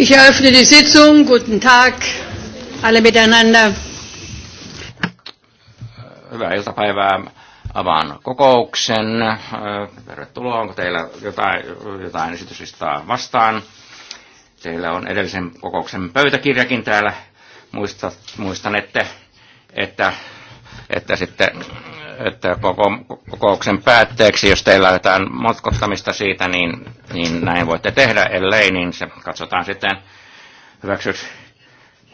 Ich eröffne die Sitzung. Guten Tag, alle miteinander. Hyvää iltapäivää. Avaan kokouksen. Äh, tervetuloa. Onko teillä jotain, jotain esityslistaa vastaan? Teillä on edellisen kokouksen pöytäkirjakin täällä. Muistat, muistan, että, että, että sitten että koko, kokouksen päätteeksi, jos teillä on jotain matkottamista siitä, niin, niin näin voitte tehdä, ellei, niin se katsotaan sitten hyväksyksi.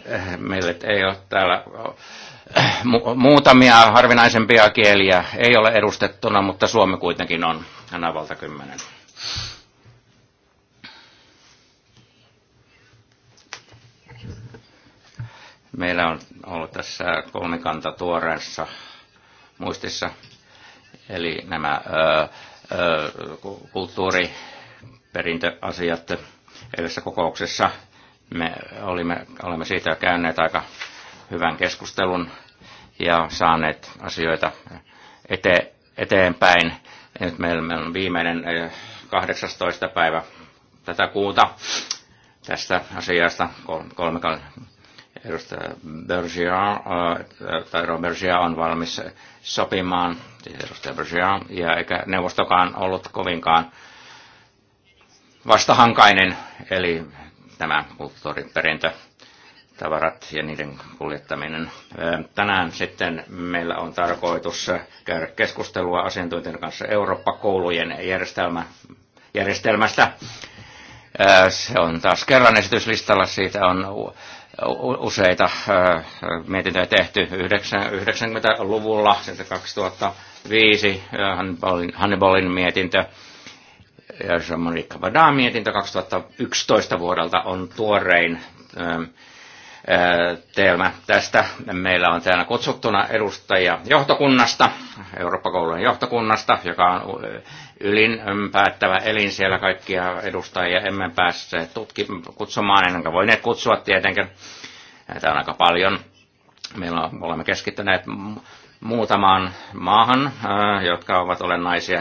Eh, meillä ei ole täällä eh, muutamia harvinaisempia kieliä ei ole edustettuna, mutta suomi kuitenkin on Navalta kymmenen. Meillä on ollut tässä kolmikanta tuoreessa muistissa. Eli nämä ö, ö, kulttuuriperintöasiat edessä kokouksessa. Me olimme, olemme siitä käyneet aika hyvän keskustelun ja saaneet asioita ete, eteenpäin. Nyt meillä on viimeinen 18. päivä tätä kuuta tästä asiasta kolme, Edustaja Bergia, äh, tai Bergia on valmis sopimaan, siis edustaja Bergia, ja eikä neuvostokaan ollut kovinkaan vastahankainen, eli tämä kulttuuriperintö tavarat ja niiden kuljettaminen. Äh, tänään sitten meillä on tarkoitus käydä keskustelua asiantuntijan kanssa Eurooppa-koulujen järjestelmä, järjestelmästä. Äh, se on taas kerran esityslistalla. Siitä on useita mietintöjä tehty 90-luvulla, sieltä 2005 Hannibalin, Hannibalin mietintö ja Jean-Marie mietintö 2011 vuodelta on tuorein teema tästä. Meillä on täällä kutsuttuna edustajia johtokunnasta, Eurooppa-koulujen johtokunnasta, joka on ylin päättävä elin siellä kaikkia edustajia. Emme päässeet tutki, kutsumaan, ennen kuin voineet kutsua tietenkin. Tämä on aika paljon. Meillä on, olemme keskittyneet muutamaan maahan, jotka ovat olennaisia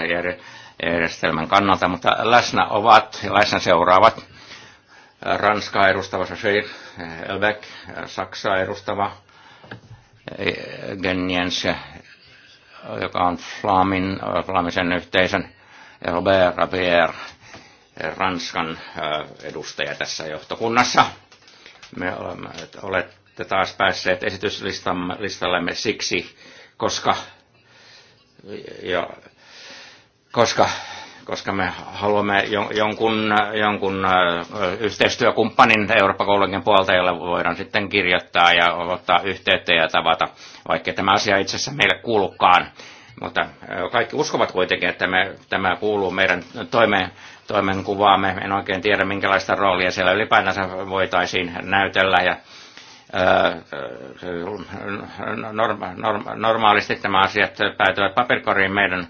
järjestelmän kannalta, mutta läsnä ovat ja läsnä seuraavat Ranskaa edustava Sachet Elbeck, Saksaa edustava eh, Genjens, joka on Flamin, eh, Flamisen yhteisön Robert Rabier, eh, Ranskan edustaja tässä johtokunnassa. Me olemme, olette taas päässeet esityslistallemme siksi, koska, ja, koska koska me haluamme jonkun, jonkun yhteistyökumppanin Euroopan koulujen puolta, jolle voidaan sitten kirjoittaa ja ottaa yhteyttä ja tavata, vaikka tämä asia itse asiassa meille kuulukaan. Mutta kaikki uskovat kuitenkin, että me, tämä kuuluu meidän toimeen, toimenkuvaamme. En oikein tiedä, minkälaista roolia siellä ylipäätänsä voitaisiin näytellä. Ja, norma, norma, normaalisti nämä asiat päätyvät paperikoriin meidän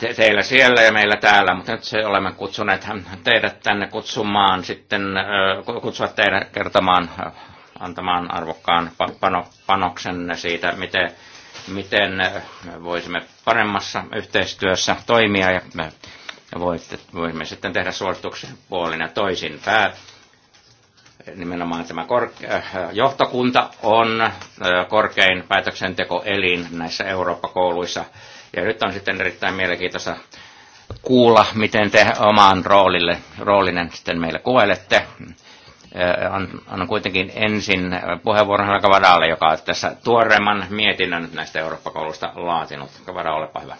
te, teillä siellä ja meillä täällä, mutta nyt se olemme kutsuneet teidät tänne kutsumaan sitten, kutsua teidät kertomaan, antamaan arvokkaan panoksenne siitä, miten, miten voisimme paremmassa yhteistyössä toimia ja me voitte, voimme sitten tehdä suosituksen puolin ja toisin pää. Nimenomaan tämä korke- johtokunta on korkein päätöksentekoelin näissä Eurooppa-kouluissa. Ja nyt on sitten erittäin mielenkiintoista kuulla, miten te omaan roolille, roolinen sitten meille kuvailette. On äh, kuitenkin ensin puheenvuoron Helka Vadalle, joka on tässä tuoreemman mietinnön näistä Eurooppa-koulusta laatinut. Vada, olepa hyvä.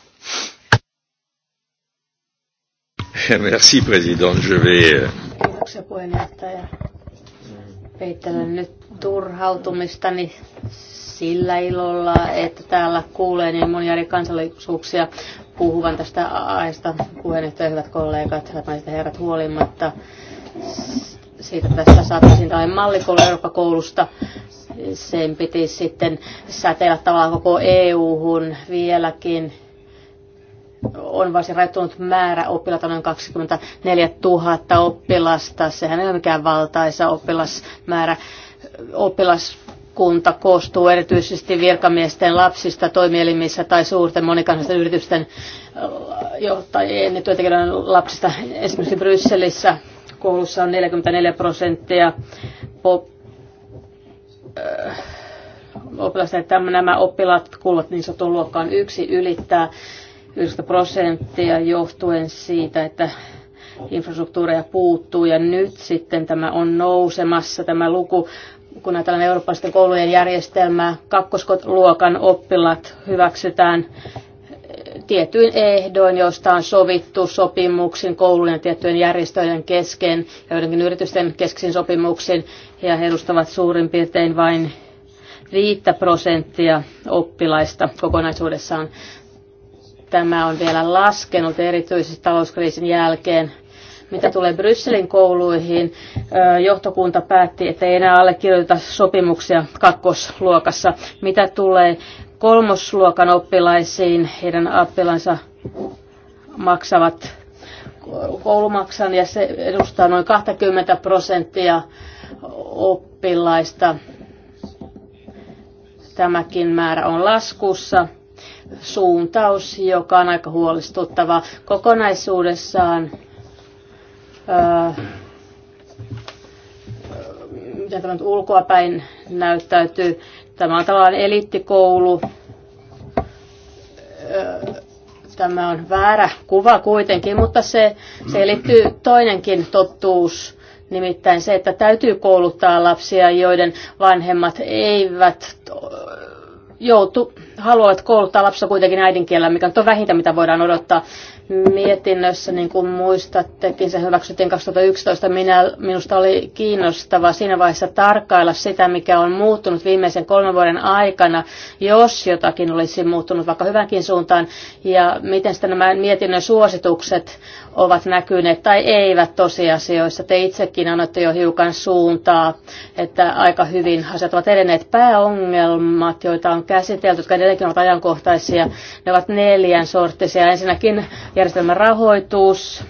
Merci, President. Je vais... Euh, Kiitoksia puheenjohtaja. Peittelen nyt turhautumistani sillä ilolla, että täällä kuulee niin monia eri kansallisuuksia puhuvan tästä aiheesta puheenjohtaja hyvät kollegat, hyvät naiset ja herrat huolimatta. Siitä tästä saataisiin tällainen mallikoulu Euroopan koulusta Sen piti sitten säteillä tavallaan koko EU-hun vieläkin on varsin rajoittunut määrä oppilaita, noin 24 000 oppilasta. Sehän ei ole mikään valtaisa oppilasmäärä. Oppilas henkilökunta koostuu erityisesti virkamiesten lapsista toimielimissä tai suurten monikansallisten yritysten äh, johtajien ja työntekijöiden lapsista. Esimerkiksi Brysselissä koulussa on 44 prosenttia äh, oppilaista, että nämä oppilaat kuuluvat niin sanotun luokkaan yksi ylittää 90 prosenttia johtuen siitä, että infrastruktuureja puuttuu ja nyt sitten tämä on nousemassa tämä luku kun ajatellaan eurooppalaisten koulujen järjestelmää, kakkosluokan oppilat hyväksytään tietyin ehdoin, joista on sovittu sopimuksin koulujen ja tiettyjen järjestöjen kesken ja joidenkin yritysten keskeisiin sopimuksiin, ja he edustavat suurin piirtein vain viittä prosenttia oppilaista kokonaisuudessaan. Tämä on vielä laskenut erityisesti talouskriisin jälkeen mitä tulee Brysselin kouluihin, johtokunta päätti, että ei enää allekirjoiteta sopimuksia kakkosluokassa. Mitä tulee kolmosluokan oppilaisiin, heidän oppilansa maksavat koulumaksan ja se edustaa noin 20 prosenttia oppilaista. Tämäkin määrä on laskussa. Suuntaus, joka on aika huolestuttava kokonaisuudessaan mitä tämä nyt ulkoapäin näyttäytyy. Tämä on tavallaan eliittikoulu. Tämä on väärä kuva kuitenkin, mutta se, se liittyy toinenkin totuus, nimittäin se, että täytyy kouluttaa lapsia, joiden vanhemmat eivät joutu, haluavat kouluttaa lapsia kuitenkin äidinkielellä, mikä on vähintä, mitä voidaan odottaa mietinnössä, niin kuin muistattekin, se hyväksyttiin 2011. Minä, minusta oli kiinnostava siinä vaiheessa tarkkailla sitä, mikä on muuttunut viimeisen kolmen vuoden aikana, jos jotakin olisi muuttunut vaikka hyvänkin suuntaan, ja miten sitten nämä mietinnön suositukset ovat näkyneet tai eivät tosiasioissa. Te itsekin annatte jo hiukan suuntaa, että aika hyvin asiat ovat edenneet. Pääongelmat, joita on käsitelty, jotka edelleenkin ovat ajankohtaisia, ne ovat neljän sorttisia. Ensinnäkin järjestelmän rahoitus,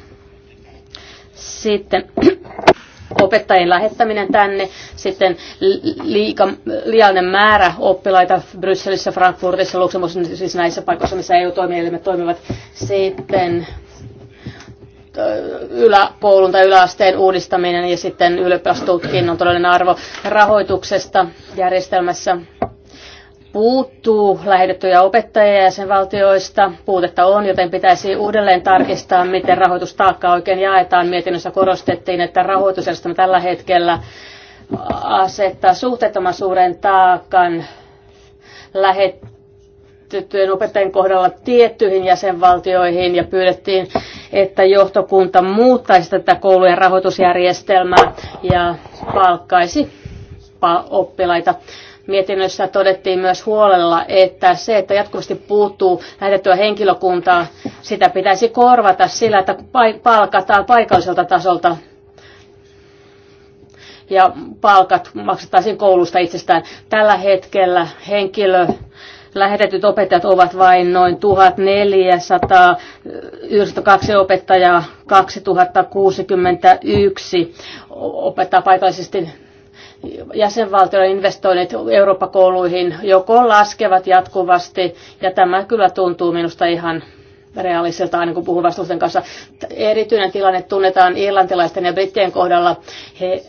sitten opettajien lähettäminen tänne, sitten liika, liiallinen määrä oppilaita Brysselissä, Frankfurtissa, Luxemburgissa, siis, siis näissä paikoissa, missä EU-toimielimet toimivat, sitten yläkoulun tai yläasteen uudistaminen ja sitten ylioppilastutkinnon todellinen arvo rahoituksesta järjestelmässä puuttuu lähetettyjä opettajia jäsenvaltioista. Puutetta on, joten pitäisi uudelleen tarkistaa, miten rahoitustaakka oikein jaetaan. Mietinnössä korostettiin, että rahoitusjärjestelmä tällä hetkellä asettaa suhteettoman suuren taakan lähetettyjen opettajien kohdalla tiettyihin jäsenvaltioihin ja pyydettiin, että johtokunta muuttaisi tätä koulujen rahoitusjärjestelmää ja palkkaisi oppilaita Mietinnössä todettiin myös huolella, että se, että jatkuvasti puuttuu lähetettyä henkilökuntaa, sitä pitäisi korvata sillä, että palkataan paikalliselta tasolta ja palkat maksettaisiin koulusta itsestään. Tällä hetkellä henkilö lähetetyt opettajat ovat vain noin 1400, 92 opettajaa 2061 opettaa paikallisesti jäsenvaltioiden investoinnit Eurooppa-kouluihin joko laskevat jatkuvasti, ja tämä kyllä tuntuu minusta ihan reaaliselta, aina kun puhun vastuusten kanssa. Erityinen tilanne tunnetaan irlantilaisten ja brittien kohdalla. He,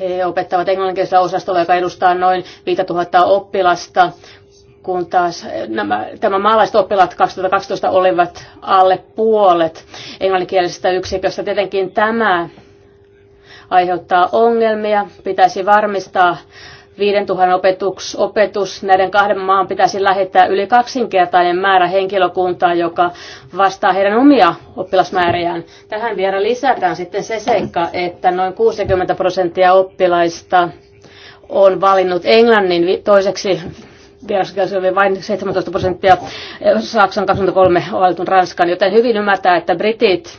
he opettavat englanninkielisellä osastolla, joka edustaa noin 5000 oppilasta kun taas nämä, tämä maalaiset oppilaat 2012 olivat alle puolet englanninkielisestä yksiköstä. Tietenkin tämä aiheuttaa ongelmia, pitäisi varmistaa 5000 opetus, opetus. Näiden kahden maan pitäisi lähettää yli kaksinkertainen määrä henkilökuntaa, joka vastaa heidän omia oppilasmääriään. Tähän vielä lisätään sitten se seikka, että noin 60 prosenttia oppilaista on valinnut englannin toiseksi oli vain 17 prosenttia, Saksan 23 valitun Ranskan, joten hyvin ymmärtää, että britit,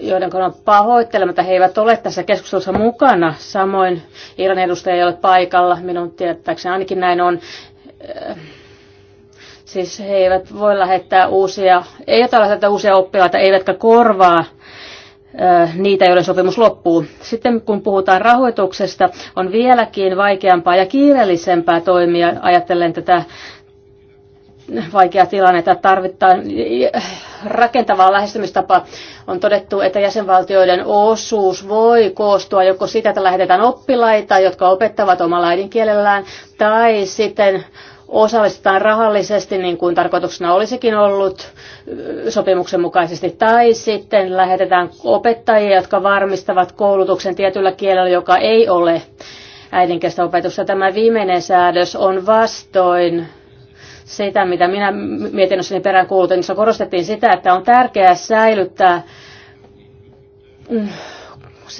joiden on pahoittelematta, he eivät ole tässä keskustelussa mukana. Samoin Iran edustaja ei ole paikalla, minun tietääkseni ainakin näin on. Äh, siis he eivät voi lähettää uusia, ei ole lähettää uusia oppilaita, eivätkä korvaa niitä, joiden sopimus loppuu. Sitten kun puhutaan rahoituksesta, on vieläkin vaikeampaa ja kiireellisempää toimia, ajattelen tätä vaikeaa tilannetta. Tarvittaan rakentavaa lähestymistapa. On todettu, että jäsenvaltioiden osuus voi koostua joko siitä, että lähetetään oppilaita, jotka opettavat omalla äidinkielellään, tai sitten osallistetaan rahallisesti, niin kuin tarkoituksena olisikin ollut sopimuksen mukaisesti, tai sitten lähetetään opettajia, jotka varmistavat koulutuksen tietyllä kielellä, joka ei ole äidinkielistä opetusta. Tämä viimeinen säädös on vastoin sitä, mitä minä mietinnössäni peräänkuulutin, jossa korostettiin sitä, että on tärkeää säilyttää mm,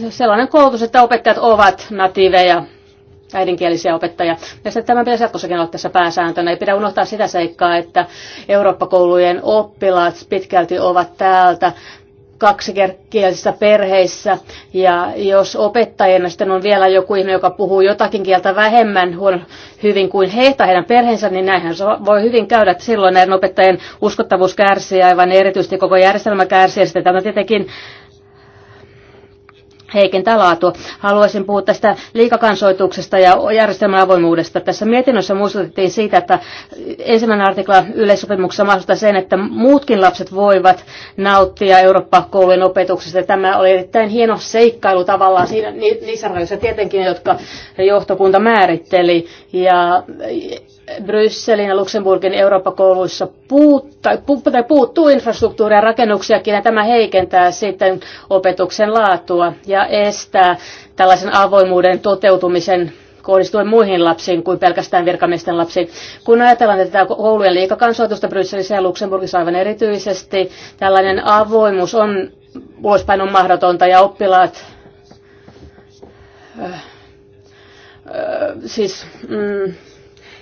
sellainen koulutus, että opettajat ovat natiiveja äidinkielisiä opettajia. Ja tämä pitäisi jatkossakin olla tässä pääsääntönä. Ei pidä unohtaa sitä seikkaa, että Eurooppa-koulujen oppilaat pitkälti ovat täältä kaksikielisissä perheissä. Ja jos opettajana sitten on vielä joku ihminen, joka puhuu jotakin kieltä vähemmän huono, hyvin kuin he tai heidän perheensä, niin näinhän se voi hyvin käydä, että silloin näiden opettajien uskottavuus kärsii, aivan erityisesti koko järjestelmä kärsii. Ja sitten tämä tietenkin heikentää laatua. Haluaisin puhua tästä liikakansoituksesta ja järjestelmän avoimuudesta. Tässä mietinnössä muistutettiin siitä, että ensimmäinen artikla yleissopimuksessa mahdollistaa sen, että muutkin lapset voivat nauttia Eurooppa-koulujen opetuksesta. Tämä oli erittäin hieno seikkailu tavallaan siinä, niissä rajoissa tietenkin, jotka johtokunta määritteli. Ja Brysselin ja Luxemburgin Eurooppa-kouluissa puutta, pu, tai puuttuu infrastruktuuria ja rakennuksiakin, ja tämä heikentää sitten opetuksen laatua ja estää tällaisen avoimuuden toteutumisen kohdistuen muihin lapsiin kuin pelkästään virkamiesten lapsiin. Kun ajatellaan että tämä koulujen liikakansoitusta Brysselissä ja Luxemburgissa aivan erityisesti, tällainen avoimuus on vuosipäin on mahdotonta ja oppilaat äh, äh, siis mm,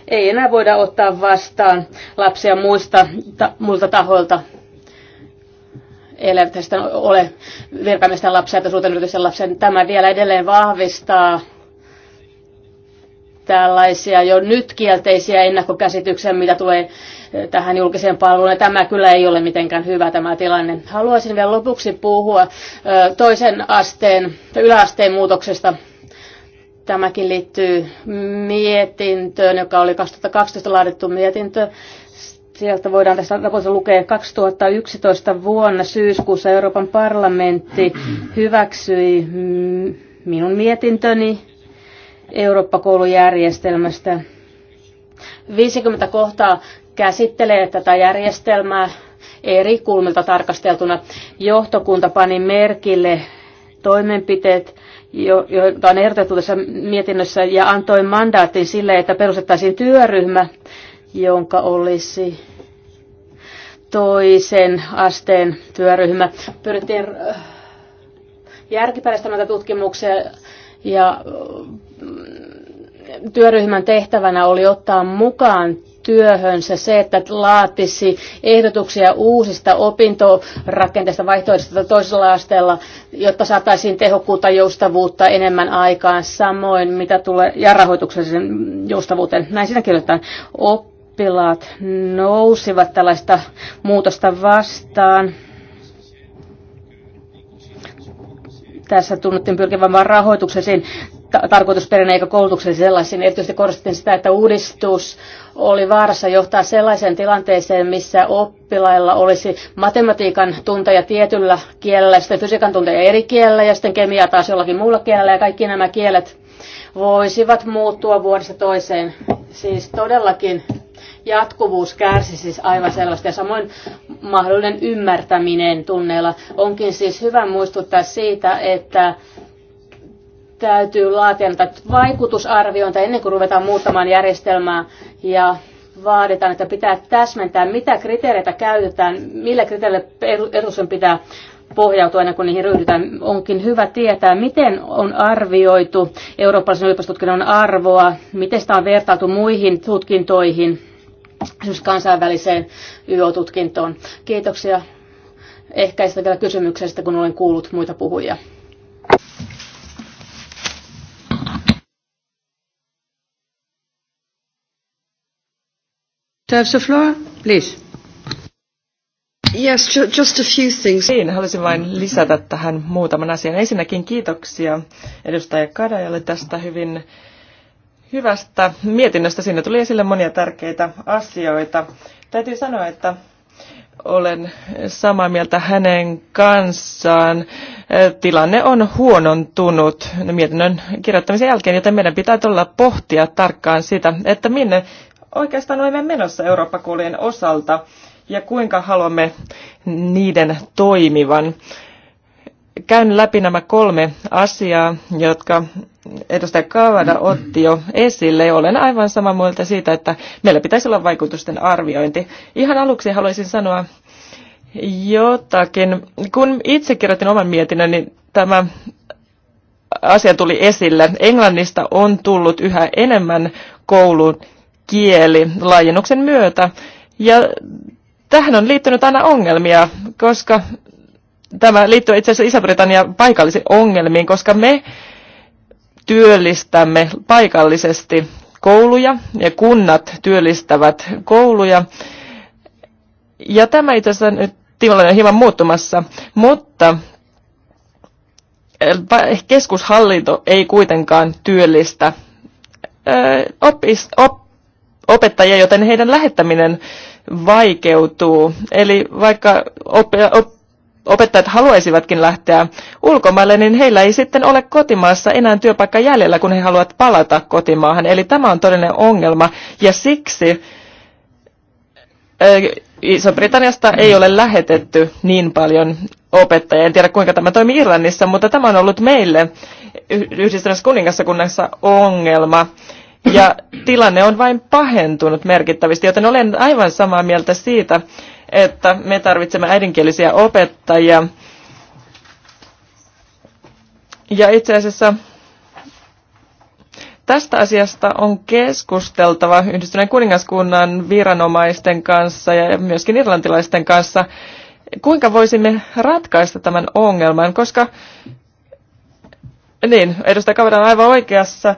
ei enää voida ottaa vastaan lapsia muista, ta, muilta tahoilta, tästä ole virkamiesten lapsia tai suurten yritysten lapsia. Niin tämä vielä edelleen vahvistaa tällaisia jo nyt kielteisiä ennakkokäsityksiä, mitä tulee eh, tähän julkiseen palveluun. Ja tämä kyllä ei ole mitenkään hyvä tämä tilanne. Haluaisin vielä lopuksi puhua eh, toisen asteen, yläasteen muutoksesta Tämäkin liittyy mietintöön, joka oli 2012 laadittu mietintö. Sieltä voidaan tässä raportissa lukea 2011 vuonna syyskuussa Euroopan parlamentti hyväksyi minun mietintöni Eurooppa-koulujärjestelmästä. 50 kohtaa käsittelee tätä järjestelmää eri kulmilta tarkasteltuna. Johtokunta pani merkille toimenpiteet, joita on ehdotettu tässä mietinnössä, ja antoi mandaatin sille, että perustettaisiin työryhmä, jonka olisi toisen asteen työryhmä. Pyrittiin äh, järkipäiväistämään tätä tutkimuksia ja mm, työryhmän tehtävänä oli ottaa mukaan työhönsä se, että laatisi ehdotuksia uusista opintorakenteista vaihtoehdosta toisella asteella, jotta saataisiin tehokkuutta joustavuutta enemmän aikaan, samoin mitä tulee ja rahoituksellisen joustavuuteen. Näin siinä kirjoitetaan. Oppilaat nousivat tällaista muutosta vastaan. Tässä tunnuttiin pyrkivän vain rahoituksesiin tarkoitusperinä eikä koulutuksen sellaisiin. Erityisesti korostin sitä, että uudistus oli vaarassa johtaa sellaiseen tilanteeseen, missä oppilailla olisi matematiikan tunteja tietyllä kielellä, sitten fysiikan tunteja eri kielellä ja sitten kemiaa taas jollakin muulla kielellä ja kaikki nämä kielet voisivat muuttua vuodesta toiseen. Siis todellakin jatkuvuus kärsi siis aivan selvästi ja samoin mahdollinen ymmärtäminen tunneilla. Onkin siis hyvä muistuttaa siitä, että täytyy laatia vaikutusarviointa ennen kuin ruvetaan muuttamaan järjestelmää ja vaaditaan, että pitää täsmentää, mitä kriteereitä käytetään, millä kriteereillä edustuksen pitää pohjautua aina kun niihin ryhdytään. Onkin hyvä tietää, miten on arvioitu eurooppalaisen yliopistotutkinnon arvoa, miten sitä on vertailtu muihin tutkintoihin, siis kansainväliseen YO-tutkintoon. Kiitoksia ehkäistä vielä kysymyksestä, kun olen kuullut muita puhujia. to floor, please. Yes, ju- just a few things. Niin, halusin vain lisätä tähän muutaman asian. Ensinnäkin kiitoksia edustaja Kadajalle tästä hyvin hyvästä mietinnöstä. Siinä tuli esille monia tärkeitä asioita. Täytyy sanoa, että olen samaa mieltä hänen kanssaan. Tilanne on huonontunut mietinnön kirjoittamisen jälkeen, joten meidän pitää todella pohtia tarkkaan sitä, että minne oikeastaan olemme menossa eurooppa osalta ja kuinka haluamme niiden toimivan. Käyn läpi nämä kolme asiaa, jotka edustaja Kaavada otti jo esille. Olen aivan samaa mieltä siitä, että meillä pitäisi olla vaikutusten arviointi. Ihan aluksi haluaisin sanoa jotakin. Kun itse kirjoitin oman mietinnön, niin tämä asia tuli esille. Englannista on tullut yhä enemmän koulun kieli laajennuksen myötä. Ja tähän on liittynyt aina ongelmia, koska tämä liittyy itse asiassa iso britannia paikallisiin ongelmiin, koska me työllistämme paikallisesti kouluja ja kunnat työllistävät kouluja. Ja tämä itse asiassa nyt tilanne on hieman muuttumassa, mutta eh, eh, keskushallinto ei kuitenkaan työllistä. Eh, opis, op, opettajia, joten heidän lähettäminen vaikeutuu. Eli vaikka opettajat haluaisivatkin lähteä ulkomaille, niin heillä ei sitten ole kotimaassa enää työpaikka jäljellä, kun he haluavat palata kotimaahan. Eli tämä on todellinen ongelma ja siksi Iso-Britanniasta ei ole lähetetty niin paljon opettajia. En tiedä kuinka tämä toimii Irlannissa, mutta tämä on ollut meille yhdistyneessä kunnassa ongelma ja tilanne on vain pahentunut merkittävästi, joten olen aivan samaa mieltä siitä, että me tarvitsemme äidinkielisiä opettajia. Ja itse asiassa Tästä asiasta on keskusteltava Yhdistyneen kuningaskunnan viranomaisten kanssa ja myöskin irlantilaisten kanssa, kuinka voisimme ratkaista tämän ongelman, koska niin, edustaja Kavada on aivan oikeassa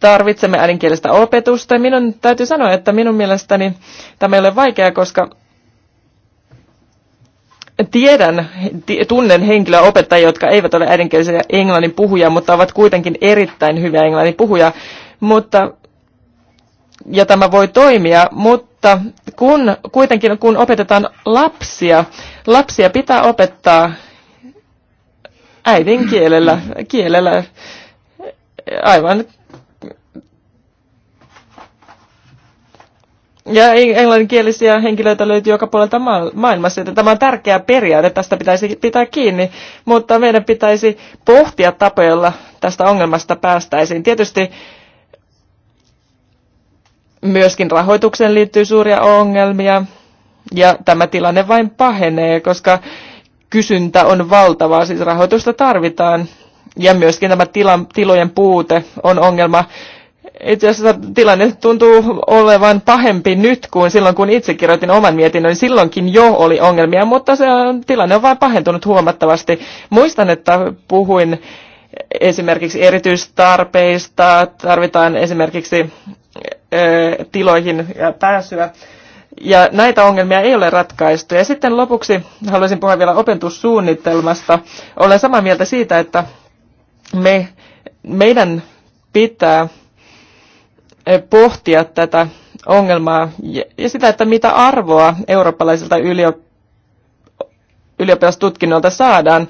tarvitsemme äidinkielistä opetusta. Minun täytyy sanoa, että minun mielestäni tämä ei ole vaikeaa, koska tiedän, tunnen henkilöä opettajia, jotka eivät ole äidinkielisiä englannin puhuja, mutta ovat kuitenkin erittäin hyviä englannin puhuja. Mutta, ja tämä voi toimia, mutta kun, kuitenkin kun opetetaan lapsia, lapsia pitää opettaa äidinkielellä, kielellä aivan Ja englanninkielisiä henkilöitä löytyy joka puolelta maailmassa, että tämä on tärkeä periaate, tästä pitäisi pitää kiinni, mutta meidän pitäisi pohtia tapoja, joilla tästä ongelmasta päästäisiin. Tietysti myöskin rahoitukseen liittyy suuria ongelmia, ja tämä tilanne vain pahenee, koska kysyntä on valtavaa, siis rahoitusta tarvitaan. Ja myöskin tämä tila, tilojen puute on ongelma itse asiassa tilanne tuntuu olevan pahempi nyt kuin silloin, kun itse kirjoitin oman mietinnön. Silloinkin jo oli ongelmia, mutta se on, tilanne on vain pahentunut huomattavasti. Muistan, että puhuin esimerkiksi erityistarpeista, tarvitaan esimerkiksi ö, tiloihin ja pääsyä. Ja näitä ongelmia ei ole ratkaistu. Ja sitten lopuksi haluaisin puhua vielä opetussuunnitelmasta. Olen samaa mieltä siitä, että me, meidän pitää pohtia tätä ongelmaa ja sitä, että mitä arvoa eurooppalaisilta ylioppilastutkinnolta saadaan.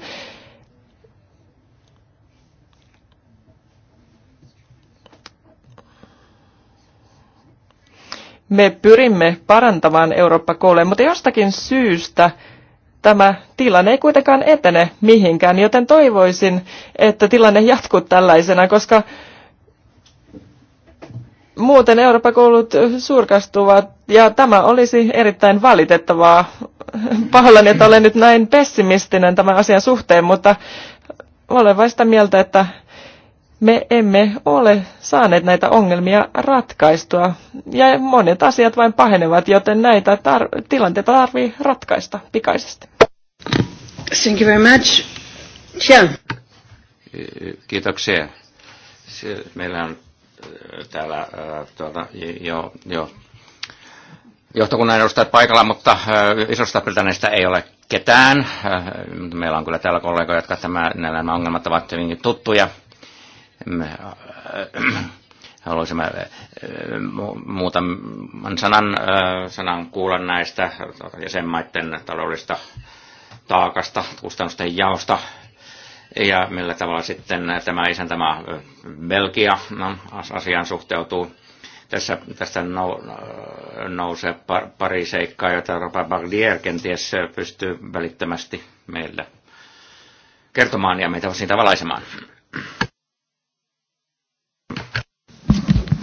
Me pyrimme parantamaan Eurooppa kouluja, mutta jostakin syystä tämä tilanne ei kuitenkaan etene mihinkään, joten toivoisin, että tilanne jatkuu tällaisena, koska Muuten Euroopan koulut surkastuvat ja tämä olisi erittäin valitettavaa. Pahoillani, että olen nyt näin pessimistinen tämän asian suhteen, mutta olen vain sitä mieltä, että me emme ole saaneet näitä ongelmia ratkaistua ja monet asiat vain pahenevat, joten näitä tar- tilanteita tarvii ratkaista pikaisesti. Thank you very much. Yeah. Kiitoksia. Meillä on täällä tuota, jo, jo johtokunnan edustajat paikalla, mutta isosta Britanniasta ei ole ketään. Meillä on kyllä täällä kollegoja, jotka tämä, nämä ongelmat ovat hyvinkin tuttuja. Me haluaisimme muutaman sanan, sanan kuulla näistä jäsenmaiden taloudellista taakasta, kustannusten jaosta ja millä tavalla sitten tämä isäntämä Belgia no, asiaan suhteutuu. Tässä, tästä nou, nousee pari seikkaa, joita Robert Bardier kenties pystyy välittömästi meille kertomaan ja meitä siitä valaisemaan.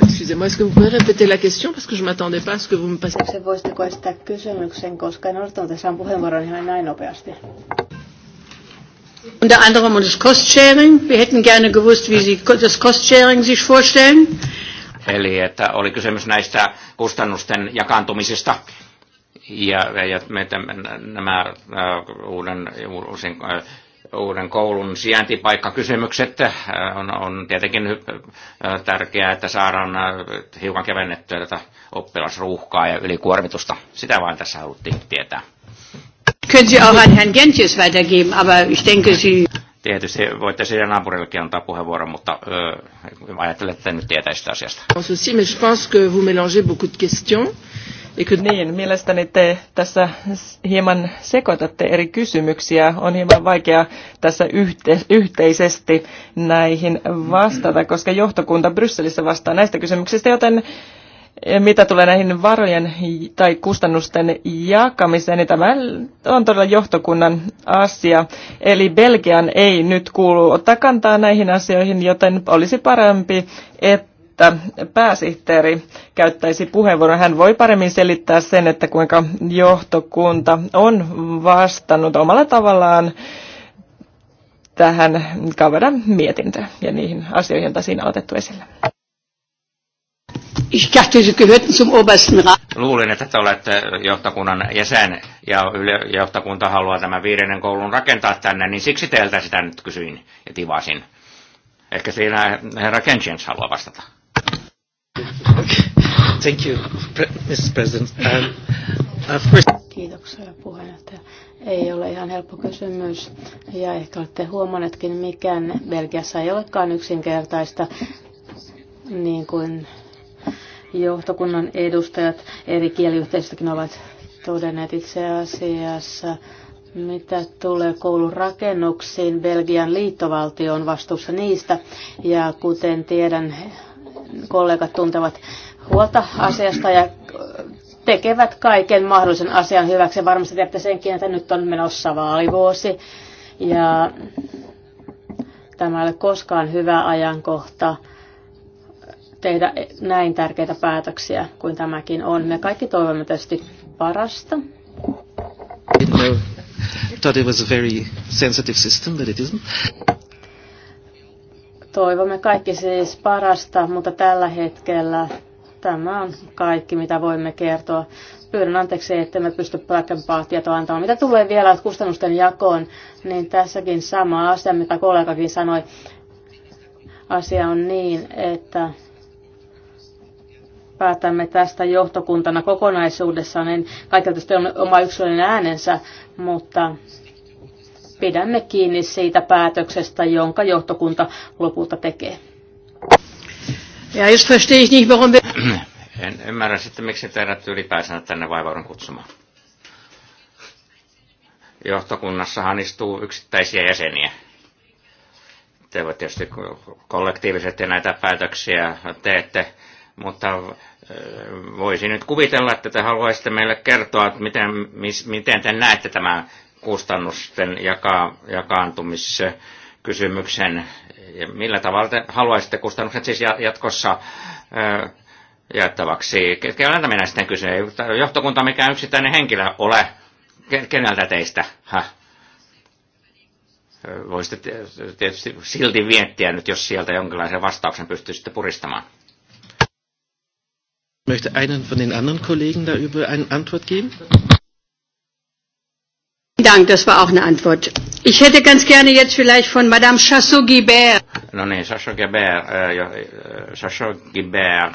Excusez-moi, est-ce que vous pouvez répéter la question parce que je m'attendais pas à ce que vous me passiez. Voisitteko esittää kysymyksen, koska en odottanut, että saan puheenvuoron ihan näin nopeasti unter anderem um das Cost-Sharing. Wir hätten gerne gewusst, wie Sie das Cost-Sharing sich vorstellen. Eli että oli kysymys näistä kustannusten jakaantumisesta. Ja, ja me, nämä uh, uuden, uusin, uh, uuden koulun sijaintipaikkakysymykset äh, on, on tietenkin tärkeää, että saadaan hiukan kevennettyä tätä oppilasruuhkaa ja ylikuormitusta. Sitä vain tässä haluttiin tietää können Sie auch an Herrn Gentjes weitergeben, aber ich denke, Sie... Tietysti voitte siihen naapurillekin antaa puheenvuoron, mutta öö, ajattelen, että en nyt tietäisitte asiasta. Niin, mielestäni te tässä hieman sekoitatte eri kysymyksiä. On hieman vaikea tässä yhte, yhteisesti näihin vastata, koska johtokunta Brysselissä vastaa näistä kysymyksistä, joten mitä tulee näihin varojen tai kustannusten jakamiseen, niin tämä on todella johtokunnan asia. Eli Belgian ei nyt kuulu ottaa kantaa näihin asioihin, joten olisi parempi, että pääsihteeri käyttäisi puheenvuoron. Hän voi paremmin selittää sen, että kuinka johtokunta on vastannut omalla tavallaan tähän Kaveran mietintöön ja niihin asioihin, joita siinä on otettu esille. Ich dachte, Sie gehörten zum obersten Rat. Luulin, että te olette johtokunnan jäsen ja johtakunta johtokunta haluaa tämän viidennen koulun rakentaa tänne, niin siksi teiltä sitä nyt kysyin ja tivasin. Ehkä siinä herra Kenchens haluaa vastata. Thank you, Mr. President. Um, of uh, course... Kiitoksia puheenjohtaja. Ei ole ihan helppo kysymys ja ehkä olette huomanneetkin, mikään Belgiassa ei olekaan yksinkertaista niin kuin johtokunnan edustajat eri kieliyhteisöistäkin ovat todenneet itse asiassa. Mitä tulee koulun rakennuksiin, Belgian liittovaltio on vastuussa niistä ja kuten tiedän, kollegat tuntevat huolta asiasta ja tekevät kaiken mahdollisen asian hyväksi. Varmasti tiedätte senkin, että nyt on menossa vaalivuosi ja tämä ei ole koskaan hyvä ajankohta tehdä näin tärkeitä päätöksiä kuin tämäkin on. Me kaikki toivomme tietysti parasta. Toivomme kaikki siis parasta, mutta tällä hetkellä tämä on kaikki, mitä voimme kertoa. Pyydän anteeksi, että me pysty parempaa tietoa antamaan. Mitä tulee vielä kustannusten jakoon, niin tässäkin sama asia, mitä kollegakin sanoi. Asia on niin, että päätämme tästä johtokuntana kokonaisuudessaan, niin kaikilta tietysti on oma yksilöllinen äänensä, mutta pidämme kiinni siitä päätöksestä, jonka johtokunta lopulta tekee. Ja jos verstehe nicht, warum En ymmärrä sitten, miksi teidät ylipäänsä tänne vaivaudun kutsumaan. Johtokunnassahan istuu yksittäisiä jäseniä. Te voitte tietysti kollektiivisesti näitä päätöksiä teette, mutta Voisin nyt kuvitella, että te haluaisitte meille kertoa, että miten, mis, miten te näette tämän kustannusten jaka, jakaantumiskysymyksen ja millä tavalla te haluaisitte kustannukset siis jatkossa jaettavaksi. Keneltä minä sitten kysyn? johtokunta mikä yksittäinen henkilö ole. Keneltä teistä? Häh? Voisitte tietysti silti viettiä nyt, jos sieltä jonkinlaisen vastauksen pystyisitte puristamaan möchte einen von den anderen Kollegen darüber eine Antwort geben. Vielen Dank, das war auch eine Antwort. Ich hätte ganz gerne jetzt vielleicht von Madame Chassot-Guibert. Non, non, niin, Chassot-Guibert, äh, äh Chassot-Guibert.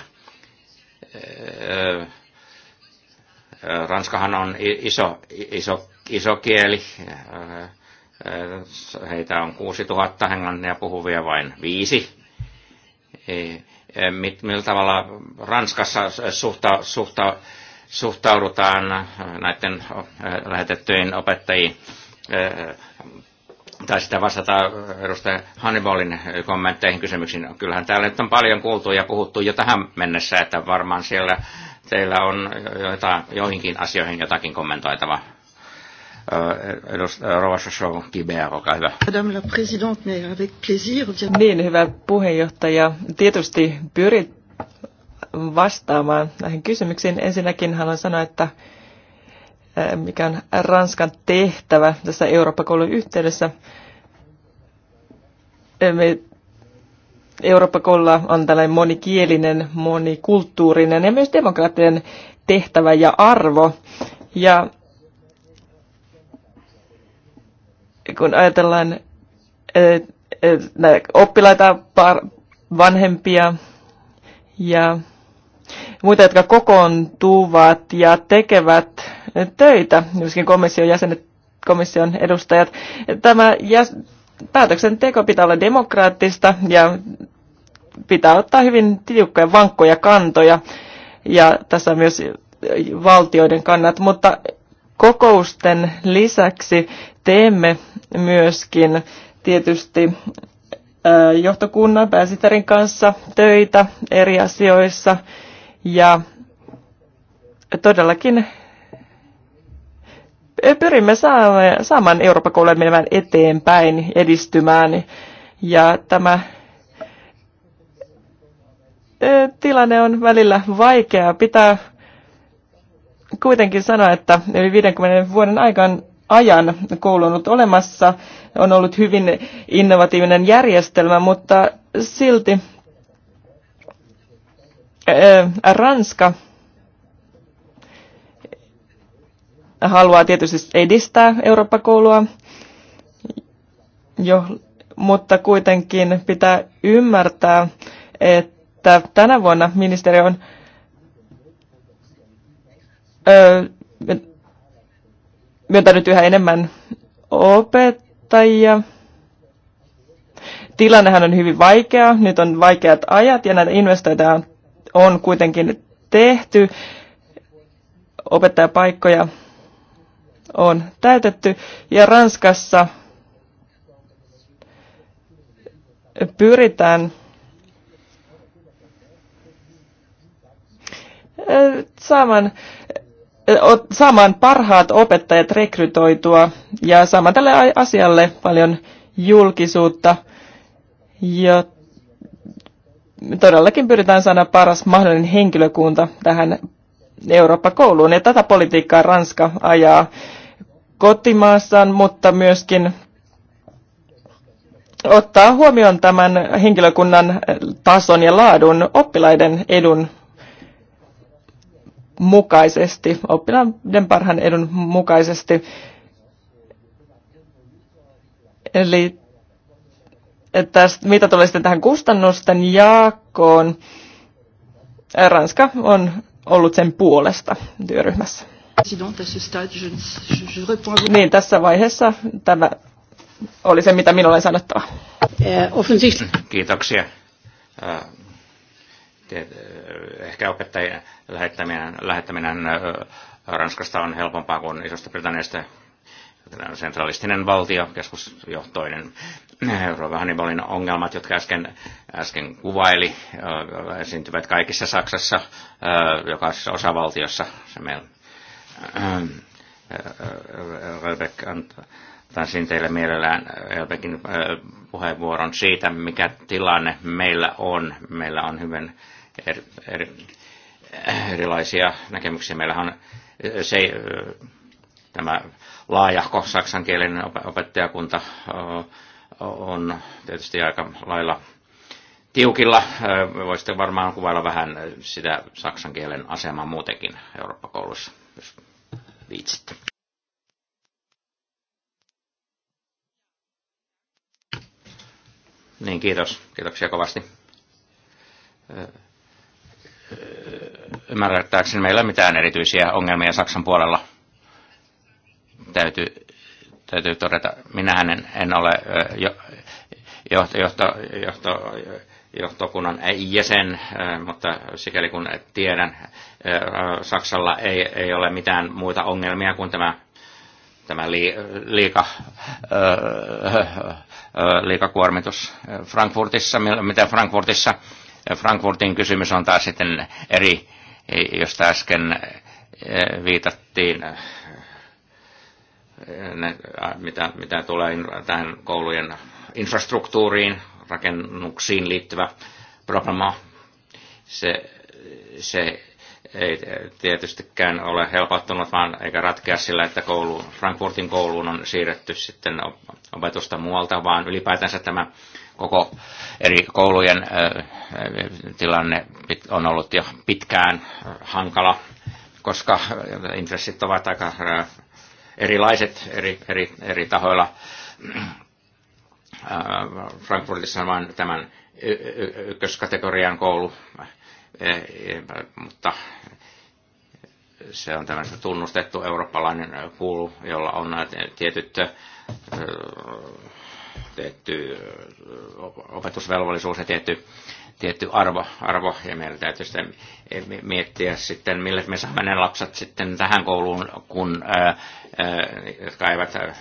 Äh, äh, Ranskahan on iso, iso, iso kieli. Äh, heitä on 6000 englantia puhuvia vain viisi. Ei, Eh, millä tavalla Ranskassa suhta, suhta, suhtaudutaan näiden eh, lähetettyjen opettajiin eh, tai sitä vastata edustaja Hannibalin kommentteihin, kysymyksiin. Kyllähän täällä nyt on paljon kuultu ja puhuttu jo tähän mennessä, että varmaan siellä teillä on joita, joihinkin asioihin jotakin kommentoitavaa. Eh, eh, Madame la présidente, mais avec plaisir. Niin, hyvä puheenjohtaja. Tietysti pyrit vastaamaan näihin kysymyksiin. Ensinnäkin haluan sanoa, että eh, mikä on Ranskan tehtävä tässä Eurooppa-koulun yhteydessä. Me Eurooppa-koululla on tällainen monikielinen, monikulttuurinen ja myös demokraattinen tehtävä ja arvo. Ja kun ajatellaan oppilaita, vanhempia ja muita, jotka kokoontuvat ja tekevät töitä, myöskin komission jäsenet, komission edustajat. Tämä jäs, päätöksenteko pitää olla demokraattista ja pitää ottaa hyvin tiukkoja, vankkoja kantoja ja tässä on myös valtioiden kannat, mutta kokousten lisäksi teemme myöskin tietysti johtokunnan pääsitärin kanssa töitä eri asioissa ja todellakin pyrimme saamaan Euroopan koulujen menemään eteenpäin, edistymään ja tämä tilanne on välillä vaikea. Pitää kuitenkin sanoa, että yli 50 vuoden aikaan ajan koulunut olemassa, on ollut hyvin innovatiivinen järjestelmä, mutta silti äh, Ranska haluaa tietysti edistää Eurooppa-koulua, jo, mutta kuitenkin pitää ymmärtää, että tänä vuonna ministeri on äh, myöntänyt yhä enemmän opettajia. Tilannehan on hyvin vaikea, nyt on vaikeat ajat ja näitä investointeja on kuitenkin tehty. Opettajapaikkoja on täytetty ja Ranskassa pyritään äh, saamaan saamaan parhaat opettajat rekrytoitua ja saamaan tälle asialle paljon julkisuutta. Ja todellakin pyritään saada paras mahdollinen henkilökunta tähän Eurooppa-kouluun. Ja tätä politiikkaa Ranska ajaa kotimaassaan, mutta myöskin ottaa huomioon tämän henkilökunnan tason ja laadun oppilaiden edun mukaisesti, oppilaiden parhaan edun mukaisesti. Eli että mitä tulee sitten tähän kustannusten jaakoon, Ranska on ollut sen puolesta työryhmässä. Niin, tässä vaiheessa tämä oli se, mitä minulla oli sanottava. Eh, Kiitoksia ehkä opettajien lähettäminen, lähettäminen Ranskasta on helpompaa kuin Isosta Britanniasta sentralistinen valtio, keskusjohtoinen Euroopan Hannibalin ongelmat, jotka äsken, äsken kuvaili, esiintyvät kaikissa Saksassa, jokaisessa osavaltiossa. Se meillä Röbeck antaisin teille mielellään Elbekin puheenvuoron siitä, mikä tilanne meillä on. Meillä on hyvin er, er, erilaisia näkemyksiä. Meillähän on se, tämä laajahko saksankielinen opettajakunta on tietysti aika lailla tiukilla. Voisitte varmaan kuvailla vähän sitä saksan kielen asemaa muutenkin Eurooppa-koulussa, jos viitsitte. Niin, kiitos. Kiitoksia kovasti ymmärrettääkseni meillä mitään erityisiä ongelmia Saksan puolella. Täytyy, täytyy todeta, minähän en, en ole jo, johto, johto, johtokunnan jäsen, mutta sikäli kun tiedän, Saksalla ei, ei ole mitään muita ongelmia kuin tämä, tämä liika, liikakuormitus Frankfurtissa, mitä Frankfurtissa Frankfurtin kysymys on taas sitten eri, josta äsken eh, viitattiin, eh, mitä, mitä tulee tähän koulujen infrastruktuuriin, rakennuksiin liittyvä problema. Se, se ei tietystikään ole helpottunut, vaan eikä ratkea sillä, että koulu, Frankfurtin kouluun on siirretty sitten opetusta muualta, vaan ylipäätänsä tämä koko eri koulujen tilanne on ollut jo pitkään hankala, koska intressit ovat aika erilaiset eri, eri, eri tahoilla. Frankfurtissa on tämän ykköskategorian koulu, e, mutta se on tämmöinen tunnustettu eurooppalainen kuulu, jolla on tietyt tietty opetusvelvollisuus ja tietty, tietty arvo, arvo, ja meillä täytyy sitten e, miettiä sitten, millä me saamme ne lapset sitten tähän kouluun, kun, ää, ää, jotka eivät ää,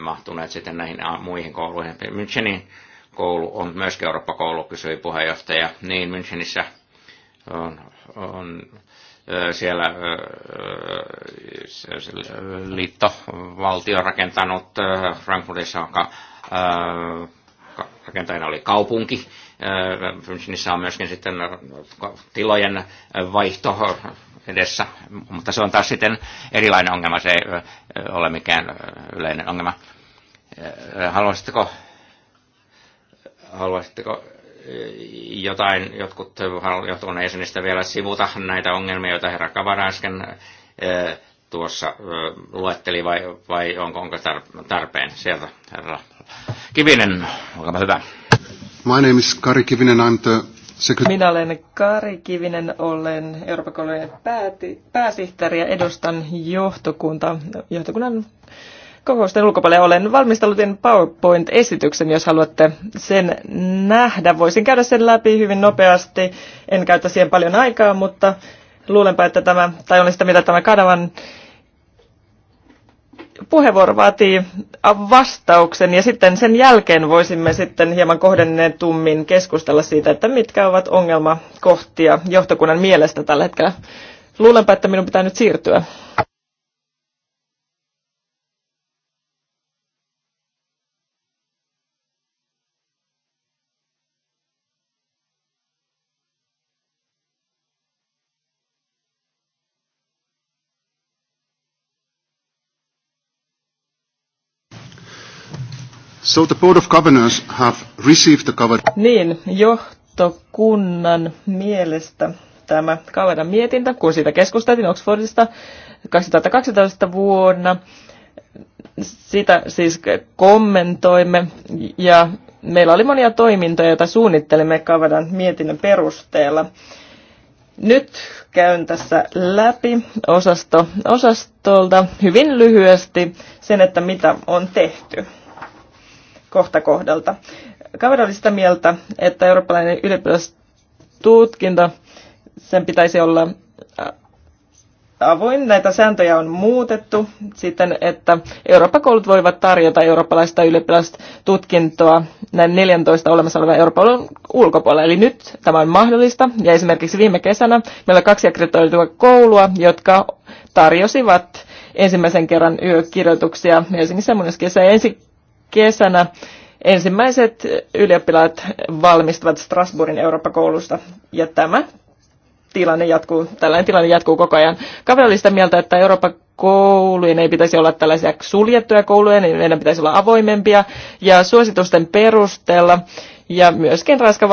mahtuneet sitten näihin muihin kouluihin. Münchenin koulu on myöskin Eurooppa-koulu, kysyi puheenjohtaja. Niin, Münchenissä on, on siellä liittovaltio rakentanut Frankfurtissa rakentajana oli kaupunki. Niissä on myöskin sitten tilojen vaihto edessä, mutta se on taas sitten erilainen ongelma, se ei ole mikään yleinen ongelma. Haluaisitteko, haluaisitteko jotain, jotkut johtuvan jäsenistä vielä sivuta näitä ongelmia, joita herra Kavara äsken tuossa luetteli, vai, vai onko, onko tarpeen sieltä, herra Kivinen, olkaa hyvä. My name is Kari Kivinen, I'm the secretary. Minä olen Kari Kivinen, olen Euroopan kolonien pääsihteeri ja edustan johtokunta, johtokunnan kokousten ulkopuolella. Olen valmistellut PowerPoint-esityksen, jos haluatte sen nähdä. Voisin käydä sen läpi hyvin nopeasti. En käytä siihen paljon aikaa, mutta luulenpa, että tämä, tai olen sitä mitä tämä kanavan puheenvuoro vaatii vastauksen ja sitten sen jälkeen voisimme sitten hieman kohdennetummin keskustella siitä, että mitkä ovat ongelmakohtia johtokunnan mielestä tällä hetkellä. Luulenpa, että minun pitää nyt siirtyä. So the Board of Governors have received the cover... Niin, johtokunnan mielestä tämä Kavadan mietintä, kun siitä keskusteltiin Oxfordista 2012 vuonna. Sitä siis kommentoimme ja meillä oli monia toimintoja, joita suunnittelimme Kavadan mietinnön perusteella. Nyt käyn tässä läpi osasto, osastolta hyvin lyhyesti sen, että mitä on tehty kohta kohdalta. Kavada oli sitä mieltä, että eurooppalainen ylioppilastutkinto, sen pitäisi olla äh, avoin. Näitä sääntöjä on muutettu siten, että Eurooppa-koulut voivat tarjota eurooppalaista ylioppilastutkintoa näin 14 olemassa olevan Euroopan ulkopuolella. Eli nyt tämä on mahdollista. Ja esimerkiksi viime kesänä meillä on kaksi akkreditoitua koulua, jotka tarjosivat ensimmäisen kerran yökirjoituksia, Helsingissä ja monessa kesä. Ensi kesänä ensimmäiset ylioppilaat valmistuvat Strasbourgin Eurooppa-koulusta. Ja tämä tilanne jatkuu, tällainen tilanne jatkuu koko ajan. Kaveri oli sitä mieltä, että Euroopan koulujen ei pitäisi olla tällaisia suljettuja kouluja, niin meidän pitäisi olla avoimempia. Ja suositusten perusteella ja myöskin Ranskan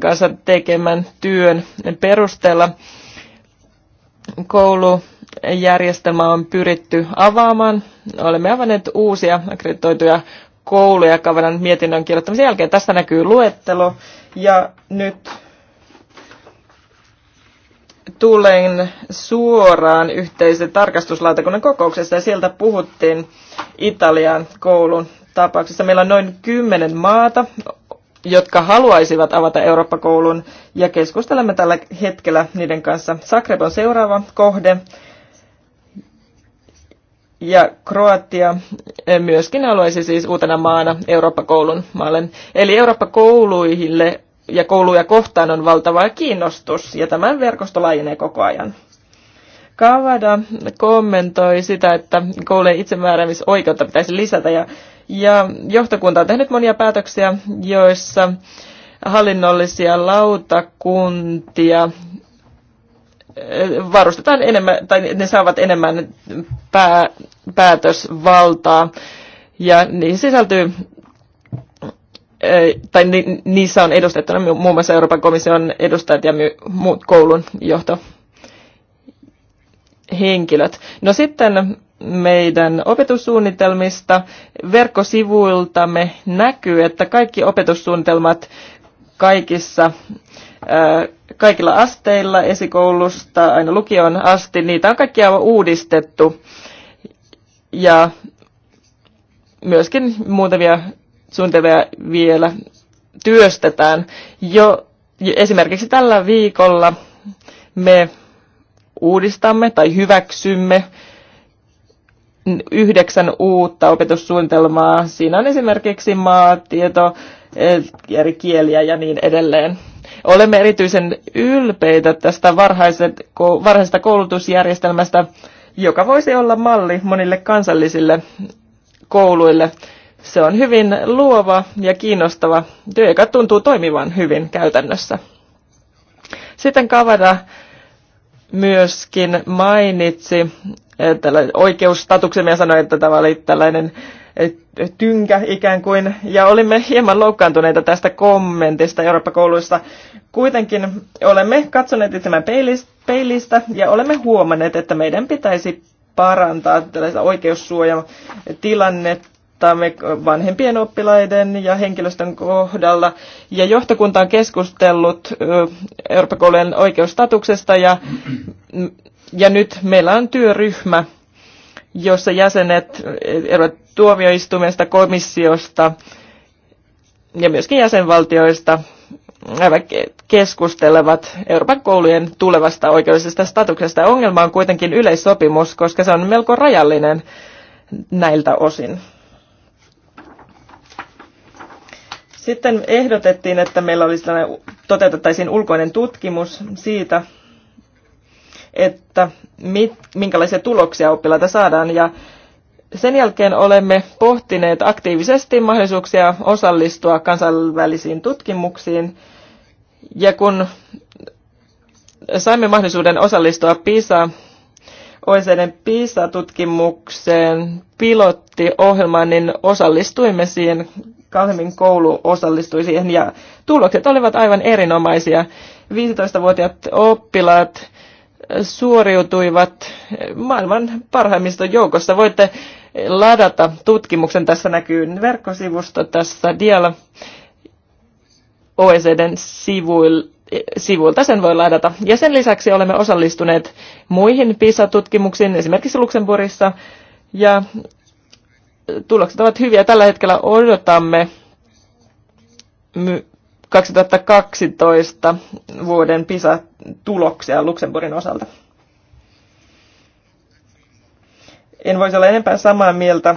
kanssa tekemän työn perusteella koulu järjestelmä on pyritty avaamaan. Olemme avanneet uusia akkreditoituja kouluja Kavanan mietinnön kirjoittamisen jälkeen. Tästä näkyy luettelo ja nyt tulen suoraan yhteisen tarkastuslautakunnan kokouksesta ja sieltä puhuttiin Italian koulun tapauksessa. Meillä on noin kymmenen maata, jotka haluaisivat avata Eurooppa-koulun ja keskustelemme tällä hetkellä niiden kanssa. Zagreb on seuraava kohde ja Kroatia eh, myöskin haluaisi siis uutena maana Eurooppa-koulun maalle. Eli Eurooppa-kouluille ja kouluja kohtaan on valtavaa kiinnostus ja tämän verkosto laajenee koko ajan. Kavada kommentoi sitä, että koulujen itsemääräämisoikeutta pitäisi lisätä ja, ja johtokunta on tehnyt monia päätöksiä, joissa hallinnollisia lautakuntia eh, varustetaan enemmän, tai ne saavat enemmän pää, päätösvaltaa. Ja niihin sisältyy tai ni, niissä on edustettuna muun muassa Euroopan komission edustajat ja muut koulun johto henkilöt. No sitten meidän opetussuunnitelmista verkkosivuiltamme näkyy, että kaikki opetussuunnitelmat kaikissa, kaikilla asteilla, esikoulusta aina lukion asti, niitä on kaikkia uudistettu ja myöskin muutamia suunnitelmia vielä työstetään. Jo esimerkiksi tällä viikolla me uudistamme tai hyväksymme yhdeksän uutta opetussuunnitelmaa. Siinä on esimerkiksi maatieto, eri kieliä ja niin edelleen. Olemme erityisen ylpeitä tästä varhaisesta koulutusjärjestelmästä, joka voisi olla malli monille kansallisille kouluille. Se on hyvin luova ja kiinnostava työ, joka tuntuu toimivan hyvin käytännössä. Sitten Kavada myöskin mainitsi tällä oikeusstatuksen ja sanoi, että tämä oli tällainen tynkä ikään kuin, ja olimme hieman loukkaantuneita tästä kommentista Eurooppa-kouluista. Kuitenkin olemme katsoneet itsemme peilistä ja olemme huomanneet, että meidän pitäisi parantaa tällaista oikeussuojatilannetta vanhempien oppilaiden ja henkilöstön kohdalla. Ja johtokunta on keskustellut eurooppa koulujen oikeustatuksesta ja, ja nyt meillä on työryhmä, jossa jäsenet eroavat tuomioistuimesta, komissiosta ja myöskin jäsenvaltioista keskustelevat Euroopan koulujen tulevasta oikeudellisesta statuksesta. Ongelma on kuitenkin yleissopimus, koska se on melko rajallinen näiltä osin. Sitten ehdotettiin, että meillä olisi toteutettaisiin ulkoinen tutkimus siitä, että mit, minkälaisia tuloksia oppilaita saadaan. Ja sen jälkeen olemme pohtineet aktiivisesti mahdollisuuksia osallistua kansainvälisiin tutkimuksiin. Ja kun saimme mahdollisuuden osallistua PISA, OECDn PISA-tutkimukseen pilottiohjelmaan, niin osallistuimme siihen. Kalhemin koulu osallistui siihen ja tulokset olivat aivan erinomaisia. 15-vuotiaat oppilaat suoriutuivat maailman parhaimmista joukosta. Voitte ladata tutkimuksen. Tässä näkyy verkkosivusto tässä Dial OECDn sivuilta. Sen voi ladata. Ja sen lisäksi olemme osallistuneet muihin PISA-tutkimuksiin, esimerkiksi Luxemburgissa. Ja tulokset ovat hyviä. Tällä hetkellä odotamme 2012 vuoden PISA-tuloksia Luxemburgin osalta. En voisi olla enempää samaa mieltä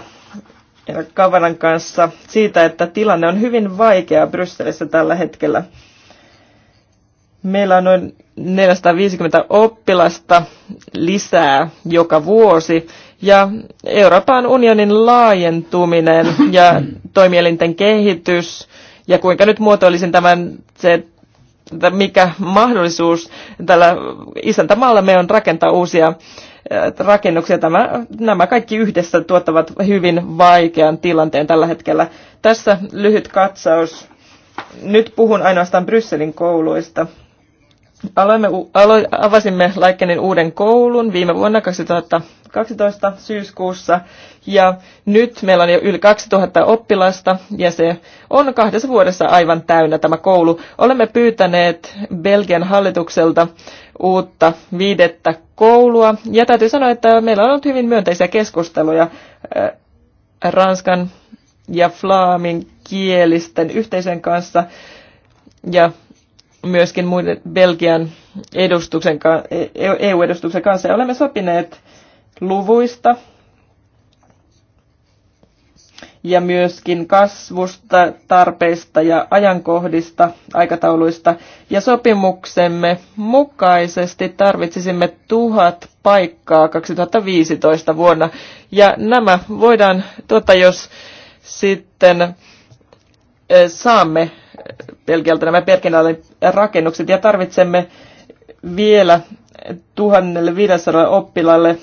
Kavanan kanssa siitä, että tilanne on hyvin vaikea Brysselissä tällä hetkellä. Meillä on noin 450 oppilasta lisää joka vuosi ja Euroopan unionin laajentuminen ja toimielinten kehitys – ja kuinka nyt muotoilisin tämän, se, että mikä mahdollisuus tällä isäntämaalla me on rakentaa uusia äh, rakennuksia. Tämä, nämä kaikki yhdessä tuottavat hyvin vaikean tilanteen tällä hetkellä. Tässä lyhyt katsaus. Nyt puhun ainoastaan Brysselin kouluista. Aloimme, alo, avasimme Laikkenin uuden koulun viime vuonna 2012 syyskuussa ja nyt meillä on jo yli 2000 oppilasta ja se on kahdessa vuodessa aivan täynnä tämä koulu. Olemme pyytäneet Belgian hallitukselta uutta viidettä koulua ja täytyy sanoa, että meillä on ollut hyvin myönteisiä keskusteluja äh, Ranskan ja Flaamin kielisten yhteisen kanssa ja myöskin muiden Belgian edustuksen, EU-edustuksen e- e kanssa ja olemme sopineet luvuista ja myöskin kasvusta, tarpeista ja ajankohdista, aikatauluista. Ja sopimuksemme mukaisesti tarvitsisimme tuhat paikkaa 2015 vuonna. Ja nämä voidaan, tuota, jos sitten e, saamme Belgialta nämä Perkenaalin rakennukset ja tarvitsemme vielä 1500 oppilaalle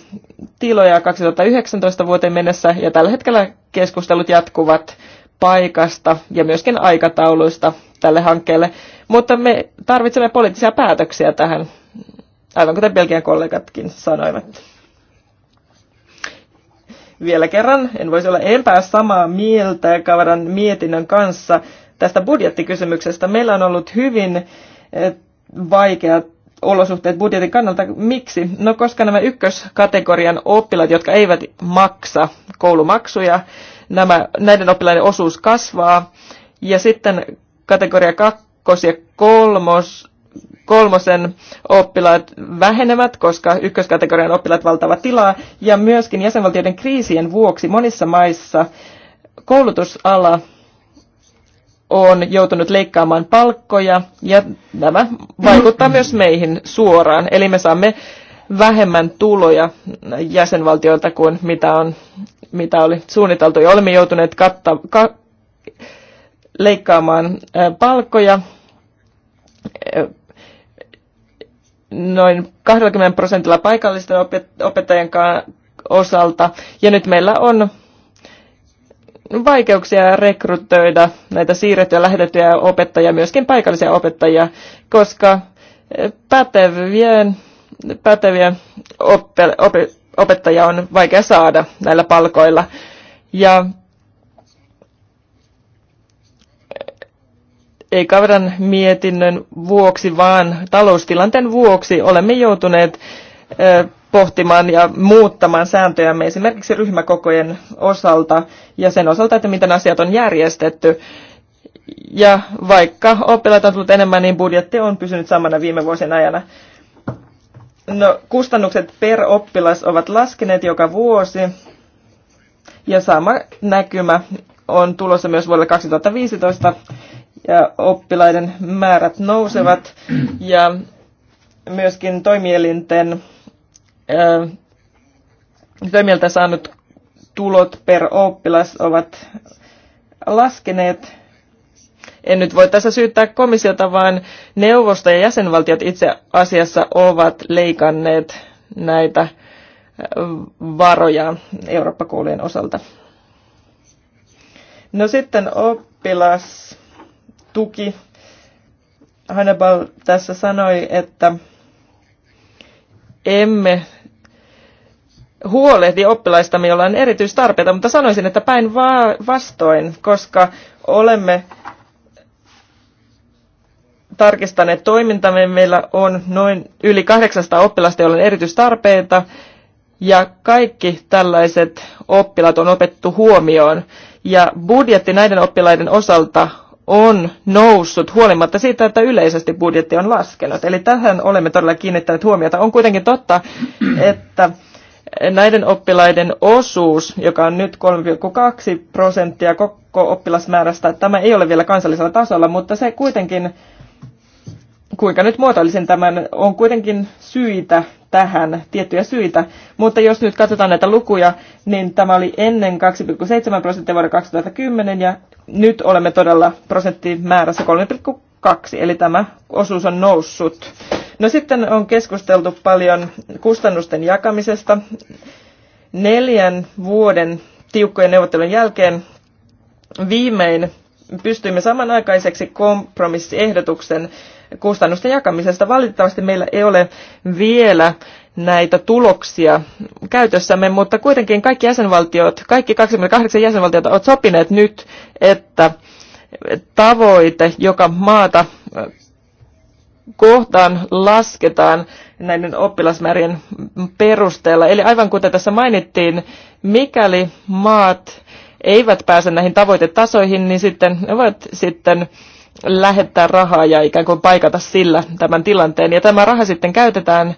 tiloja 2019 vuoteen mennessä ja tällä hetkellä keskustelut jatkuvat paikasta ja myöskin aikatauluista tälle hankkeelle. Mutta me tarvitsemme poliittisia päätöksiä tähän, aivan kuten Belgian kollegatkin sanoivat. Vielä kerran, en voisi olla enpää samaa mieltä Kavaran mietinnön kanssa, tästä budjettikysymyksestä. Meillä on ollut hyvin eh, vaikeat olosuhteet budjetin kannalta. Miksi? No koska nämä ykköskategorian oppilaat, jotka eivät maksa koulumaksuja, nämä, näiden oppilaiden osuus kasvaa. Ja sitten kategoria kakkos ja kolmos, kolmosen oppilaat vähenevät, koska ykköskategorian oppilaat valtavat tilaa. Ja myöskin jäsenvaltioiden kriisien vuoksi monissa maissa koulutusala on joutunut leikkaamaan palkkoja ja nämä vaikuttaa myös meihin suoraan. Eli me saamme vähemmän tuloja jäsenvaltioilta kuin mitä, on, mitä oli suunniteltu. Ja olemme joutuneet katta, ka, leikkaamaan palkkoja noin 20 prosentilla paikallisten opettajien osalta. Ja nyt meillä on vaikeuksia rekrytoida näitä siirrettyjä, lähetettyjä opettajia, myöskin paikallisia opettajia, koska eh, pätevien, päteviä oppe, opettajia on vaikea saada näillä palkoilla. Ja ei Kavran mietinnön vuoksi, vaan taloustilanteen vuoksi olemme joutuneet eh, pohtimaan ja muuttamaan sääntöjämme esimerkiksi ryhmäkokojen osalta ja sen osalta, että miten asiat on järjestetty. Ja vaikka oppilaita on tullut enemmän, niin budjetti on pysynyt samana viime vuosien ajana. No, kustannukset per oppilas ovat laskeneet joka vuosi. Ja sama näkymä on tulossa myös vuodelle 2015. Ja oppilaiden määrät nousevat. Ja myöskin toimielinten mieltä saanut tulot per oppilas ovat laskeneet. En nyt voi tässä syyttää komissiota, vaan neuvosto ja jäsenvaltiot itse asiassa ovat leikanneet näitä varoja Eurooppa-koulujen osalta. No sitten oppilas tuki. Hannibal tässä sanoi, että emme huolehdi oppilaista, joilla on erityistarpeita, mutta sanoisin, että päin va- vastoin, koska olemme tarkistaneet toimintamme. Meillä on noin yli 800 oppilasta, joilla on erityistarpeita, ja kaikki tällaiset oppilaat on opettu huomioon. Ja budjetti näiden oppilaiden osalta on noussut huolimatta siitä, että yleisesti budjetti on laskenut. Eli tähän olemme todella kiinnittäneet huomiota. On kuitenkin totta, että näiden oppilaiden osuus, joka on nyt 3,2 prosenttia koko oppilasmäärästä, tämä ei ole vielä kansallisella tasolla, mutta se kuitenkin, kuinka nyt muotoilisin tämän, on kuitenkin syitä tähän, tiettyjä syitä. Mutta jos nyt katsotaan näitä lukuja, niin tämä oli ennen 2,7 prosenttia vuonna 2010 ja nyt olemme todella prosenttimäärässä 3,2, eli tämä osuus on noussut. No sitten on keskusteltu paljon kustannusten jakamisesta. Neljän vuoden tiukkojen neuvottelun jälkeen viimein pystyimme samanaikaiseksi kompromissiehdotuksen kustannusten jakamisesta. Valitettavasti meillä ei ole vielä näitä tuloksia käytössämme, mutta kuitenkin kaikki jäsenvaltiot, kaikki 28 jäsenvaltiota ovat sopineet nyt, että tavoite, joka maata kohtaan lasketaan näiden oppilasmäärien perusteella. Eli aivan kuten tässä mainittiin, mikäli maat eivät pääse näihin tavoitetasoihin, niin sitten ne voivat sitten lähettää rahaa ja ikään kuin paikata sillä tämän tilanteen. Ja tämä raha sitten käytetään,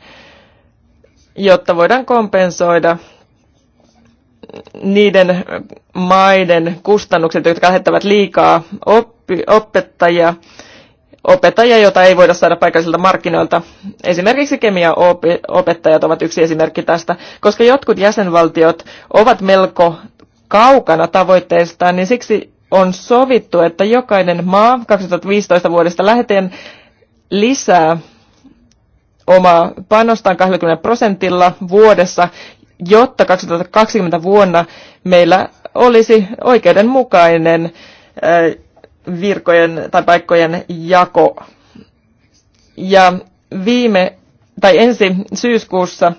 jotta voidaan kompensoida niiden maiden kustannukset, jotka lähettävät liikaa oppi, opettajia opettajia, jota ei voida saada paikallisilta markkinoilta. Esimerkiksi kemiaopettajat ovat yksi esimerkki tästä, koska jotkut jäsenvaltiot ovat melko kaukana tavoitteistaan, niin siksi on sovittu, että jokainen maa 2015 vuodesta lähtien lisää omaa panostaan 20 prosentilla vuodessa, jotta 2020 vuonna meillä olisi oikeudenmukainen virkojen tai paikkojen jako. Ja viime tai ensi syyskuussa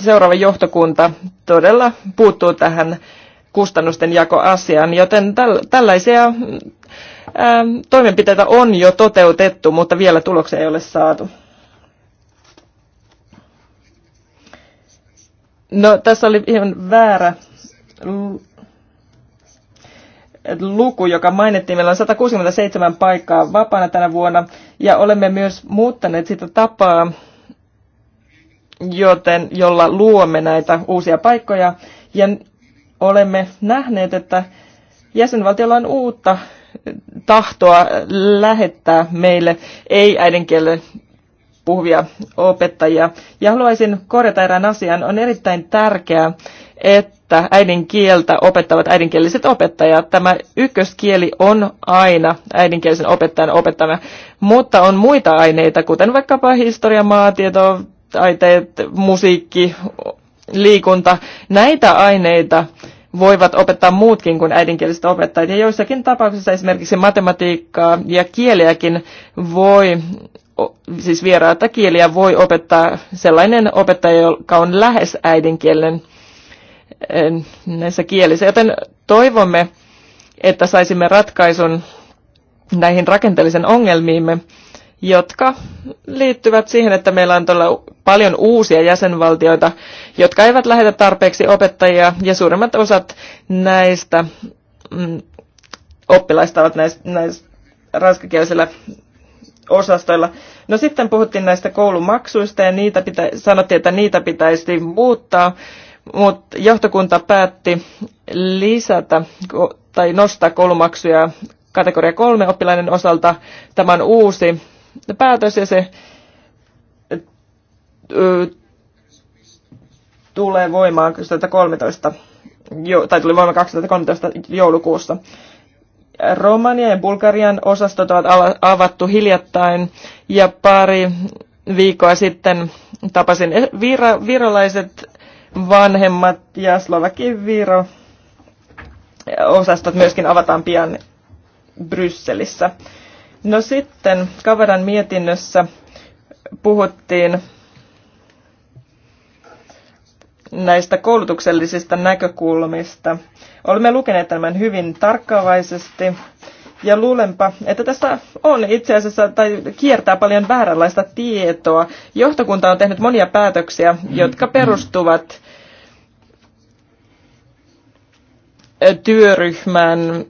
seuraava johtokunta todella puuttuu tähän kustannusten jakoasiaan, joten täl, tällaisia ää, ähm, toimenpiteitä on jo toteutettu, mutta vielä tuloksia ei ole saatu. No, tässä oli ihan väärä luku, joka mainittiin. Meillä on 167 paikkaa vapaana tänä vuonna ja olemme myös muuttaneet sitä tapaa, joten, jolla luomme näitä uusia paikkoja. Ja olemme nähneet, että jäsenvaltiolla on uutta tahtoa lähettää meille ei-äidinkielen puhuvia opettajia. Ja haluaisin korjata erään asian. On erittäin tärkeää, että että äidinkieltä opettavat äidinkieliset opettajat. Tämä ykköskieli on aina äidinkielisen opettajan opettama, mutta on muita aineita, kuten vaikkapa historia, maatieto, taiteet, musiikki, liikunta. Näitä aineita voivat opettaa muutkin kuin äidinkieliset opettajat. Ja joissakin tapauksissa esimerkiksi matematiikkaa ja kieliäkin voi, siis vieraata kieliä voi opettaa sellainen opettaja, joka on lähes äidinkielen näissä kielissä. Joten toivomme, että saisimme ratkaisun näihin rakenteellisen ongelmiimme, jotka liittyvät siihen, että meillä on todella paljon uusia jäsenvaltioita, jotka eivät lähetä tarpeeksi opettajia, ja suurimmat osat näistä mm, oppilaista ovat näissä, näissä ranskakielisillä osastoilla. No sitten puhuttiin näistä koulumaksuista, ja niitä pitä, sanottiin, että niitä pitäisi muuttaa mutta johtokunta päätti lisätä tai nostaa koulumaksuja kategoria kolme oppilaiden osalta. Tämä on uusi päätös ja se tulee voimaan 2013, tai tuli voimaan 2013 joulukuussa. Romania ja Bulgarian osastot ovat avattu hiljattain ja pari viikkoa sitten tapasin virolaiset vanhemmat ja Slovakin Viro osastot myöskin avataan pian Brysselissä. No sitten Kavadan mietinnössä puhuttiin näistä koulutuksellisista näkökulmista. Olemme lukeneet tämän hyvin tarkkaavaisesti ja luulenpa, että tässä on itse asiassa tai kiertää paljon vääränlaista tietoa. Johtokunta on tehnyt monia päätöksiä, jotka perustuvat työryhmän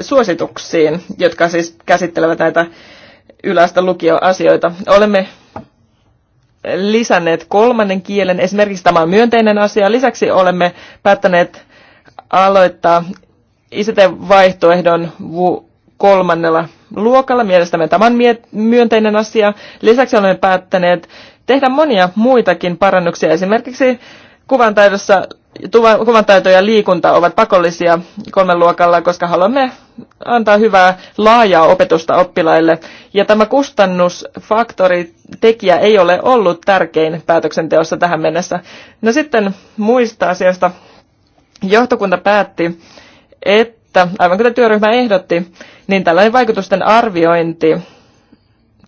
suosituksiin, jotka siis käsittelevät näitä yläasta lukioasioita. Olemme lisänneet kolmannen kielen, esimerkiksi tämä on myönteinen asia. Lisäksi olemme päättäneet aloittaa ICT-vaihtoehdon kolmannella luokalla. Mielestämme tämä on myönteinen asia. Lisäksi olemme päättäneet tehdä monia muitakin parannuksia, esimerkiksi kuvantaidossa kuvataito ja liikunta ovat pakollisia kolmen luokalla, koska haluamme antaa hyvää laajaa opetusta oppilaille. Ja tämä kustannusfaktori tekijä ei ole ollut tärkein päätöksenteossa tähän mennessä. No sitten muista asioista. Johtokunta päätti, että aivan kuten työryhmä ehdotti, niin tällainen vaikutusten arviointi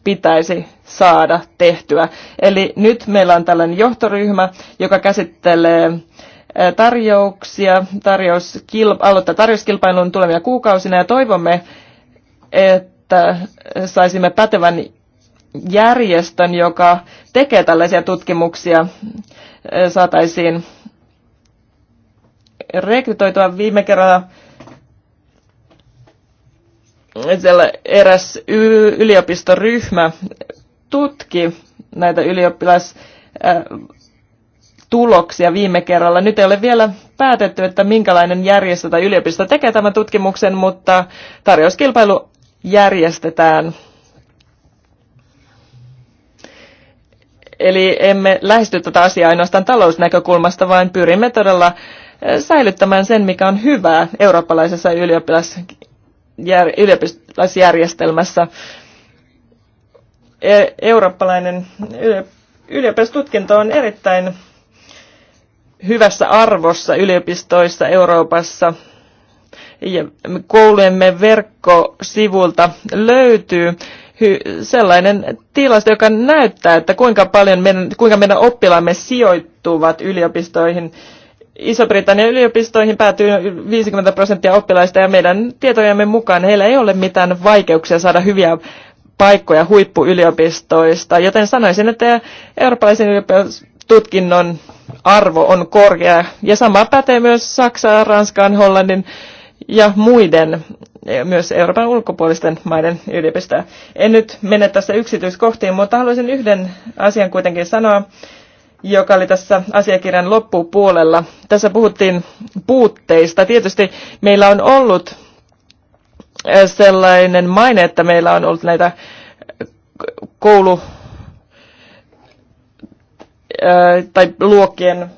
pitäisi saada tehtyä. Eli nyt meillä on tällainen johtoryhmä, joka käsittelee tarjouksia, tarjouskil, aloittaa tarjouskilpailun tulevia kuukausina ja toivomme, että saisimme pätevän järjestön, joka tekee tällaisia tutkimuksia, saataisiin rekrytoitua viime kerralla siellä eräs yliopistoryhmä tutki näitä ylioppilas tuloksia viime kerralla. Nyt ei ole vielä päätetty, että minkälainen järjestö tai yliopisto tekee tämän tutkimuksen, mutta tarjouskilpailu järjestetään. Eli emme lähesty tätä asiaa ainoastaan talousnäkökulmasta, vaan pyrimme todella eh, säilyttämään sen, mikä on hyvää eurooppalaisessa ylioppilasjärjestelmässä. E-, eurooppalainen yliopistotutkinto on erittäin hyvässä arvossa yliopistoissa Euroopassa. Ja koulujemme verkkosivulta löytyy sellainen tilasto, joka näyttää, että kuinka paljon meidän, kuinka meidän oppilaamme sijoittuvat yliopistoihin. Iso-Britannian yliopistoihin päätyy 50 prosenttia oppilaista ja meidän tietojamme mukaan heillä ei ole mitään vaikeuksia saada hyviä paikkoja huippuyliopistoista, joten sanoisin, että eurooppalaisen yliopistotutkinnon arvo on korkea. Ja sama pätee myös Saksaan, Ranskaan, Hollannin ja muiden, myös Euroopan ulkopuolisten maiden yliopistoja. En nyt mene tässä yksityiskohtiin, mutta haluaisin yhden asian kuitenkin sanoa, joka oli tässä asiakirjan loppupuolella. Tässä puhuttiin puutteista. Tietysti meillä on ollut äh, sellainen maine, että meillä on ollut näitä koulu tai luokkien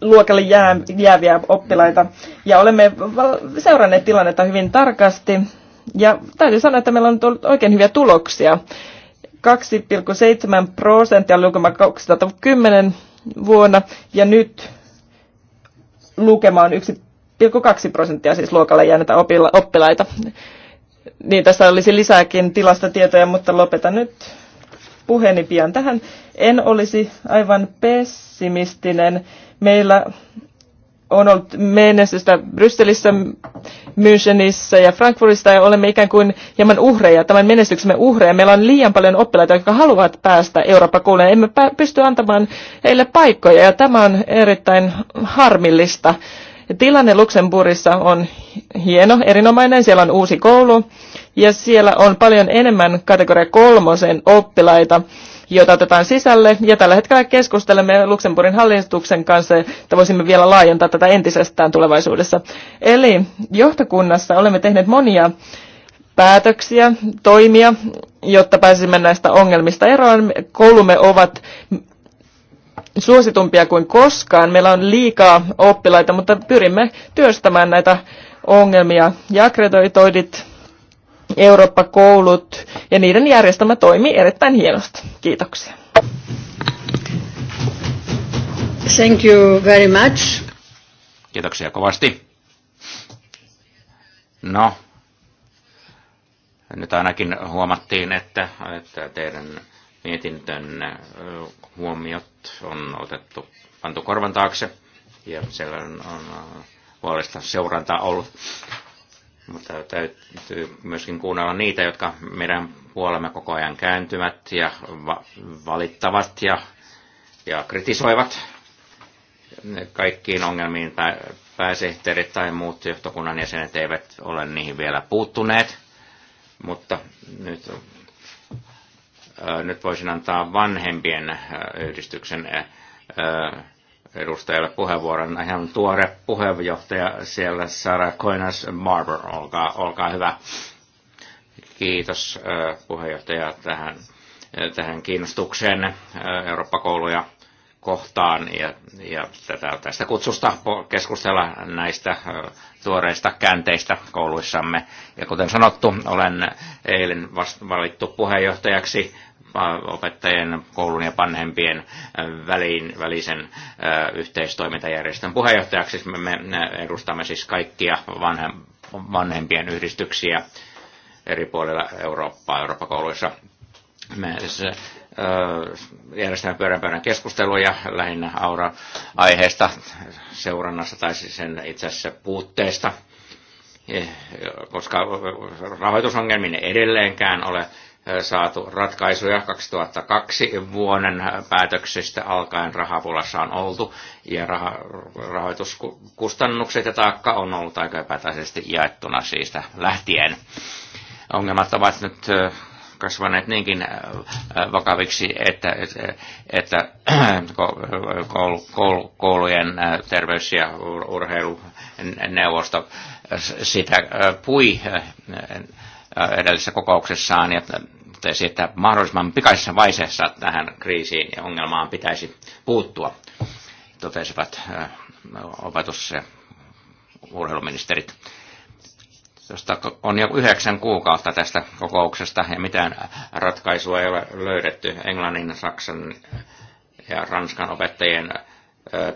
luokalle jää, jääviä oppilaita. Ja olemme seuranneet tilannetta hyvin tarkasti. Ja täytyy sanoa, että meillä on ollut oikein hyviä tuloksia. 2,7 prosenttia lukema 2010 vuonna ja nyt lukema on 1,2 prosenttia siis luokalle jääneitä oppilaita. Niin tässä olisi lisääkin tilastotietoja, mutta lopetan nyt puheeni pian tähän. En olisi aivan pessimistinen. Meillä on ollut menestystä Brysselissä, Münchenissä ja Frankfurtissa ja olemme ikään kuin hieman uhreja, tämän menestyksemme uhreja. Meillä on liian paljon oppilaita, jotka haluavat päästä Eurooppa-kouluun. Emme pysty antamaan heille paikkoja ja tämä on erittäin harmillista. Tilanne Luxemburgissa on hieno, erinomainen. Siellä on uusi koulu ja siellä on paljon enemmän kategoria kolmosen oppilaita, joita otetaan sisälle. Ja tällä hetkellä keskustelemme Luxemburgin hallituksen kanssa, että voisimme vielä laajentaa tätä entisestään tulevaisuudessa. Eli johtokunnassa olemme tehneet monia päätöksiä, toimia, jotta pääsimme näistä ongelmista eroon. Koulumme ovat suositumpia kuin koskaan. Meillä on liikaa oppilaita, mutta pyrimme työstämään näitä ongelmia. Jakretoitoidit, Eurooppa-koulut ja niiden järjestelmä toimii erittäin hienosti. Kiitoksia. Thank you very much. Kiitoksia kovasti. No, nyt ainakin huomattiin, että, että teidän mietintön huomiot on otettu, pantu korvan taakse ja siellä on, on huolesta seurantaa ollut. Mutta täytyy myöskin kuunnella niitä, jotka meidän puolemme koko ajan kääntyvät ja va- valittavat ja, ja kritisoivat kaikkiin ongelmiin pää- pääsihteerit tai muut johtokunnan jäsenet eivät ole niihin vielä puuttuneet, mutta nyt nyt voisin antaa vanhempien yhdistyksen edustajalle puheenvuoron. Ihan tuore puheenjohtaja siellä, Sara Koinas Barber, olkaa, olkaa hyvä. Kiitos puheenjohtaja tähän, tähän kiinnostukseen Eurooppa-kouluja kohtaan ja, ja tätä, tästä kutsusta keskustella näistä tuoreista käänteistä kouluissamme. Ja kuten sanottu, olen eilen valittu puheenjohtajaksi opettajien, koulun ja vanhempien äh, väliin, välisen äh, yhteistoimintajärjestön puheenjohtajaksi. Me edustamme siis kaikkia vanhempien yhdistyksiä eri puolilla Eurooppaa, Euroopan kouluissa. Me siis, äh, järjestämme pyörän pyörän keskusteluja lähinnä Aura-aiheesta seurannassa tai siis sen itse asiassa puutteesta, eh, koska rahoitusongelmien edelleenkään ole saatu ratkaisuja 2002 vuoden päätöksistä alkaen rahapulassa on oltu ja raha, rahoituskustannukset ja taakka on ollut aika epätaisesti jaettuna siitä lähtien. Ongelmat ovat nyt kasvaneet niinkin vakaviksi, että, että, koulujen terveys- ja urheiluneuvosto sitä pui edellisessä kokouksessaan, ja totesi, että mahdollisimman pikaisessa vaiheessa tähän kriisiin ja ongelmaan pitäisi puuttua, totesivat opetus- ja urheiluministerit. Tuosta on jo yhdeksän kuukautta tästä kokouksesta ja mitään ratkaisua ei ole löydetty Englannin, Saksan ja Ranskan opettajien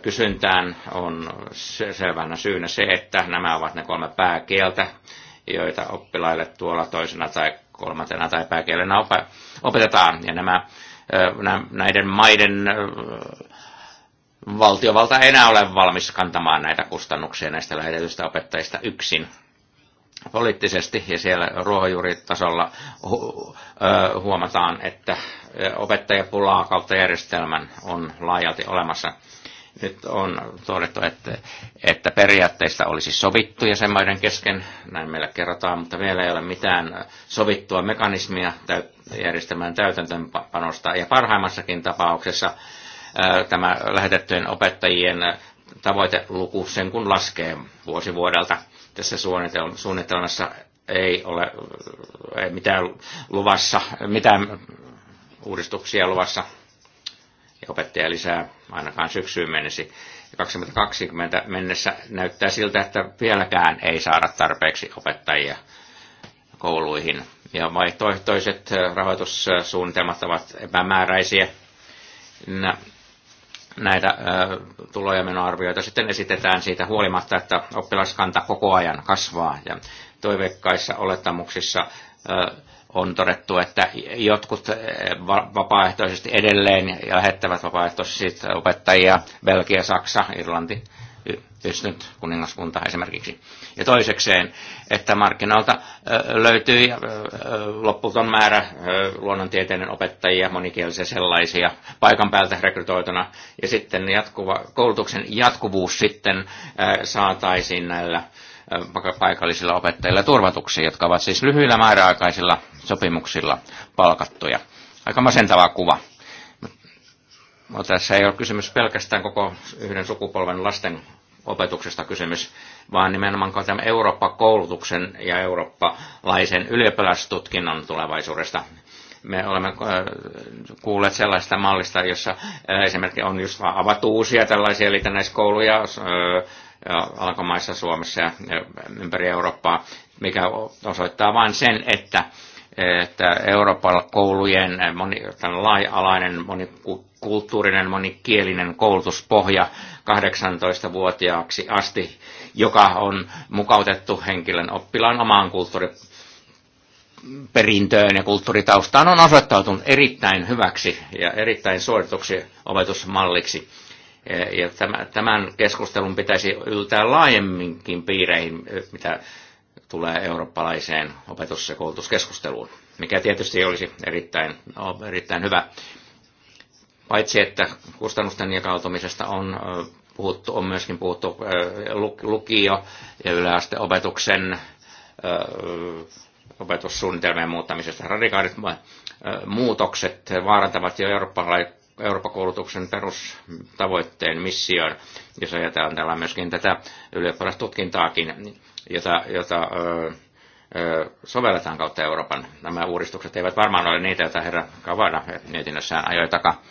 kysyntään on selvänä syynä se, että nämä ovat ne kolme pääkieltä, joita oppilaille tuolla toisena tai kolmantena tai pääkielenä opetetaan. Ja nämä, näiden maiden valtiovalta ei enää ole valmis kantamaan näitä kustannuksia näistä lähetetyistä opettajista yksin poliittisesti ja siellä ruohonjuuritasolla huomataan, että opettajapulaa kautta järjestelmän on laajalti olemassa. Nyt on todettu, että, että periaatteista olisi sovittu jäsenmaiden kesken, näin meillä kerrotaan, mutta vielä ei ole mitään sovittua mekanismia täyt- järjestelmän täytäntöönpanosta. Ja parhaimmassakin tapauksessa ää, tämä lähetettyjen opettajien tavoiteluku sen kun laskee vuosi vuodelta. Tässä suunnitelmassa ei ole ei mitään luvassa, mitään uudistuksia luvassa ja opettajia lisää ainakaan syksyyn mennessä. 2020 mennessä näyttää siltä, että vieläkään ei saada tarpeeksi opettajia kouluihin. Ja vaihtoehtoiset rahoitussuunnitelmat ovat epämääräisiä. Näitä tulo- ja menoarvioita sitten esitetään siitä huolimatta, että oppilaskanta koko ajan kasvaa ja toiveikkaissa olettamuksissa on todettu, että jotkut eh, vapaaehtoisesti edelleen lähettävät vapaaehtoisesti opettajia Belgia, Saksa, Irlanti, yhdistynyt kuningaskunta esimerkiksi. Ja toisekseen, että markkinoilta eh, löytyy eh, lopputon määrä luonnontieteiden opettajia, monikielisiä sellaisia, paikan päältä rekrytoituna, ja sitten jatkuva, koulutuksen jatkuvuus sitten saataisiin näillä paikallisilla opettajilla turvatuksi, jotka ovat siis lyhyillä määräaikaisilla sopimuksilla palkattuja. Aika masentava kuva. No, tässä ei ole kysymys pelkästään koko yhden sukupolven lasten opetuksesta kysymys, vaan nimenomaan tämän Eurooppa-koulutuksen ja eurooppalaisen ylioppilastutkinnon tulevaisuudesta. Me olemme kuulleet sellaista mallista, jossa esimerkiksi on just avattu uusia tällaisia liitännäiskouluja alkamaissa Suomessa ja ympäri Eurooppaa, mikä osoittaa vain sen, että, että Euroopan koulujen moni, laaja-alainen, monikulttuurinen, monikielinen koulutuspohja 18-vuotiaaksi asti, joka on mukautettu henkilön oppilaan omaan kulttuuri- perintöön ja kulttuuritaustaan on osoittautunut erittäin hyväksi ja erittäin suorituksi opetusmalliksi. Ja tämän keskustelun pitäisi yltää laajemminkin piireihin, mitä tulee eurooppalaiseen opetus- ja koulutuskeskusteluun, mikä tietysti olisi erittäin, no, erittäin hyvä. Paitsi että kustannusten jakautumisesta on puhuttu, on myöskin puhuttu lukio- ja yläasteopetuksen opetussuunnitelmien muuttamisesta. Radikaalit muutokset vaarantavat jo eurooppalaiset Euroopan koulutuksen perustavoitteen missioon, jos ajatellaan täällä myöskin tätä ylioppilastutkintaakin, jota, jota ö, ö, sovelletaan kautta Euroopan. Nämä uudistukset eivät varmaan ole niitä, joita herra Kavada mietinnössään ajoi takaa.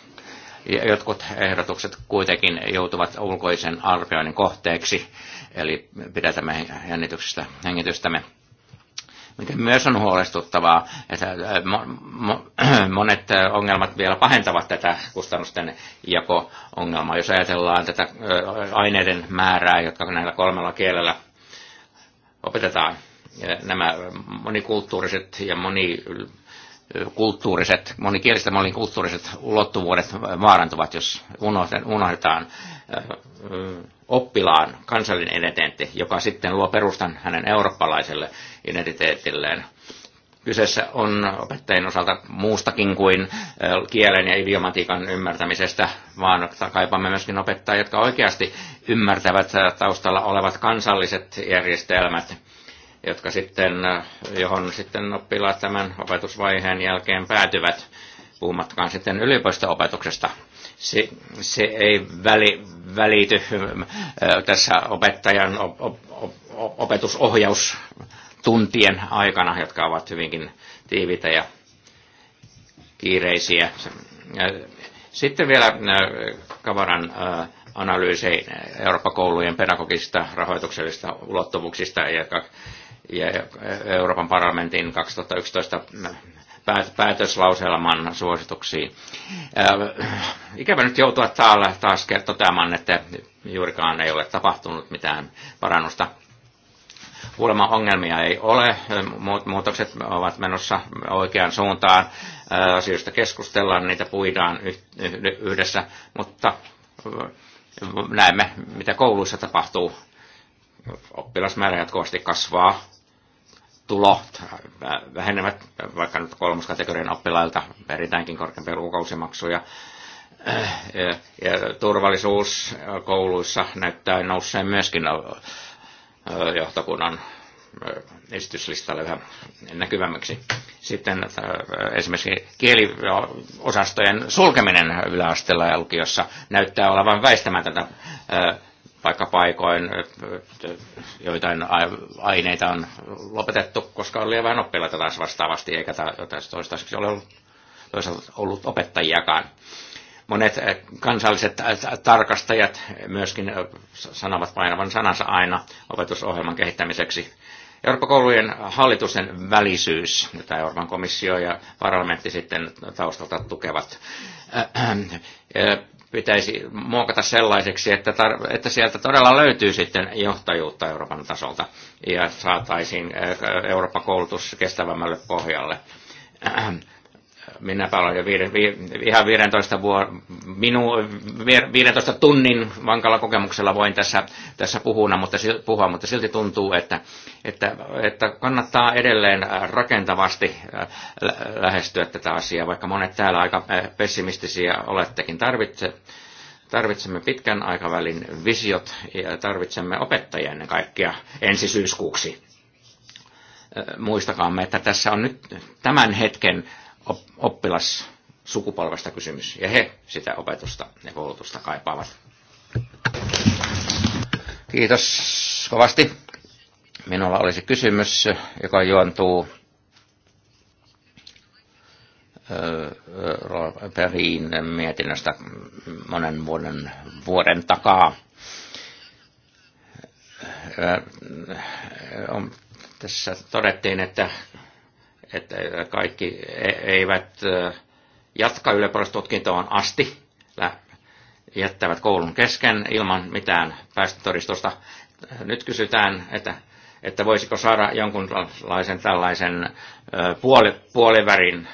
Jotkut ehdotukset kuitenkin joutuvat ulkoisen arvioinnin kohteeksi, eli pidätämme jännityksestä hengitystämme mikä myös on huolestuttavaa, että äh, äh, monet äh, ongelmat vielä pahentavat tätä kustannusten jako-ongelmaa. Jos ajatellaan tätä aineiden määrää, jotka näillä kolmella kielellä opetetaan, nämä monikulttuuriset ja moni kulttuuriset, monikieliset ja monikulttuuriset ulottuvuudet vaarantuvat, jos unohdetaan oppilaan kansallinen identiteetti, joka sitten luo perustan hänen eurooppalaiselle identiteetilleen. Kyseessä on opettajien osalta muustakin kuin kielen ja idiomatiikan ymmärtämisestä, vaan kaipaamme myöskin opettajia, jotka oikeasti ymmärtävät taustalla olevat kansalliset järjestelmät, jotka sitten, johon sitten oppilaat tämän opetusvaiheen jälkeen päätyvät, puhumattakaan sitten yliopisto-opetuksesta. Se, se ei väli, välity tässä opettajan op, op, op, opetusohjaus tuntien aikana, jotka ovat hyvinkin tiiviitä ja kiireisiä. Sitten vielä äh, Kavaran äh, analyysi Euroopan koulujen pedagogisista rahoituksellisista ulottuvuuksista ja Euroopan parlamentin 2011 äh, päätöslauselman suosituksiin. Ikävä nyt joutua täällä taas toteamaan, että juurikaan ei ole tapahtunut mitään parannusta Kuulemma ongelmia ei ole, muutokset ovat menossa oikeaan suuntaan, asioista keskustellaan, niitä puidaan yhdessä, mutta näemme, mitä kouluissa tapahtuu. Oppilasmäärä jatkuvasti kasvaa, tulot vähenevät, vaikka nyt kolmoskategorian oppilailta peritäänkin korkeampia lukukausimaksuja. Ja turvallisuus kouluissa näyttää nousseen myöskin johtokunnan esityslistalle vähän näkyvämmäksi. Sitten esimerkiksi kieliosastojen sulkeminen yläasteella ja lukiossa näyttää olevan väistämätöntä vaikka paikoin joitain aineita on lopetettu, koska oli vain vähän oppilaita taas vastaavasti, eikä toistaiseksi ole ollut, toisaalta ollut opettajiakaan. Monet eh, kansalliset eh, tarkastajat myöskin eh, sanovat painavan sanansa aina opetusohjelman kehittämiseksi. Euroopan koulujen hallitusten välisyys, jota Euroopan komissio ja parlamentti sitten taustalta tukevat, pitäisi muokata sellaiseksi, että, tar- että sieltä todella löytyy sitten johtajuutta Euroopan tasolta ja saataisiin Euroopan koulutus kestävämmälle pohjalle minä olen jo viiden, vi, ihan 15, vuor, minu, 15 tunnin vankalla kokemuksella voin tässä, tässä puhuna, mutta, puhua, mutta silti tuntuu, että, että, että kannattaa edelleen rakentavasti äh, lähestyä tätä asiaa, vaikka monet täällä aika äh, pessimistisiä olettekin. Tarvitse, tarvitsemme pitkän aikavälin visiot ja tarvitsemme opettajia ennen kaikkea ensi syyskuuksi äh, muistakaamme, että tässä on nyt tämän hetken oppilas sukupolvesta kysymys, ja he sitä opetusta ja koulutusta kaipaavat. Kiitos kovasti. Minulla olisi kysymys, joka juontuu Perin mietinnöstä monen vuoden, vuoden takaa. On, tässä todettiin, että että äh, kaikki e-, eivät äh, jatka ylioppilastutkintoon asti, jättävät koulun kesken ilman mitään päästötodistusta. Äh, nyt kysytään, että, että voisiko saada jonkunlaisen tällaisen puoli, puolivärin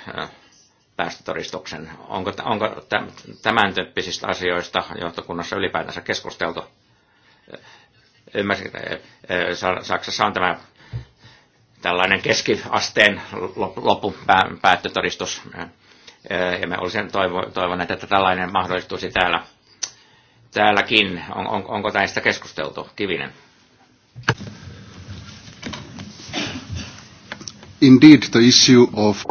päästötodistuksen. Onko, onko tämän tyyppisistä asioista johtokunnassa ylipäätänsä keskusteltu? Ymmärsin, Saksassa on tämä tällainen keskiasteen lopun päättötodistus. Ja me olisin toivonut, että tällainen mahdollistuisi täällä, täälläkin. On, on, onko tästä keskusteltu? Kivinen. Indeed, the issue of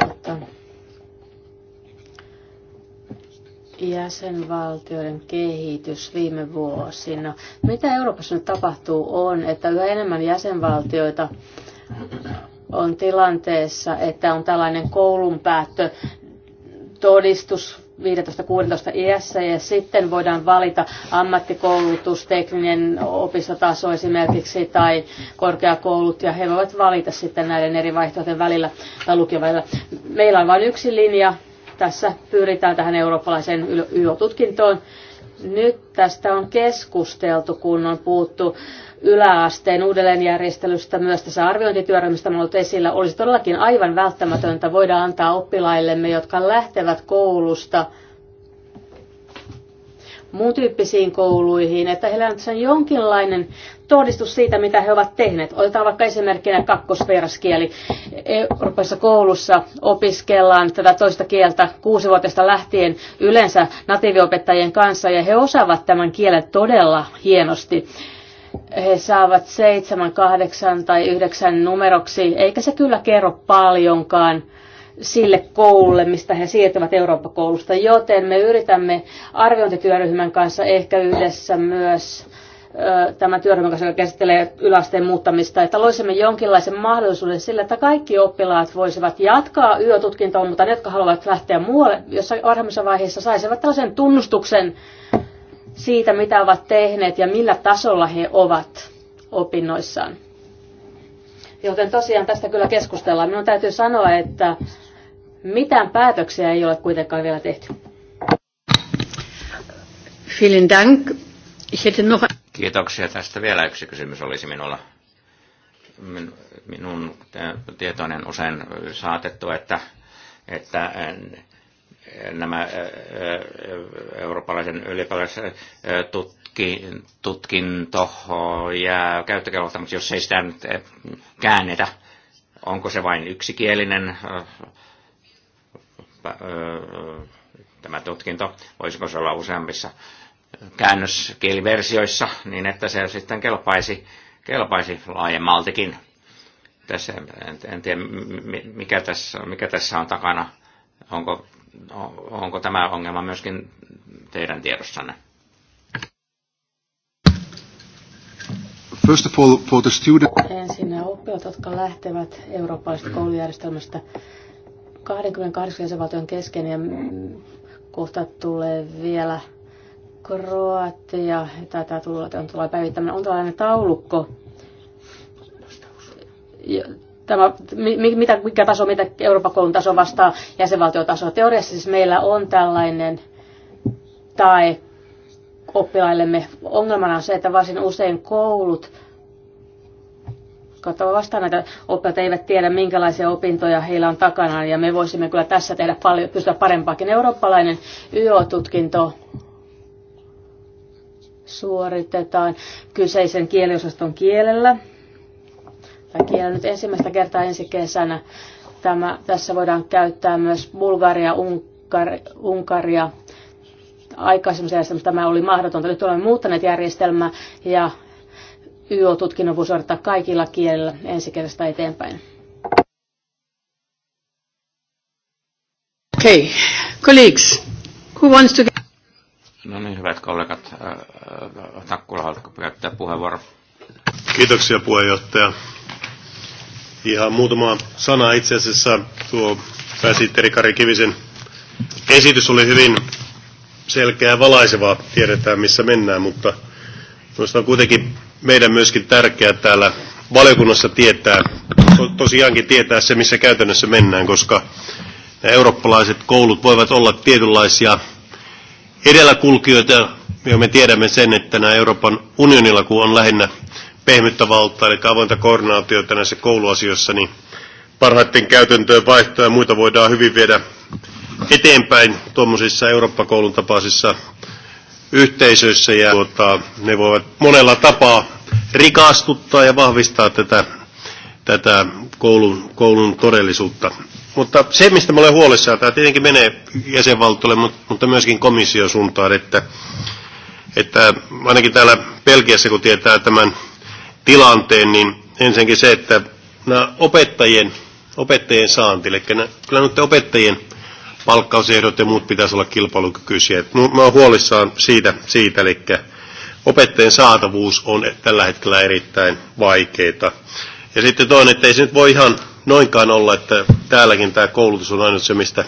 jäsenvaltioiden kehitys viime vuosina. Mitä Euroopassa nyt tapahtuu on, että yhä enemmän jäsenvaltioita on tilanteessa, että on tällainen koulun päättö todistus 15-16 iässä ja sitten voidaan valita ammattikoulutus, tekninen opistotaso esimerkiksi tai korkeakoulut ja he voivat valita sitten näiden eri vaihtoehtojen välillä tai lukion välillä. Meillä on vain yksi linja. Tässä pyritään tähän eurooppalaiseen YO-tutkintoon. Nyt tästä on keskusteltu, kun on puhuttu yläasteen uudelleenjärjestelystä myös tässä arviointityöryhmästä on ollut esillä, olisi todellakin aivan välttämätöntä voida antaa oppilaillemme, jotka lähtevät koulusta muun tyyppisiin kouluihin, että heillä on jonkinlainen todistus siitä, mitä he ovat tehneet. Otetaan vaikka esimerkkinä kakkosvieraskieli. Euroopassa koulussa opiskellaan tätä toista kieltä kuusivuotiaasta lähtien yleensä natiiviopettajien kanssa, ja he osaavat tämän kielen todella hienosti he saavat seitsemän, kahdeksan tai yhdeksän numeroksi, eikä se kyllä kerro paljonkaan sille koululle, mistä he siirtyvät Eurooppa-koulusta, joten me yritämme arviointityöryhmän kanssa ehkä yhdessä myös tämän työryhmän kanssa, joka käsittelee yläasteen muuttamista, että loisimme jonkinlaisen mahdollisuuden sille, että kaikki oppilaat voisivat jatkaa yötutkintoa, mutta ne, jotka haluavat lähteä muualle, jossa varhaisessa vaiheessa saisivat tällaisen tunnustuksen siitä, mitä ovat tehneet ja millä tasolla he ovat opinnoissaan. Joten tosiaan tästä kyllä keskustellaan. Minun täytyy sanoa, että mitään päätöksiä ei ole kuitenkaan vielä tehty. Kiitoksia. Tästä vielä yksi kysymys olisi minulla. minun tietoinen usein saatettu, että, että en, nämä eurooppalaisen ylipäänsä tutkinto jää käyttökelvottomaksi, mutta jos ei sitä nyt käännetä, onko se vain yksikielinen tämä tutkinto, voisiko se olla useammissa käännöskieliversioissa, niin että se sitten kelpaisi, kelpaisi laajemmaltikin. Tässä, en, en tiedä, mikä tässä, mikä tässä on takana. Onko onko tämä ongelma myöskin teidän tiedossanne? First of all, for the student... Ensin nämä oppilaat, jotka lähtevät eurooppalaisesta koulujärjestelmästä 28 jäsenvaltion kesken ja kohta tulee vielä Kroatia, tätä tulee, on tulee päivittäminen, on tällainen taulukko, tämä, mitä, mikä taso, mitä Euroopan koulun taso vastaa jäsenvaltiotasoa. Teoriassa siis meillä on tällainen tai oppilaillemme. Ongelmana on se, että varsin usein koulut katsotaan vastaan näitä oppilaat eivät tiedä, minkälaisia opintoja heillä on takana, ja me voisimme kyllä tässä tehdä paljon, pystyä parempaakin. Eurooppalainen YO-tutkinto suoritetaan kyseisen kieliosaston kielellä kielellä nyt ensimmäistä kertaa ensi kesänä. Tämä, tässä voidaan käyttää myös Bulgaria, Unkar, Unkaria. aikaisemmin järjestelmä tämä oli mahdotonta. Nyt olemme muuttaneet järjestelmää ja YO-tutkinnon voi suorittaa kaikilla kielillä ensi kerrasta eteenpäin. Okei, okay. colleagues, who wants to... No niin, hyvät kollegat, äh, äh, Takkula, haluatko käyttää puheenvuoro? Kiitoksia puheenjohtaja. Ihan muutama sana itse asiassa. Tuo pääsihteeri Kari Kivisen esitys oli hyvin ja valaiseva tiedetään missä mennään, mutta minusta on kuitenkin meidän myöskin tärkeää täällä valiokunnassa tietää, to, tosiaankin tietää se, missä käytännössä mennään, koska nämä eurooppalaiset koulut voivat olla tietynlaisia edelläkulkijoita, ja me tiedämme sen, että nämä Euroopan unionilla, kun on lähinnä pehmyttä valtaa, eli avointa koordinaatiota näissä kouluasioissa, niin parhaiten käytäntöön vaihtoa ja muita voidaan hyvin viedä eteenpäin tuommoisissa Eurooppa-koulun tapaisissa yhteisöissä ja tuota, ne voivat monella tapaa rikastuttaa ja vahvistaa tätä, tätä koulun, koulun todellisuutta. Mutta se, mistä mä olen huolissaan, tämä tietenkin menee jäsenvaltiolle, mutta myöskin komission suuntaan, että, että ainakin täällä Belgiassa, kun tietää tämän tilanteen, niin ensinnäkin se, että nämä opettajien, opettajien saanti, eli nämä, kyllä nyt opettajien palkkausehdot ja muut pitäisi olla kilpailukykyisiä. mä olen huolissaan siitä, siitä, eli opettajien saatavuus on tällä hetkellä erittäin vaikeita. Ja sitten toinen, että ei se nyt voi ihan noinkaan olla, että täälläkin tämä koulutus on aina se, mistä,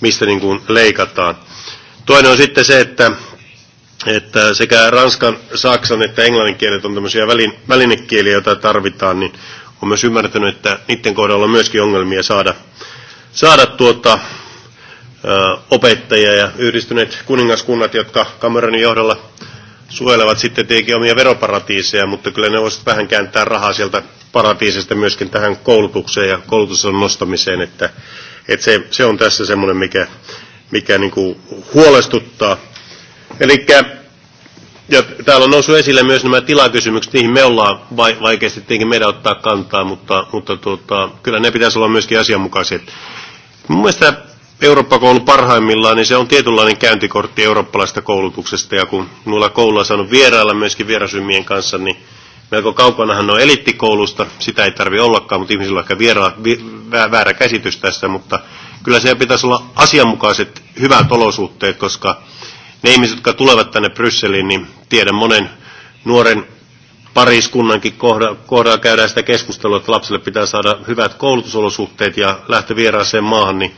mistä niin kuin leikataan. Toinen on sitten se, että että sekä ranskan, saksan että englannin kielet on tämmöisiä välin, välinekieliä, joita tarvitaan, niin on myös ymmärtänyt, että niiden kohdalla on myöskin ongelmia saada, saada tuota, ö, opettajia ja yhdistyneet kuningaskunnat, jotka Cameronin johdolla suojelevat sitten tietenkin omia veroparatiiseja, mutta kyllä ne voisivat vähän kääntää rahaa sieltä paratiisista myöskin tähän koulutukseen ja koulutuksen nostamiseen, että, että se, se on tässä semmoinen, mikä, mikä niin kuin huolestuttaa. Eli ja täällä on noussut esille myös nämä tilakysymykset, niihin me ollaan vaikeasti tietenkin meidän ottaa kantaa, mutta, mutta tuota, kyllä ne pitäisi olla myöskin asianmukaiset. Mun mielestä Eurooppa-koulu parhaimmillaan, niin se on tietynlainen käyntikortti eurooppalaista koulutuksesta, ja kun noilla koululla on saanut vierailla myöskin vierasymien kanssa, niin melko kaukanahan on elittikoulusta, sitä ei tarvi ollakaan, mutta ihmisillä on ehkä viera, vi, väärä käsitys tästä, mutta kyllä siellä pitäisi olla asianmukaiset hyvät olosuhteet, koska ne ihmiset, jotka tulevat tänne Brysseliin, niin tiedän monen nuoren pariskunnankin kohdalla, kohdalla käydään sitä keskustelua, että lapsille pitää saada hyvät koulutusolosuhteet ja lähtö vieraaseen maahan, niin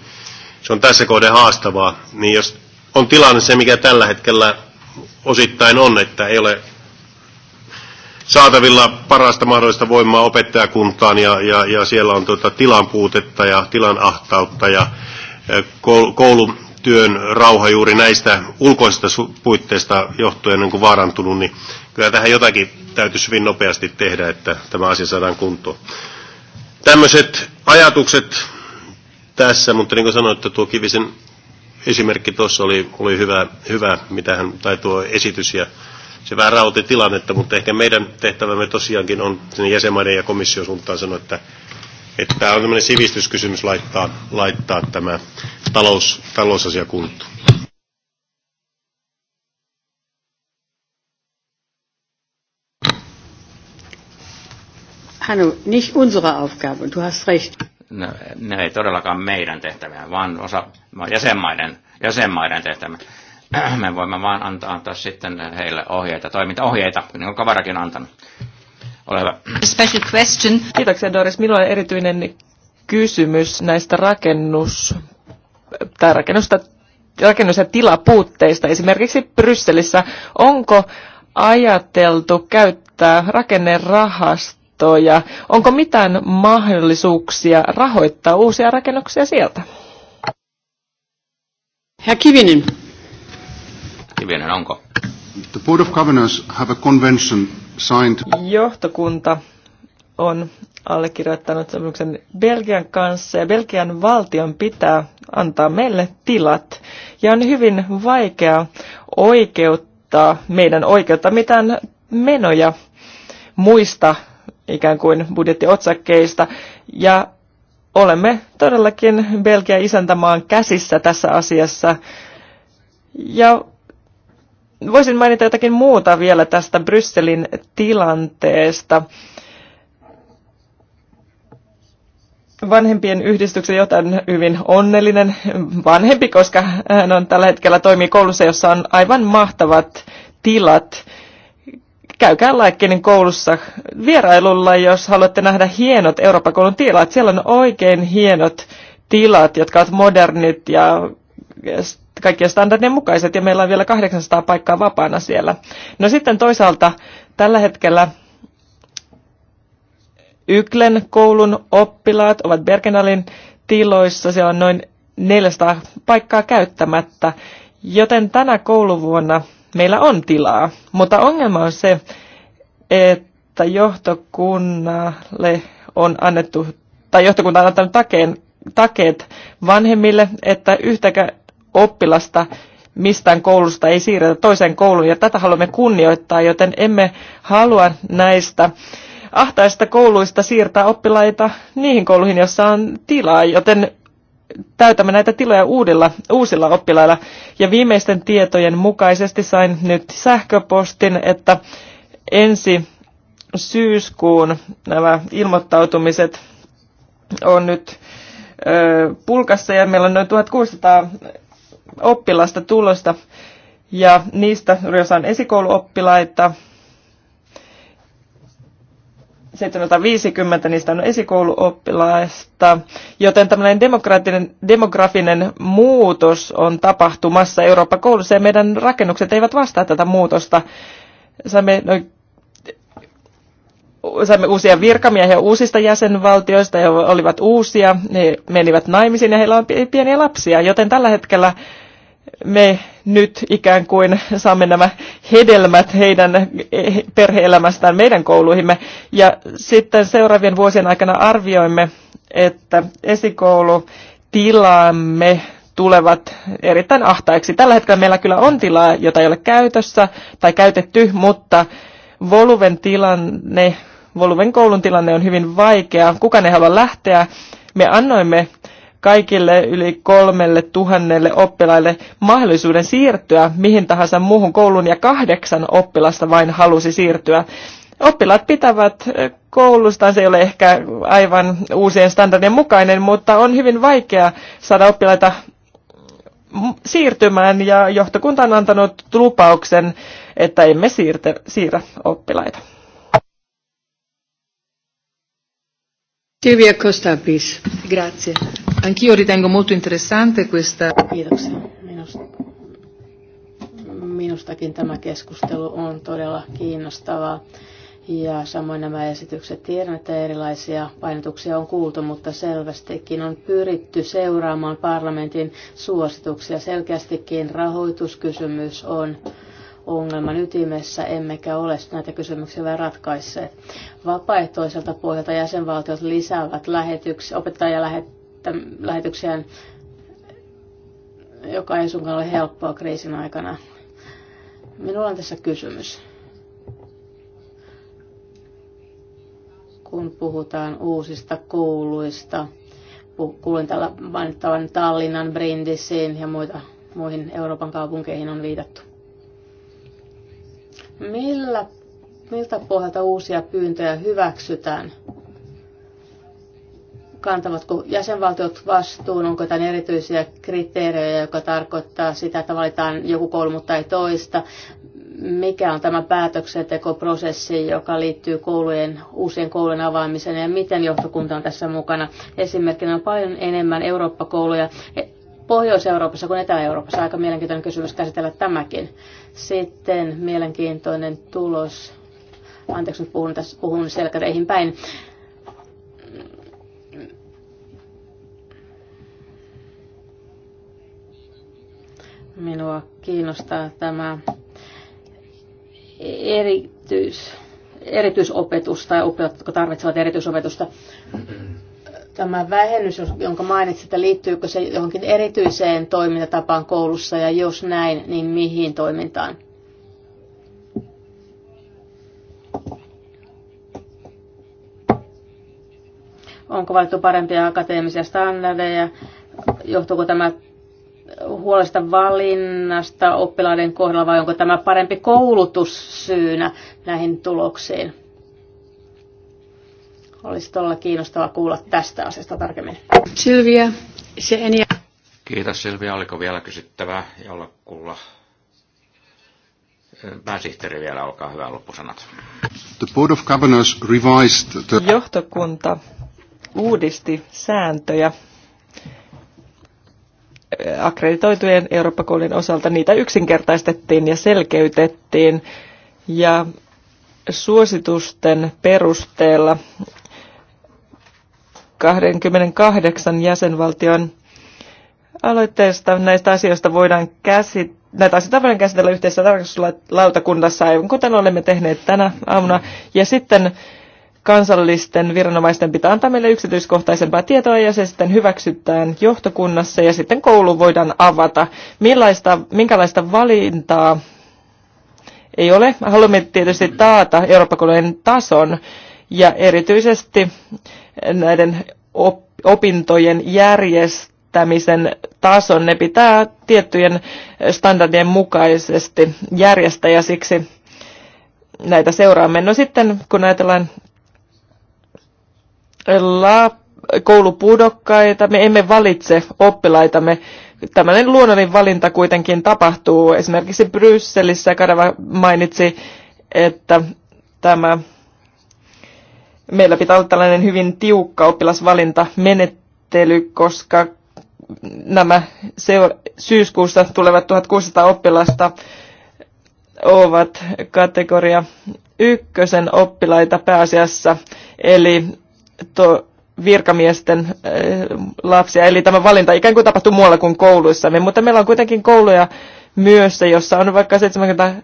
se on tässä kohden haastavaa. Niin jos on tilanne se, mikä tällä hetkellä osittain on, että ei ole saatavilla parasta mahdollista voimaa opettajakuntaan ja, ja, ja siellä on tuota tilan puutetta ja tilan ahtautta ja koulu, työn rauha juuri näistä ulkoisista puitteista johtuen niin kuin vaarantunut, niin kyllä tähän jotakin täytyisi hyvin nopeasti tehdä, että tämä asia saadaan kuntoon. Tämmöiset ajatukset tässä, mutta niin kuin sanoin, että tuo Kivisen esimerkki tuossa oli, oli hyvä, hyvä mitä hän, tai tuo esitys, ja se vähän rauti tilannetta, mutta ehkä meidän tehtävämme tosiaankin on sinne jäsenmaiden ja komission suuntaan sanoa, että että tämä on tämmöinen sivistyskysymys laittaa, laittaa tämä talous, talousasia kuntoon. Hannu, nicht unsere Aufgabe, du hast recht. No, ne ei todellakaan meidän tehtäviä, vaan osa jäsenmaiden, jäsenmaiden tehtäviä. Me voimme vaan antaa, antaa sitten heille ohjeita, toimintaohjeita, niin kuin Kavarakin antanut. Ole hyvä. Special question. Kiitoksia Doris. Minulla on erityinen kysymys näistä rakennus, tai rakennusta, rakennus- ja tilapuutteista. Esimerkiksi Brysselissä onko ajateltu käyttää rakennerahastoja? Onko mitään mahdollisuuksia rahoittaa uusia rakennuksia sieltä? Herr Kivinen. Kivinen, onko? The Board of Governors have a convention signed... Johtokunta on allekirjoittanut sopimuksen Belgian kanssa ja Belgian valtion pitää antaa meille tilat. Ja on hyvin vaikea oikeuttaa meidän oikeutta mitään menoja muista ikään kuin budjettiotsakkeista. Ja olemme todellakin Belgian isäntämaan käsissä tässä asiassa. Ja voisin mainita jotakin muuta vielä tästä Brysselin tilanteesta. Vanhempien yhdistyksen jotain hyvin onnellinen vanhempi, koska hän on tällä hetkellä toimii koulussa, jossa on aivan mahtavat tilat. Käykää Laikkinin koulussa vierailulla, jos haluatte nähdä hienot Euroopan koulun tilat. Siellä on oikein hienot tilat, jotka ovat modernit ja kaikkien standardien mukaiset ja meillä on vielä 800 paikkaa vapaana siellä. No sitten toisaalta tällä hetkellä Yklen koulun oppilaat ovat Bergenalin tiloissa, siellä on noin 400 paikkaa käyttämättä, joten tänä kouluvuonna meillä on tilaa. Mutta ongelma on se, että johtokunnalle on annettu, tai johtokunta on antanut takeen, takeet vanhemmille, että yhtäkä, oppilasta mistään koulusta ei siirretä toiseen kouluun ja tätä haluamme kunnioittaa, joten emme halua näistä ahtaista kouluista siirtää oppilaita niihin kouluihin, joissa on tilaa, joten täytämme näitä tiloja uudilla, uusilla oppilailla. Ja viimeisten tietojen mukaisesti sain nyt sähköpostin, että ensi syyskuun nämä ilmoittautumiset on nyt ö, pulkassa ja meillä on noin 1600 oppilasta tulosta ja niistä on esikouluoppilaita. 750 niistä on esikouluoppilaista, joten tämmöinen demokraattinen, demografinen muutos on tapahtumassa Euroopan koulussa ja meidän rakennukset eivät vastaa tätä muutosta. Saimme, no, saimme uusia virkamiehiä uusista jäsenvaltioista, he olivat uusia, he menivät naimisiin ja heillä on pieniä lapsia, joten tällä hetkellä me nyt ikään kuin saamme nämä hedelmät heidän eh, perheelämästään meidän kouluihimme. Ja sitten seuraavien vuosien aikana arvioimme, että esikoulutilamme tulevat erittäin ahtaiksi. Tällä hetkellä meillä kyllä on tilaa, jota ei ole käytössä tai käytetty, mutta Voluven tilanne, Voluven koulun tilanne on hyvin vaikea. kuka ne halua lähteä. Me annoimme kaikille yli kolmelle tuhannelle oppilaille mahdollisuuden siirtyä mihin tahansa muuhun kouluun ja kahdeksan oppilasta vain halusi siirtyä. Oppilaat pitävät koulustaan, se ei ole ehkä aivan uusien standardien mukainen, mutta on hyvin vaikea saada oppilaita siirtymään ja johtokunta on antanut lupauksen, että emme siirte, siirrä oppilaita. Silvia Costa, please. Grazie. Anch'io ritengo molto interessante questa... Minusta, minustakin tämä keskustelu on todella kiinnostavaa. Ja samoin nämä esitykset tiedän, että erilaisia painotuksia on kuultu, mutta selvästikin on pyritty seuraamaan parlamentin suosituksia. Selkeästikin rahoituskysymys on ongelman ytimessä, emmekä ole näitä kysymyksiä vielä ratkaisseet. Vapaaehtoiselta pohjalta jäsenvaltiot lisäävät lähetyksiä, lähetykseen, joka ei sunkaan ole helppoa kriisin aikana. Minulla on tässä kysymys. Kun puhutaan uusista kouluista, kuulin täällä mainittavan Tallinnan, Brindisiin ja muita, muihin Euroopan kaupunkeihin on viitattu. Millä, miltä pohjalta uusia pyyntöjä hyväksytään? Kantavatko jäsenvaltiot vastuun? Onko jotain erityisiä kriteerejä, joka tarkoittaa sitä, että valitaan joku koulu, mutta ei toista? Mikä on tämä päätöksentekoprosessi, joka liittyy koulujen, uusien koulujen avaamiseen ja miten johtokunta on tässä mukana? Esimerkkinä on paljon enemmän Eurooppa-kouluja Pohjois-Euroopassa kuin Etelä-Euroopassa. Aika mielenkiintoinen kysymys käsitellä tämäkin. Sitten mielenkiintoinen tulos. Anteeksi, nyt puhun, tässä, puhun selkäreihin päin. Minua kiinnostaa tämä erityis, erityisopetus tai oppilaat, jotka tarvitsevat erityisopetusta Tämä vähennys, jonka että liittyykö se johonkin erityiseen toimintatapaan koulussa ja jos näin, niin mihin toimintaan? Onko valittu parempia akateemisia standardeja? Johtuuko tämä huolesta valinnasta oppilaiden kohdalla vai onko tämä parempi koulutus syynä näihin tuloksiin? Olisi todella kiinnostavaa kuulla tästä asiasta tarkemmin. Silvia, se eniä. Kiitos Silvia. Oliko vielä kysyttävää jolla Pääsihteeri vielä, olkaa hyvä loppusanat. The Board of Governors revised the... Johtokunta uudisti sääntöjä akkreditoitujen Eurooppa-koulun osalta. Niitä yksinkertaistettiin ja selkeytettiin ja suositusten perusteella 28 jäsenvaltion aloitteesta. Näistä asioista voidaan käsit- näitä asioita voidaan käsitellä yhteisessä tarkastuslautakunnassa, aivan kuten olemme tehneet tänä aamuna. Ja sitten kansallisten viranomaisten pitää antaa meille yksityiskohtaisempaa tietoa ja se sitten hyväksytään johtokunnassa ja sitten koulu voidaan avata. Millaista, minkälaista valintaa ei ole. Haluamme tietysti taata Euroopan tason ja erityisesti näiden opintojen järjestämisen tason ne pitää tiettyjen standardien mukaisesti järjestää ja siksi näitä seuraamme. No sitten kun ajatellaan la, koulupudokkaita, me emme valitse oppilaitamme. Tällainen luonnollinen valinta kuitenkin tapahtuu. Esimerkiksi Brysselissä Kadava mainitsi, että tämä meillä pitää olla tällainen hyvin tiukka oppilasvalintamenettely, koska nämä syyskuussa tulevat 1600 oppilasta ovat kategoria ykkösen oppilaita pääasiassa, eli to, virkamiesten äh, lapsia. Eli tämä valinta ikään kuin tapahtuu muualla kuin kouluissamme, mutta meillä on kuitenkin kouluja myös, jossa on vaikka 70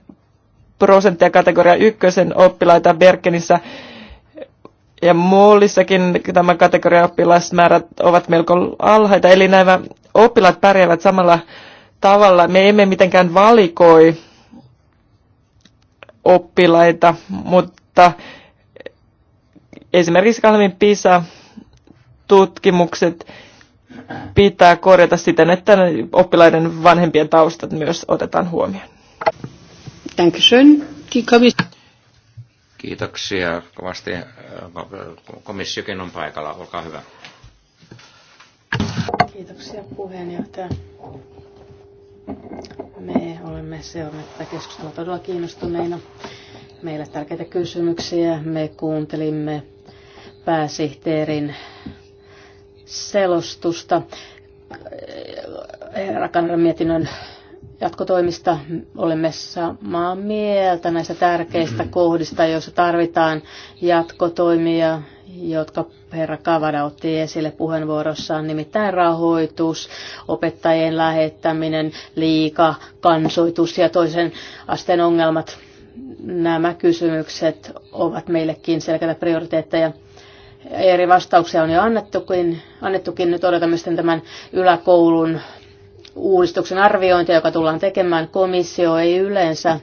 prosenttia kategoria ykkösen oppilaita Berkenissä ja muullissakin tämä kategoria oppilasmäärät ovat melko alhaita, eli nämä oppilaat pärjäävät samalla tavalla. Me emme mitenkään valikoi oppilaita, mutta esimerkiksi Kalmin PISA-tutkimukset pitää korjata siten, että oppilaiden vanhempien taustat myös otetaan huomioon. Dankeschön. Kiitoksia kovasti. Komissiokin on paikalla. Olkaa hyvä. Kiitoksia puheenjohtaja. Me olemme seuranneet tätä keskustelua todella kiinnostuneina. Meillä tärkeitä kysymyksiä. Me kuuntelimme pääsihteerin selostusta rakennan mietinnön jatkotoimista. Olemme samaa mieltä näistä tärkeistä mm-hmm. kohdista, joissa tarvitaan jatkotoimia, jotka herra Kavada otti esille puheenvuorossaan, nimittäin rahoitus, opettajien lähettäminen, liika, kansoitus ja toisen asteen ongelmat. Nämä kysymykset ovat meillekin selkeitä prioriteetteja eri vastauksia on jo annettukin. annettukin. Nyt odotamme sitten tämän yläkoulun uudistuksen arviointia, joka tullaan tekemään. Komissio ei yleensä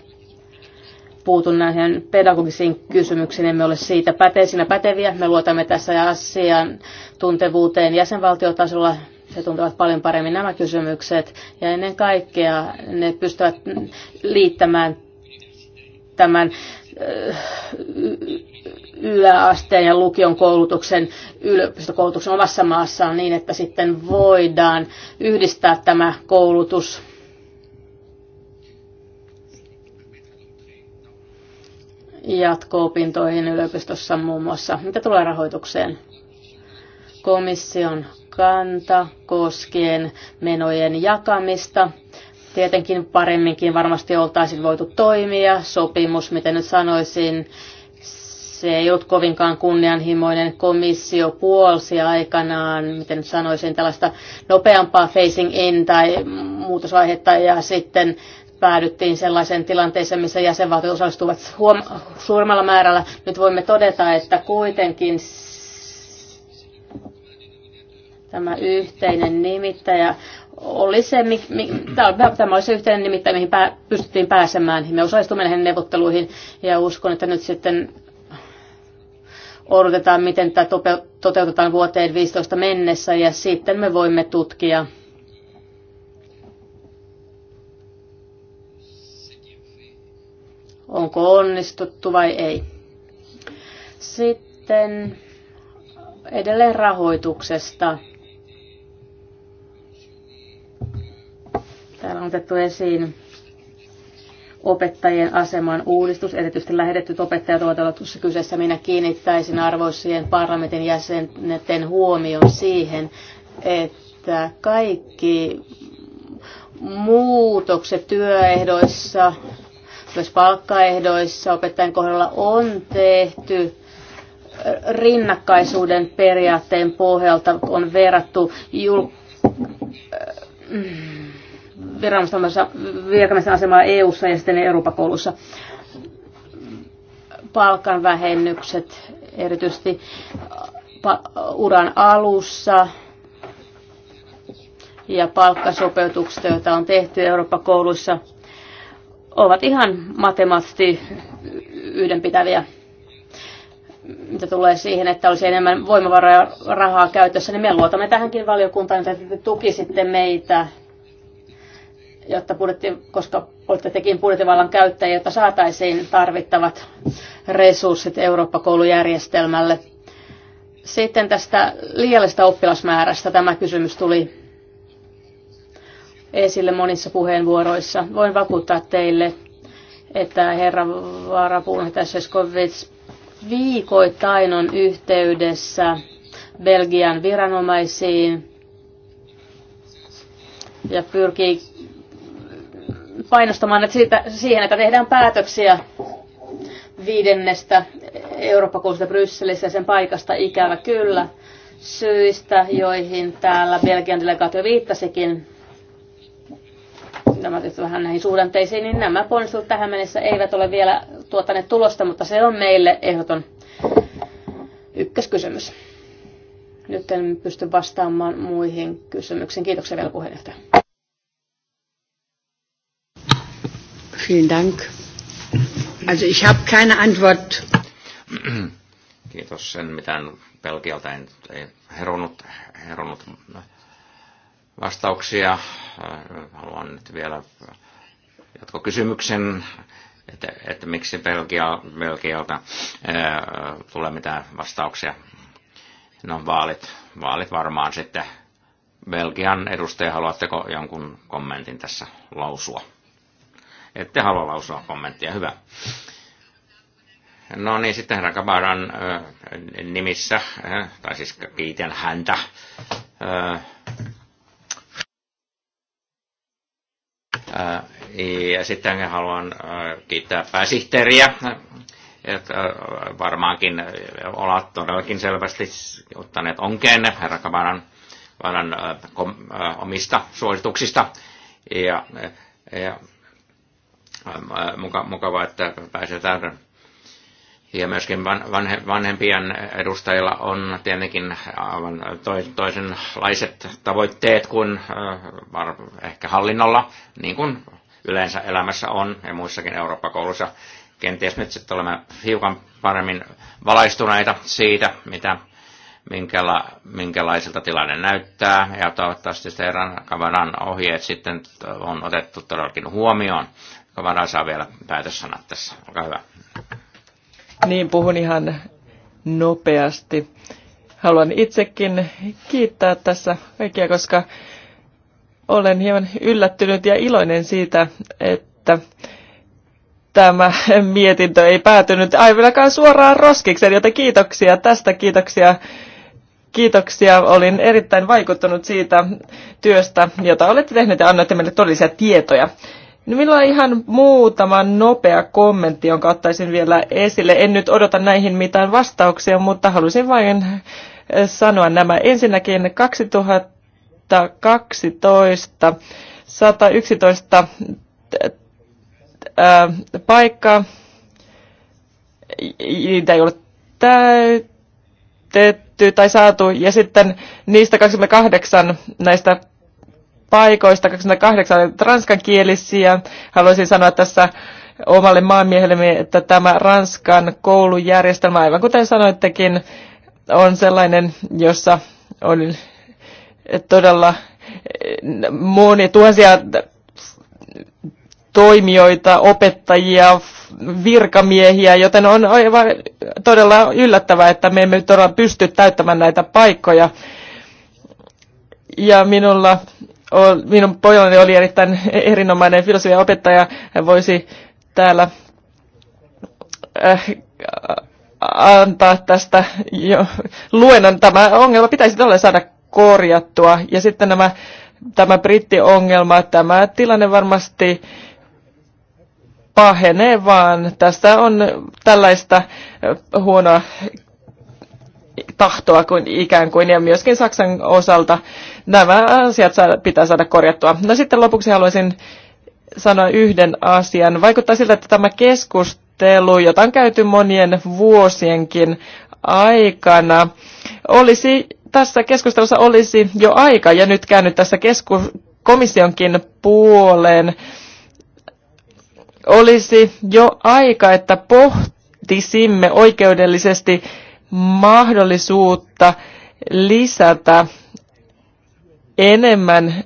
puutu näihin pedagogisiin kysymyksiin, emme ole siitä päteisinä päteviä. Me luotamme tässä asian tuntevuuteen jäsenvaltiotasolla. Se tuntevat paljon paremmin nämä kysymykset ja ennen kaikkea ne pystyvät liittämään tämän yläasteen ja lukion koulutuksen, yliopistokoulutuksen omassa maassaan niin, että sitten voidaan yhdistää tämä koulutus jatko-opintoihin yliopistossa muun muassa. Mitä tulee rahoitukseen? Komission kanta koskien menojen jakamista. Tietenkin paremminkin varmasti oltaisiin voitu toimia. Sopimus, miten nyt sanoisin, se ei ollut kovinkaan kunnianhimoinen komissio puolsi aikanaan, miten nyt sanoisin, tällaista nopeampaa facing in tai muutosvaihetta ja sitten päädyttiin sellaiseen tilanteeseen, missä jäsenvaltiot osallistuvat huom- suuremmalla määrällä. Nyt voimme todeta, että kuitenkin tämä yhteinen nimittäjä oli se, mi, mi, tämä oli se yhteinen nimittäjä, mihin pää, pystyttiin pääsemään. Me osallistumme näihin neuvotteluihin ja uskon, että nyt sitten odotetaan, miten tämä toteutetaan vuoteen 15 mennessä ja sitten me voimme tutkia onko onnistuttu vai ei. Sitten edelleen rahoituksesta. Täällä on otettu esiin opettajien aseman uudistus, erityisesti lähetetyt opettajat ovat olleet tuossa kyseessä. Minä kiinnittäisin arvoisien parlamentin jäsenten huomioon siihen, että kaikki muutokset työehdoissa, myös palkkaehdoissa opettajan kohdalla on tehty rinnakkaisuuden periaatteen pohjalta, on verrattu jul- virkamiesten asemaa EU-ssa ja sitten Euroopan koulussa. Palkanvähennykset erityisesti uran alussa ja palkkasopeutukset, joita on tehty Euroopan kouluissa, ovat ihan matemaattisesti yhdenpitäviä mitä tulee siihen, että olisi enemmän voimavaroja rahaa käytössä, niin me luotamme tähänkin valiokuntaan, että te sitten meitä jotta budjetti, koska olette tekin budjettivallan käyttäjiä, jotta saataisiin tarvittavat resurssit Eurooppa-koulujärjestelmälle. Sitten tästä liiallisesta oppilasmäärästä tämä kysymys tuli esille monissa puheenvuoroissa. Voin vakuuttaa teille, että herra varapuunjohtaja Seskovits viikoittain on yhteydessä Belgian viranomaisiin ja pyrkii painostamaan että siitä, siihen, että tehdään päätöksiä viidennestä Eurooppa-kousta Brysselissä ja sen paikasta ikävä kyllä syistä, joihin täällä Belgian delegaatio viittasikin, nämä tietysti vähän näihin suhdanteisiin, niin nämä ponnistelut tähän mennessä eivät ole vielä tuottaneet tulosta, mutta se on meille ehdoton ykköskysymys. Nyt en pysty vastaamaan muihin kysymyksiin. Kiitoksia vielä puheenjohtaja. Vielen Dank. Also ich habe keine Antwort. Kiitos sen, mitään Belgialta en, ei heronnut, heronnut vastauksia. Äh, haluan nyt vielä jatkokysymyksen, että, että miksi Belgia, Belgialta ää, äh, tulee mitään vastauksia. No vaalit, vaalit varmaan sitten. Belgian edustaja, haluatteko jonkun kommentin tässä lausua? Ette halua lausua kommenttia, hyvä. No niin, sitten herra Kabaran nimissä, tai siis kiitän häntä. Ja sitten haluan kiittää pääsihteeriä. Että varmaankin olet todellakin selvästi ottaneet onkeen herra Kabaran omista suosituksista. Ja, ja Mukavaa, että pääsetään. Ja myöskin vanhempien edustajilla on tietenkin aivan toisenlaiset tavoitteet kuin äh, ehkä hallinnolla, niin kuin yleensä elämässä on ja muissakin Eurooppa-koulussa. Kenties nyt sitten olemme hiukan paremmin valaistuneita siitä, mitä minkäla, minkälaiselta tilanne näyttää, ja toivottavasti Steeran Kavaran ohjeet sitten on otettu todellakin huomioon Kavara saa vielä päätössanat tässä. Olkaa hyvä. Niin, puhun ihan nopeasti. Haluan itsekin kiittää tässä kaikkia, koska olen hieman yllättynyt ja iloinen siitä, että tämä mietintö ei päätynyt aivan suoraan roskikseen, joten kiitoksia tästä, kiitoksia kiitoksia. Olin erittäin vaikuttunut siitä työstä, jota olette tehneet ja annoitte meille todellisia tietoja. No minulla on ihan muutama nopea kommentti, jonka ottaisin vielä esille. En nyt odota näihin mitään vastauksia, mutta halusin vain eh, sanoa nämä. Ensinnäkin 2012 111 paikkaa, niitä ei ole täytetty tai saatu, ja sitten niistä 28 näistä paikoista, 28 oli ranskankielisiä. Haluaisin sanoa tässä omalle maanmiehelle, että tämä Ranskan koulujärjestelmä, aivan kuten sanoittekin, on sellainen, jossa on todella eh, moni tuhansia toimijoita, opettajia, virkamiehiä, joten on aivan todella yllättävää, että me emme todella pysty täyttämään näitä paikkoja. Ja minulla minun pojani oli erittäin erinomainen filosofian opettaja. Hän voisi täällä äh, antaa tästä jo, luennon. Tämä ongelma pitäisi todella saada korjattua. Ja sitten nämä, tämä brittiongelma, tämä tilanne varmasti pahenee, vaan tästä on tällaista äh, huonoa tahtoa kuin ikään kuin, ja myöskin Saksan osalta nämä asiat pitää saada korjattua. No sitten lopuksi haluaisin sanoa yhden asian. Vaikuttaa siltä, että tämä keskustelu, jota on käyty monien vuosienkin aikana, olisi, tässä keskustelussa olisi jo aika, ja nyt käännyt tässä kesku, komissionkin puoleen, olisi jo aika, että pohtisimme oikeudellisesti mahdollisuutta lisätä enemmän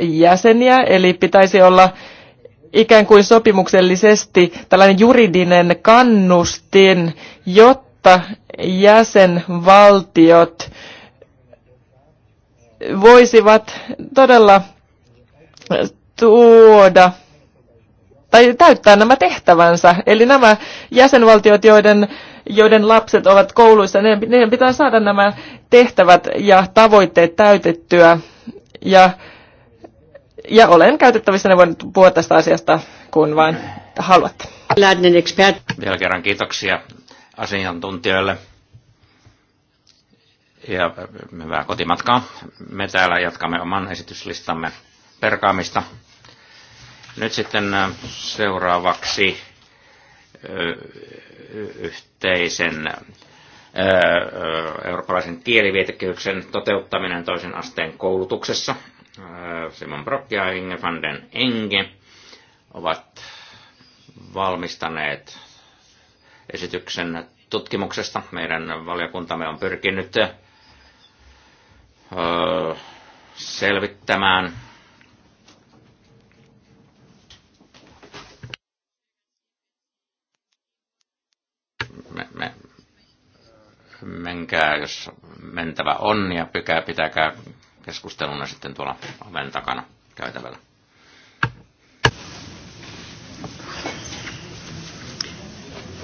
jäseniä, eli pitäisi olla ikään kuin sopimuksellisesti tällainen juridinen kannustin, jotta jäsenvaltiot voisivat todella tuoda tai täyttää nämä tehtävänsä. Eli nämä jäsenvaltiot, joiden joiden lapset ovat kouluissa, niiden pitää saada nämä tehtävät ja tavoitteet täytettyä. Ja, ja olen käytettävissä, ne voin puhua tästä asiasta, kun vain haluatte. Vielä kerran kiitoksia asiantuntijoille ja hyvää kotimatkaa. Me täällä jatkamme oman esityslistamme perkaamista. Nyt sitten äh, seuraavaksi yhteisen eurooppalaisen kielivietekehyksen toteuttaminen toisen asteen koulutuksessa. Simon Brock ja Inge van den Enge ovat valmistaneet esityksen tutkimuksesta. Meidän valiokuntamme on pyrkinyt selvittämään menkää, jos mentävä on, ja pykää, pitäkää keskusteluna sitten tuolla oven takana käytävällä.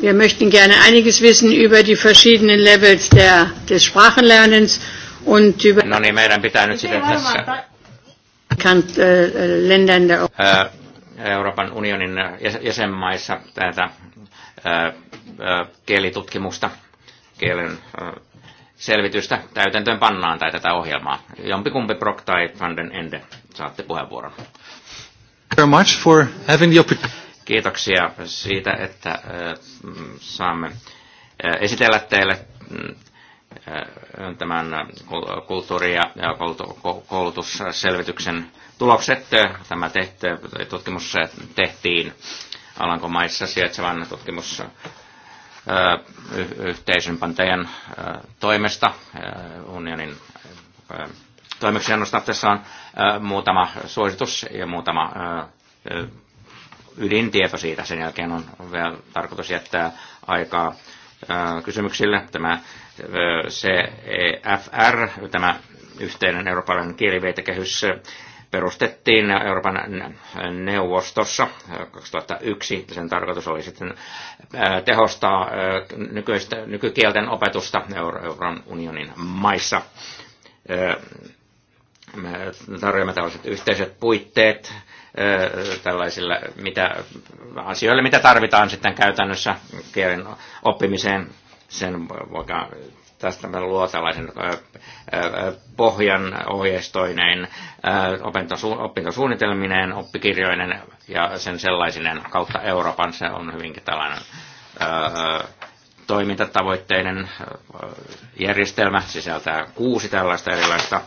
Wir möchten gerne einiges wissen über die verschiedenen Levels der, des Sprachenlernens und über... No niin, meidän pitää nyt sitten tässä... Kant, äh, äh, äh, Euroopan unionin jäsenmaissa tätä äh, äh, kielitutkimusta kielen selvitystä täytäntöön pannaan tai tätä ohjelmaa. Jompikumpi Brock tai Van den Ende, saatte puheenvuoron. Very much for having the Kiitoksia siitä, että mm, saamme esitellä teille mm, tämän kulttuuri- ja koulutusselvityksen tulokset. Tämä tehty, tutkimus tehtiin Alankomaissa sijaitsevan tutkimus yhteisön pantajan toimesta unionin toimeksiannosta. Tässä on muutama suositus ja muutama ydintieto siitä. Sen jälkeen on vielä tarkoitus jättää aikaa kysymyksille. Tämä CEFR, tämä yhteinen eurooppalainen kieliviitekehys perustettiin Euroopan neuvostossa 2001. Sen tarkoitus oli sitten tehostaa nykyistä, nykykielten opetusta Euroopan unionin maissa. Me tarjoamme tällaiset yhteiset puitteet tällaisille mitä, asioille, mitä tarvitaan sitten käytännössä kielen oppimiseen. Sen tästä luo tällaisen pohjan ohjeistoineen, opintosuunnitelmineen, oppikirjoinen ja sen sellaisinen kautta Euroopan. Se on hyvinkin tällainen toimintatavoitteinen järjestelmä, sisältää kuusi tällaista erilaista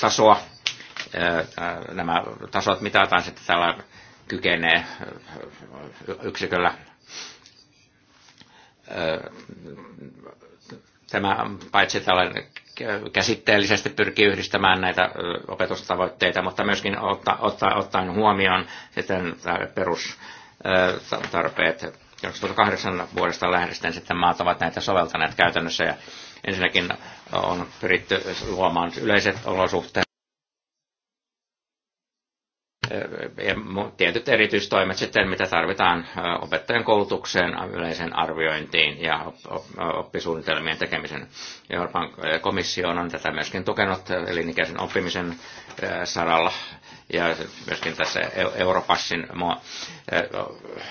tasoa. Nämä tasot mitataan sitten tällä kykenee yksiköllä Tämä paitsi tällainen käsitteellisesti pyrkii yhdistämään näitä opetustavoitteita, mutta myöskin otta, otta, ottaen huomioon sitten perustarpeet. 2008 vuodesta lähdisten sitten maat ovat näitä soveltaneet käytännössä ja ensinnäkin on pyritty luomaan yleiset olosuhteet tietyt erityistoimet sitten, mitä tarvitaan opettajan koulutukseen, yleiseen arviointiin ja oppisuunnitelmien tekemisen. Euroopan komissio on tätä myöskin tukenut elinikäisen oppimisen saralla ja myöskin tässä e-, Europassin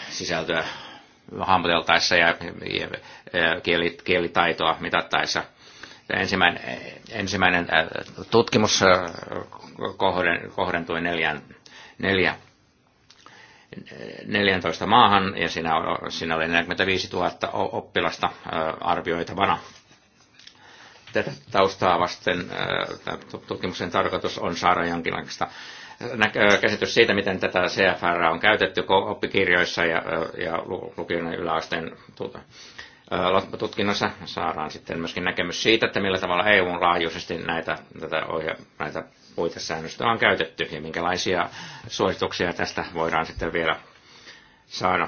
sisältöä hahmoteltaessa ja kielitaitoa mitattaessa – ensimmäinen, ensimmäinen tutkimus kohdentui neljään neljä 14 maahan ja siinä, siinä oli 45 000 oppilasta arvioitavana. Tätä taustaa vasten tutkimuksen tarkoitus on saada jonkinlaista käsitys siitä, miten tätä CFR on käytetty oppikirjoissa ja, ja lukion yläasteen tuota, tutkinnossa saadaan sitten myöskin näkemys siitä, että millä tavalla on e laajuisesti näitä, tätä ohja näitä puitesäännöstä on käytetty ja minkälaisia suosituksia tästä voidaan sitten vielä saada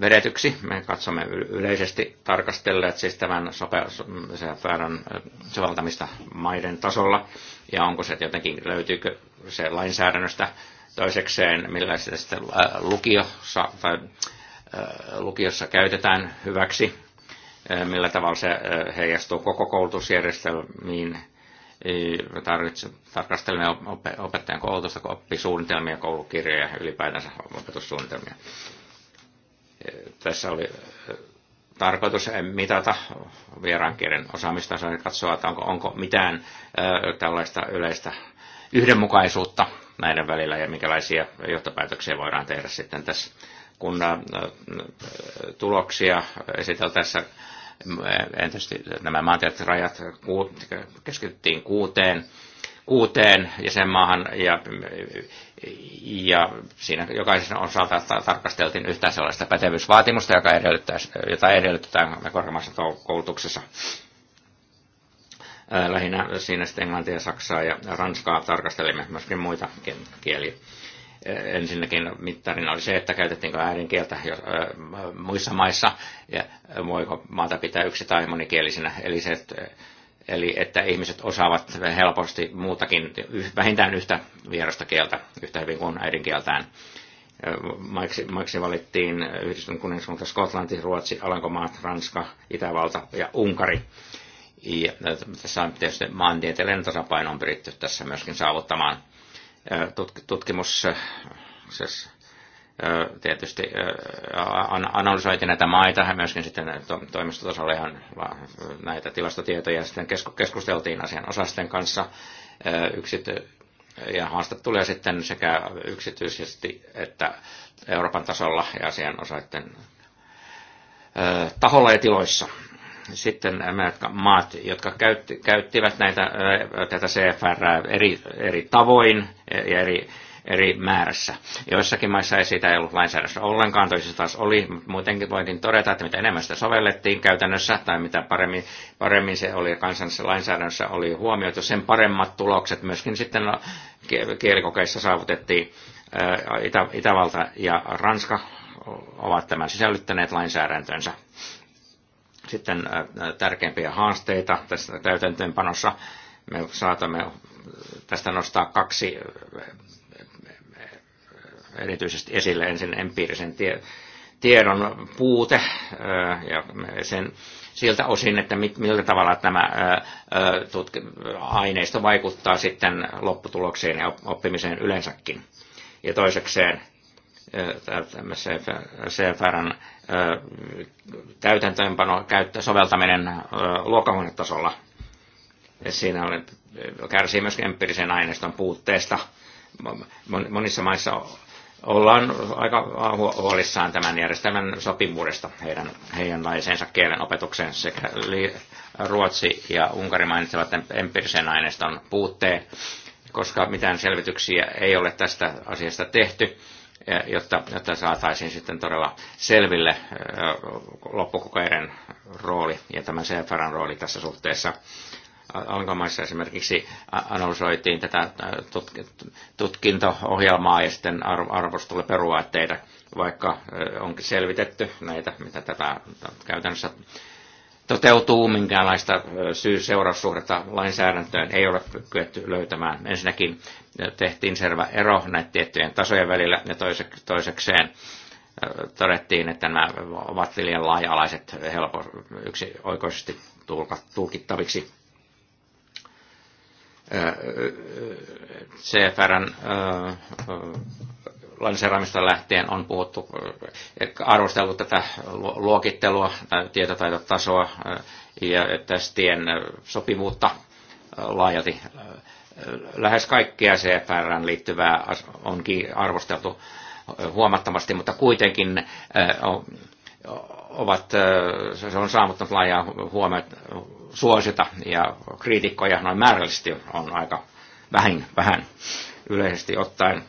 vedetyksi. Me katsomme yleisesti tarkastelleet siis tämän sopeutuspäädön soveltamista maiden tasolla ja onko se jotenkin, löytyykö se lainsäädännöstä toisekseen, millä sitä sitten lukiossa, tai, lukiossa käytetään hyväksi, millä tavalla se heijastuu koko koulutusjärjestelmiin ei tarvitse tarkastella opettajan koulutusta, kun suunnitelmia, koulukirjoja ja ylipäätänsä opetussuunnitelmia. E, tässä oli e, tarkoitus mitata vieraankielen kielen osaamistasoa ja niin katsoa, että onko, onko mitään e, tällaista yleistä yhdenmukaisuutta näiden välillä ja minkälaisia johtopäätöksiä voidaan tehdä sitten tässä, kun tuloksia esiteltäessä tässä entisesti nämä maantieteelliset rajat keskityttiin kuuteen, kuuteen jäsenmaahan ja, ja siinä jokaisessa osalta tarkasteltiin yhtä sellaista pätevyysvaatimusta, joka jota edellytetään korkeammassa koulutuksessa lähinnä siinä sitten englantia, saksaa ja ranskaa tarkastelimme, myöskin muita kieliä ensinnäkin mittarina oli se, että käytettiinkö äidinkieltä jos, muissa maissa ja voiko maata pitää yksi tai monikielisenä. Eli, se, että, eli että ihmiset osaavat helposti muutakin, vähintään yhtä vierasta kieltä, yhtä hyvin kuin äidinkieltään. Maiksi, maiksi valittiin Yhdistynyt kuningaskunta, Skotlanti, Ruotsi, Alankomaat, Ranska, Itävalta ja Unkari. Ja tässä on tietysti maantieteellinen tasapaino on pyritty tässä myöskin saavuttamaan tutkimus siis tietysti analysoitiin näitä maita ja myöskin sitten toimistotasolla ihan näitä tilastotietoja. Sitten keskusteltiin asian osasten kanssa yksity- ja haastatteluja sitten sekä yksityisesti että Euroopan tasolla ja asian osaiden taholla ja tiloissa sitten maat, jotka käytti, käyttivät näitä, tätä CFR eri, eri tavoin ja eri, eri määrässä. Joissakin maissa ei siitä ollut lainsäädännössä ollenkaan, toisissa taas oli, mutta muutenkin voitiin todeta, että mitä enemmän sitä sovellettiin käytännössä tai mitä paremmin, paremmin se oli kansallisessa lainsäädännössä oli huomioitu, sen paremmat tulokset myöskin sitten kielikokeissa saavutettiin. Itä, Itävalta ja Ranska ovat tämän sisällyttäneet lainsäädäntönsä sitten tärkeimpiä haasteita tässä täytäntöönpanossa. Me saatamme tästä nostaa kaksi erityisesti esille. Ensin empiirisen tie, tiedon puute ja sen, siltä osin, että mit, millä tavalla tämä aineisto vaikuttaa sitten lopputulokseen ja oppimiseen yleensäkin. Ja toisekseen CFRn täytäntöönpano, käyttö, soveltaminen luokkahuonetasolla. Siinä on kärsii myös empiirisen aineiston puutteesta. Monissa maissa ollaan aika huolissaan tämän järjestelmän sopimuudesta heidän, heidän laisensa kielen opetukseen sekä Ruotsi ja Unkari mainitsevat empiirisen aineiston puutteen, koska mitään selvityksiä ei ole tästä asiasta tehty jotta, jotta saataisiin sitten todella selville loppukokeiden rooli ja tämän CFRn rooli tässä suhteessa. Alankomaissa esimerkiksi analysoitiin tätä tutkinto-ohjelmaa ja sitten arvostulle peruaatteita, vaikka onkin selvitetty näitä, mitä tätä käytännössä toteutuu, minkäänlaista syy-seuraussuhdetta lainsäädäntöön ei ole kyetty löytämään. Ensinnäkin tehtiin selvä ero näiden tiettyjen tasojen välillä ja toisekseen todettiin, että nämä ovat liian laaja-alaiset helpo, yksi oikoisesti tulkittaviksi. CFRn lanseeraamista lähtien on puhuttu, arvosteltu tätä luokittelua tietotaitotasoa ja testien sopivuutta laajalti. Lähes kaikkea CPRään liittyvää onkin arvosteltu huomattavasti, mutta kuitenkin ovat, se on saavuttanut laajaa huomiota suosita ja kriitikkoja noin määrällisesti on aika vähin, vähän yleisesti ottaen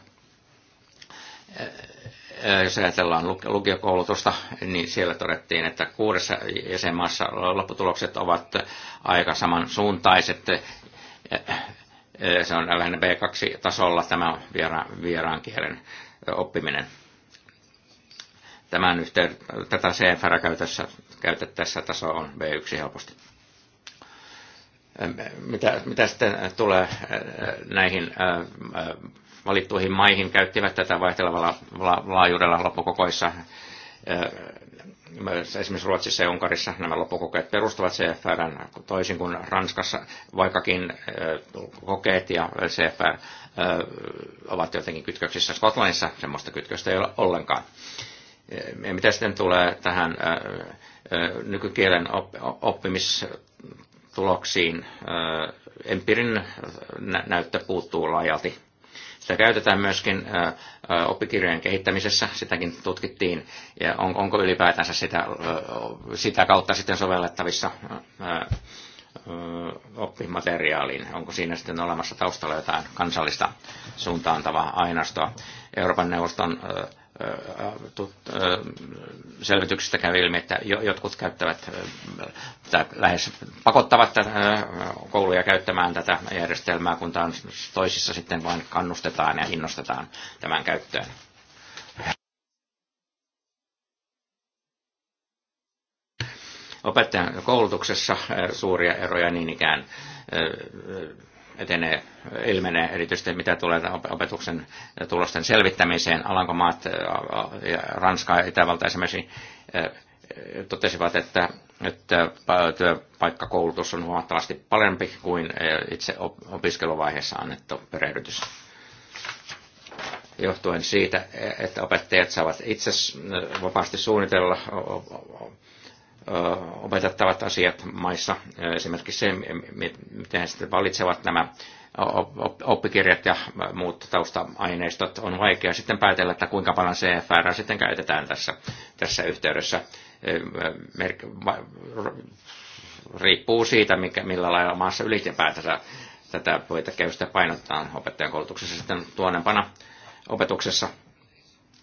jos ajatellaan lukiokoulutusta, niin siellä todettiin, että kuudessa jäsenmaassa lopputulokset ovat aika samansuuntaiset. Se on lähinnä B2-tasolla tämä vieraan, vieraan kielen oppiminen. Tämän yhteen, tätä CFR käytössä, käytettäessä taso on B1 helposti. Mitä, mitä sitten tulee näihin valittuihin maihin käyttivät tätä vaihtelevalla laajuudella loppukokoissa. Esimerkiksi Ruotsissa ja Unkarissa nämä loppukokeet perustuvat CFR, toisin kuin Ranskassa, vaikkakin kokeet ja CFR ovat jotenkin kytköksissä Skotlannissa, sellaista kytköstä ei ole ollenkaan. Mitä sitten tulee tähän nykykielen oppimistuloksiin? Empirin näyttö puuttuu laajalti sitä käytetään myöskin oppikirjojen kehittämisessä, sitäkin tutkittiin, ja on, onko ylipäätänsä sitä, sitä kautta sitten sovellettavissa oppimateriaaliin? Onko siinä sitten olemassa taustalla jotain kansallista suuntaantavaa ainastoa. Euroopan neuvoston selvityksestä käy ilmi, että jotkut käyttävät tai lähes pakottavat kouluja käyttämään tätä järjestelmää, kun taas toisissa sitten vain kannustetaan ja innostetaan tämän käyttöön. Opettajan koulutuksessa suuria eroja niin ikään etenee, ilmenee erityisesti mitä tulee opetuksen tulosten selvittämiseen. Alankomaat ja Ranska ja Itävalta esimerkiksi totesivat, että, että työpaikkakoulutus on huomattavasti parempi kuin itse opiskeluvaiheessa annettu perehdytys. Johtuen siitä, että opettajat saavat itse vapaasti suunnitella opetettavat asiat maissa, esimerkiksi se, miten he sitten valitsevat nämä oppikirjat ja muut tausta-aineistot, on vaikea sitten päätellä, että kuinka paljon CFR sitten käytetään tässä, tässä yhteydessä. riippuu siitä, mikä, millä lailla maassa ylipäätänsä tätä poitakäystä painottaa opettajan koulutuksessa sitten tuonempana opetuksessa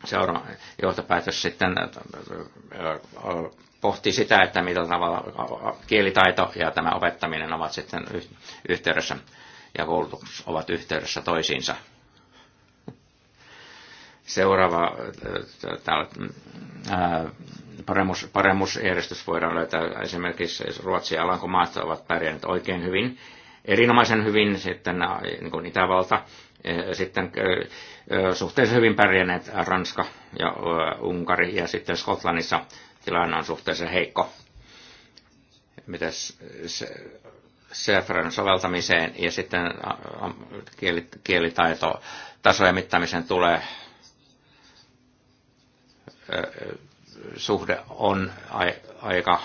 seura- johtopäätös sitten pohti sitä, että mitä tavalla kielitaito ja tämä opettaminen ovat sitten yhteydessä ja koulutus ovat yhteydessä toisiinsa. Seuraava täällä, mm, ää, paremmus, paremmusjärjestys voidaan löytää esimerkiksi Ruotsi ja Alankomaat ovat pärjänneet oikein hyvin, erinomaisen hyvin sitten niin kuin Itävalta sitten suhteellisen hyvin pärjänneet Ranska ja Unkari ja sitten Skotlannissa tilanne on suhteellisen heikko. Mitäs se, CFRn soveltamiseen ja sitten kielitaito tasojen mittaamisen tulee suhde on aika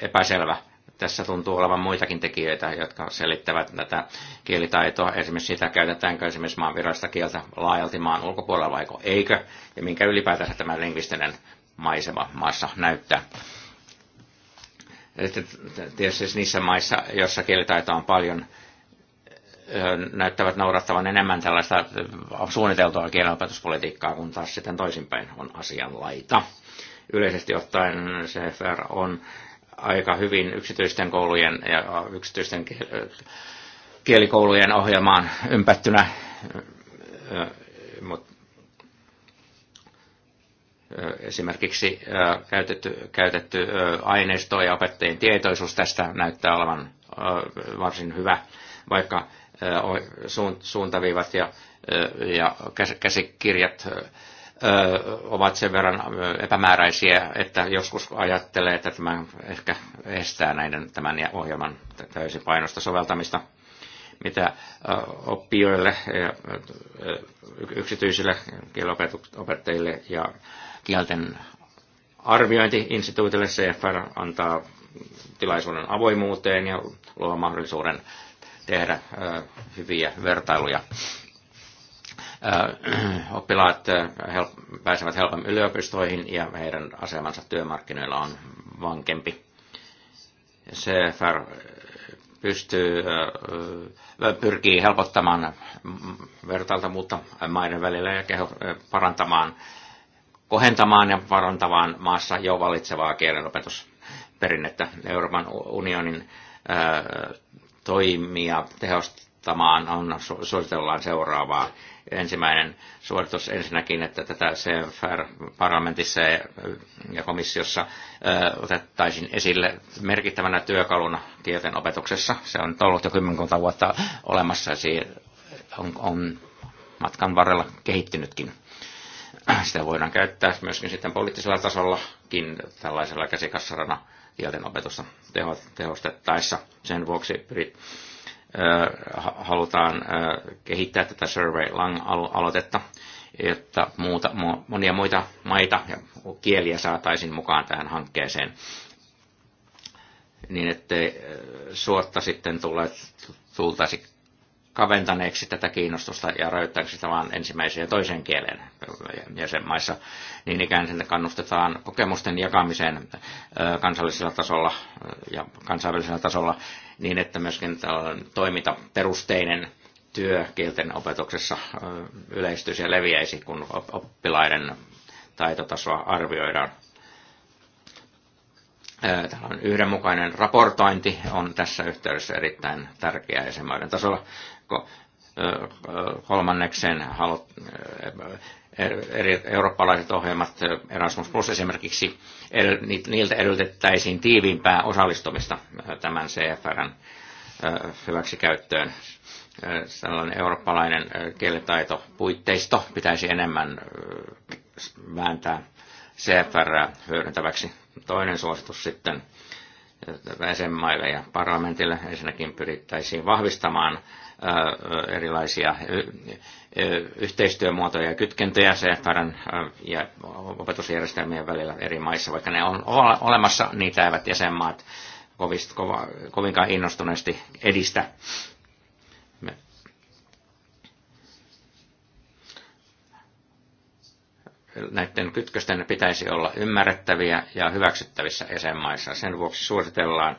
epäselvä tässä tuntuu olevan muitakin tekijöitä, jotka selittävät tätä kielitaitoa. Esimerkiksi sitä käytetäänkö esimerkiksi maan virallista kieltä laajalti maan ulkopuolella vai eikö, ja minkä ylipäätänsä tämä lingvistinen maisema maassa näyttää. Eli tietysti siis niissä maissa, joissa kielitaitoa on paljon, näyttävät noudattavan enemmän tällaista suunniteltua kielenopetuspolitiikkaa, kun taas sitten toisinpäin on asianlaita. Yleisesti ottaen CFR on aika hyvin yksityisten koulujen ja yksityisten kielikoulujen ohjelmaan ympättynä, mutta esimerkiksi käytetty, käytetty aineisto ja opettajien tietoisuus tästä näyttää olevan varsin hyvä, vaikka suuntaviivat ja, ja käsikirjat ovat sen verran epämääräisiä, että joskus ajattelee, että tämä ehkä estää näiden, tämän ohjelman painosta soveltamista, mitä oppijoille, yksityisille kielopettajille ja kielten arviointiinstituutille CFR antaa tilaisuuden avoimuuteen ja luo mahdollisuuden tehdä hyviä vertailuja oppilaat help, pääsevät helpommin yliopistoihin ja heidän asemansa työmarkkinoilla on vankempi. CFR pystyy, pyrkii helpottamaan vertailtavuutta maiden välillä ja keho, parantamaan, kohentamaan ja parantamaan maassa jo valitsevaa kielenopetusperinnettä. Euroopan unionin toimia tehostamaan on, suositellaan seuraavaa ensimmäinen suoritus ensinnäkin, että tätä CFR-parlamentissa ja komissiossa otettaisiin esille merkittävänä työkaluna kielten opetuksessa. Se on ollut jo kymmenkunta vuotta olemassa ja on, on matkan varrella kehittynytkin. Sitä voidaan käyttää myöskin sitten poliittisella tasollakin tällaisella käsikassarana kielten opetusta tehostettaessa. Sen vuoksi halutaan kehittää tätä Survey Lang-aloitetta, jotta muuta, monia muita maita ja kieliä saataisiin mukaan tähän hankkeeseen, niin ettei suotta sitten tule, tultaisi kaventaneeksi tätä kiinnostusta ja rajoittaneeksi sitä vain ensimmäiseen ja toiseen kieleen jäsenmaissa. Niin ikään sinne kannustetaan kokemusten jakamiseen kansallisella tasolla ja kansainvälisellä tasolla niin, että myöskin toimintaperusteinen työ kielten opetuksessa yleistyisi ja leviäisi, kun oppilaiden taitotasoa arvioidaan. Tällainen yhdenmukainen raportointi on tässä yhteydessä erittäin tärkeää jäsenmaiden tasolla kolmanneksen halut, eri eurooppalaiset ohjelmat, Erasmus Plus esimerkiksi, niiltä edellytettäisiin tiiviimpää osallistumista tämän CFRn hyväksikäyttöön. Sellainen eurooppalainen kielitaito, puitteisto pitäisi enemmän vääntää CFR hyödyntäväksi. Toinen suositus sitten jäsenmaille ja parlamentille ensinnäkin pyrittäisiin vahvistamaan erilaisia yhteistyömuotoja ja kytkentöjä sehtaran ja opetusjärjestelmien välillä eri maissa, vaikka ne on olemassa, niitä eivät jäsenmaat kovist, kova, kovinkaan innostuneesti edistä. näiden kytkösten pitäisi olla ymmärrettäviä ja hyväksyttävissä jäsenmaissa. Sen vuoksi suositellaan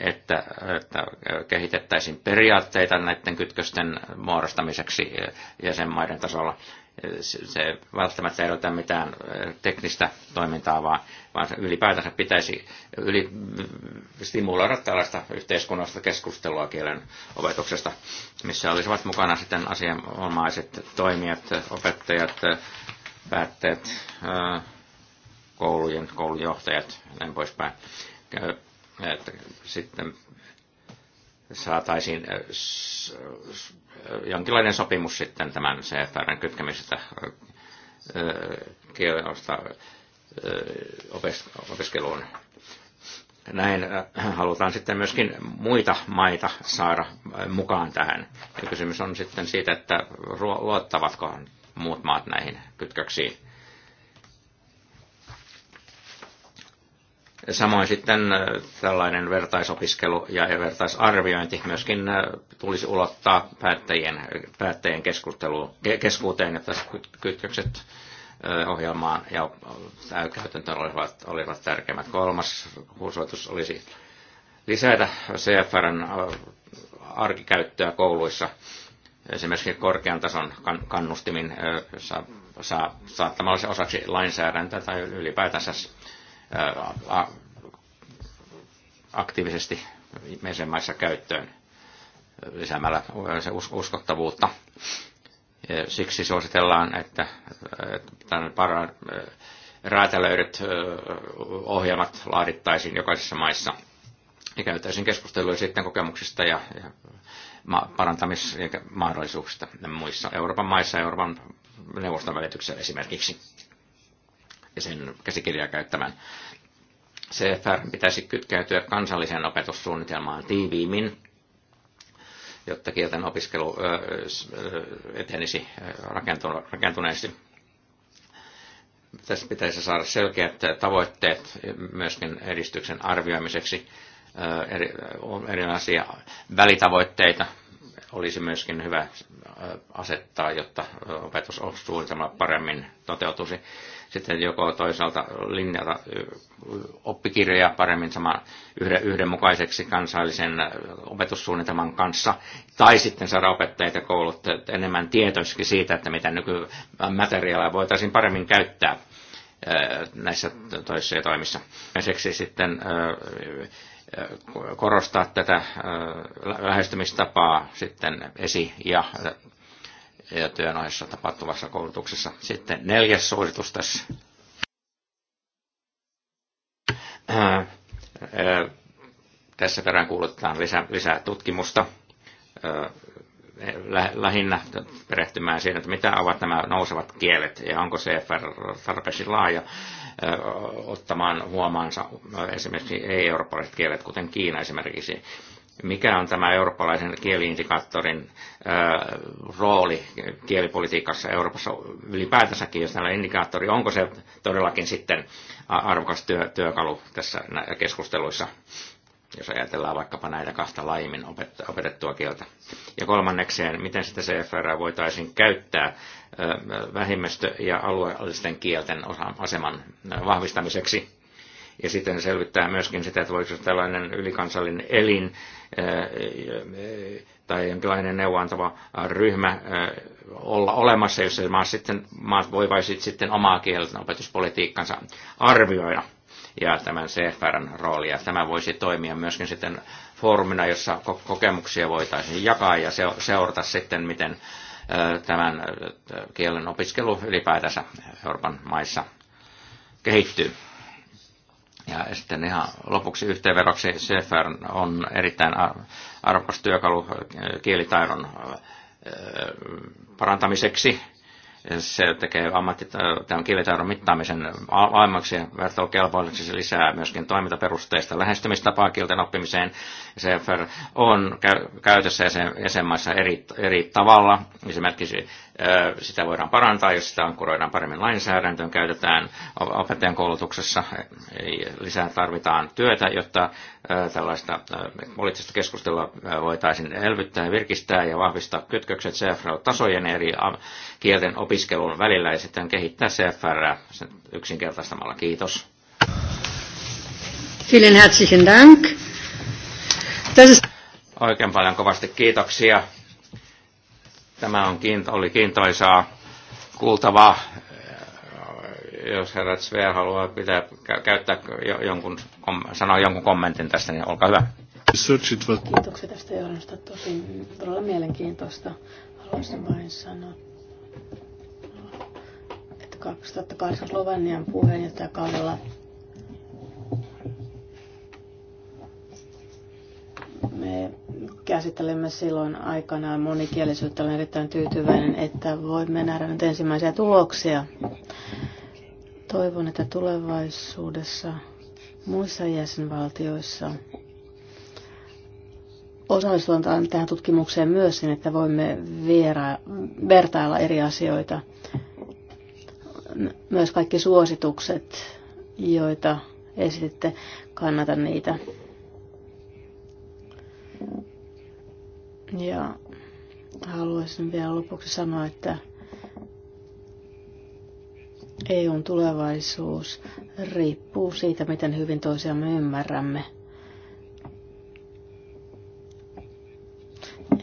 että, että kehitettäisiin periaatteita näiden kytkösten muodostamiseksi jäsenmaiden tasolla. Se välttämättä ei ole mitään teknistä toimintaa, vaan, vaan ylipäätänsä pitäisi yli, stimuloida tällaista yhteiskunnallista keskustelua kielen opetuksesta, missä olisivat mukana sitten asianomaiset toimijat, opettajat, päättäjät, koulujen, koulujohtajat ja näin poispäin että sitten saataisiin äh, äh, jonkinlainen sopimus sitten tämän CFRn kytkemisestä äh, kielenosta opiskeluun. Näin halutaan sitten myöskin muita maita saada mukaan tähän. Ja kysymys on sitten siitä, että luottavatko muut maat näihin kytköksiin. Samoin sitten tällainen vertaisopiskelu ja vertaisarviointi myöskin tulisi ulottaa päättäjien, päättäjien keskuuteen, että kytkökset ohjelmaan ja käytäntöön olivat, olivat tärkeimmät. Kolmas huusoitus olisi lisätä CFRn arkikäyttöä kouluissa esimerkiksi korkean tason kannustimin saattamalla se osaksi lainsäädäntöä tai ylipäätänsä aktiivisesti jäsenmaissa käyttöön lisäämällä uskottavuutta. Siksi suositellaan, että, että räätälöidyt ohjelmat laadittaisiin jokaisessa maissa. Ja käytäisiin keskustelua sitten kokemuksista ja, ja parantamismahdollisuuksista muissa Euroopan maissa, Euroopan neuvoston välityksellä esimerkiksi ja sen käsikirjaa käyttämään. CFR pitäisi kytkeytyä kansalliseen opetussuunnitelmaan tiiviimmin, jotta kielten opiskelu etenisi rakentuneesti. Tässä pitäisi saada selkeät tavoitteet myöskin edistyksen arvioimiseksi, eri, on eri välitavoitteita olisi myöskin hyvä asettaa, jotta opetussuunnitelma paremmin toteutuisi. Sitten joko toisaalta linjata oppikirjoja paremmin sama yhdenmukaiseksi kansallisen opetussuunnitelman kanssa, tai sitten saada opettajat ja koulut enemmän tietoisiksi siitä, että mitä nykymateriaalia voitaisiin paremmin käyttää näissä toisissa toimissa. Siksi sitten korostaa tätä äh, lähestymistapaa sitten esi- ja, työn ohessa tapahtuvassa koulutuksessa. Sitten neljäs suositus tässä. Äh, äh, tässä perään kuulutetaan lisää, lisää tutkimusta lähinnä perehtymään siihen, että mitä ovat nämä nousevat kielet ja onko CFR tarpeeksi laaja ottamaan huomaansa no, esimerkiksi ei-eurooppalaiset kielet, kuten Kiina esimerkiksi. Mikä on tämä eurooppalaisen kieliindikaattorin rooli kielipolitiikassa Euroopassa ylipäätänsäkin, jos tällä indikaattori, onko se todellakin sitten arvokas työ, työkalu tässä keskusteluissa? jos ajatellaan vaikkapa näitä kahta laimin opetettua kieltä. Ja kolmannekseen, miten sitä CFR voitaisiin käyttää vähemmistö- ja alueellisten kielten aseman vahvistamiseksi. Ja sitten selvittää myöskin sitä, että voiko tällainen ylikansallinen elin tai jonkinlainen neuvontava ryhmä olla olemassa, jos maat, sitten, maat voivat sitten omaa kielten opetuspolitiikkansa arvioida – ja tämän CFRn roolia. Tämä voisi toimia myöskin sitten foorumina, jossa kokemuksia voitaisiin jakaa ja seurata sitten, miten tämän kielen opiskelu ylipäätänsä Euroopan maissa kehittyy. Ja sitten ihan lopuksi yhteenvedoksi CFR on erittäin arvokas työkalu kielitaidon parantamiseksi se tekee ammattit äh, tämän kielitaidon mittaamisen aiemmaksi ja vertailukelpoiseksi. Se lisää myöskin toimintaperusteista lähestymistapaa kielten oppimiseen. CFR on käytössä jäsenmaissa eri, eri tavalla. Esimerkiksi sitä voidaan parantaa, jos sitä ankkuroidaan paremmin lainsäädäntöön, käytetään opettajan koulutuksessa, lisää tarvitaan työtä, jotta tällaista poliittista keskustelua voitaisiin elvyttää, virkistää ja vahvistaa kytkökset CFR-tasojen eri kielten opiskelun välillä ja sitten kehittää CFR sen yksinkertaistamalla. Kiitos. Vielen herzlichen Dank. Oikein paljon kovasti kiitoksia. Tämä on, oli kiintoisaa kuultavaa, äh, jos herrat Svea haluaa pitää, käyttää jonkun, sanoa jonkun kommentin tästä, niin olkaa hyvä. Kiitoksia tästä johdosta. Tosi todella mielenkiintoista. Haluaisin vain sanoa, että 2008 Slovenian kaudella me käsittelemme silloin aikanaan monikielisyyttä. Olen erittäin tyytyväinen, että voimme nähdä nyt ensimmäisiä tuloksia. Toivon, että tulevaisuudessa muissa jäsenvaltioissa osallistutaan tähän tutkimukseen myös niin, että voimme viera- vertailla eri asioita. Myös kaikki suositukset, joita esititte, kannatan niitä. Ja haluaisin vielä lopuksi sanoa, että EUn tulevaisuus riippuu siitä, miten hyvin toisiamme ymmärrämme.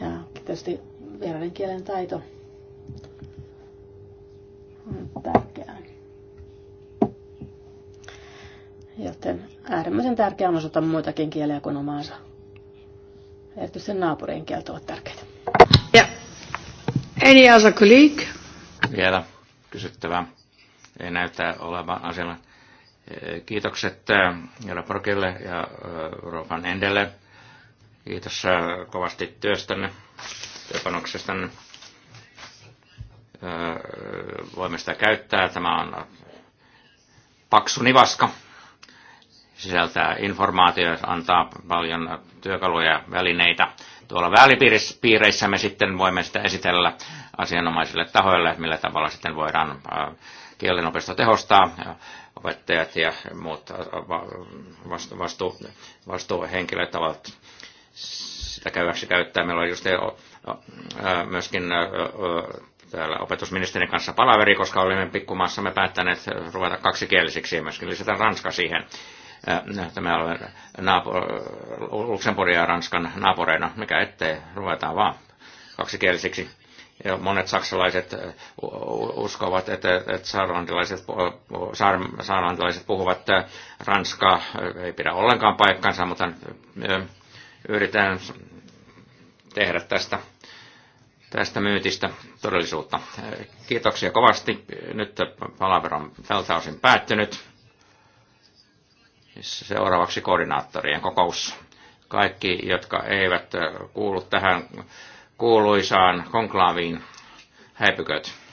Ja tietysti vieraiden kielen taito on tärkeää. Joten äärimmäisen tärkeää on osata muitakin kieliä kuin omaansa erityisesti naapurien kieltä ovat tärkeitä. Ja any other colleague? Vielä kysyttävää. Ei näytä olevan asialla. Kiitokset Jara Prokille ja Euroopan Endelle. Kiitos kovasti työstänne, työpanoksestanne. Voimme sitä käyttää. Tämä on paksu nivaska sisältää informaatio, antaa paljon työkaluja ja välineitä. Tuolla välipiireissä me sitten voimme sitä esitellä asianomaisille tahoille, millä tavalla sitten voidaan kielenopisto tehostaa, opettajat ja muut vastu, vastu, vastuuhenkilöt ovat sitä käyväksi käyttää. Meillä on just myöskin täällä opetusministerin kanssa palaveri, koska olimme pikkumaassamme päättäneet ruveta kaksikielisiksi ja myöskin lisätä Ranska siihen. Äh, tämä alue Luxemburgia ja Ranskan naapureina, mikä ettei, ruvetaan vaan kaksikielisiksi. Ja monet saksalaiset äh, uskovat, että, että saarlantilaiset, saar, saarlantilaiset puhuvat äh, ranskaa, ei pidä ollenkaan paikkansa, mutta yritetään tehdä tästä, tästä myytistä todellisuutta. Kiitoksia kovasti. Nyt palaveron tältä osin päättynyt Seuraavaksi koordinaattorien kokous. Kaikki, jotka eivät kuulu tähän kuuluisaan konklaaviin, häipyköt.